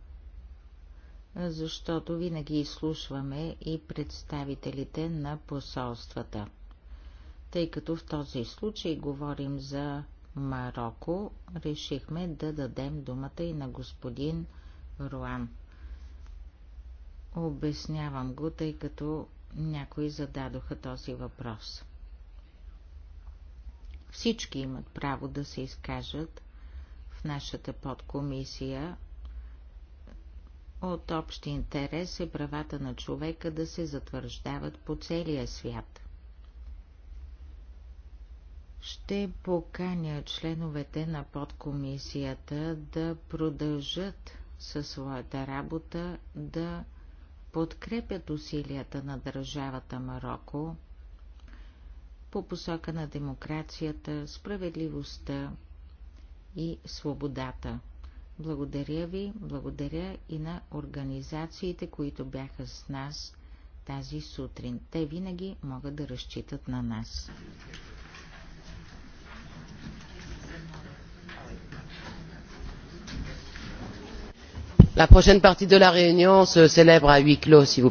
защото винаги изслушваме и представителите на посолствата. Тъй като в този случай говорим за Марокко, решихме да дадем думата и на господин Руан. Обяснявам го, тъй като някои зададоха този въпрос. Всички имат право да се изкажат в нашата подкомисия. От общ интерес е правата на човека да се затвърждават по целия свят. Ще поканя членовете на подкомисията да продължат със своята работа да подкрепят усилията на държавата Марокко по посока на демокрацията, справедливостта и свободата. Благодаря ви, благодаря и на организациите, които бяха с нас тази сутрин. Те винаги могат да разчитат на нас. la prochaine partie de la réunion se célèbre à huis clos si vous.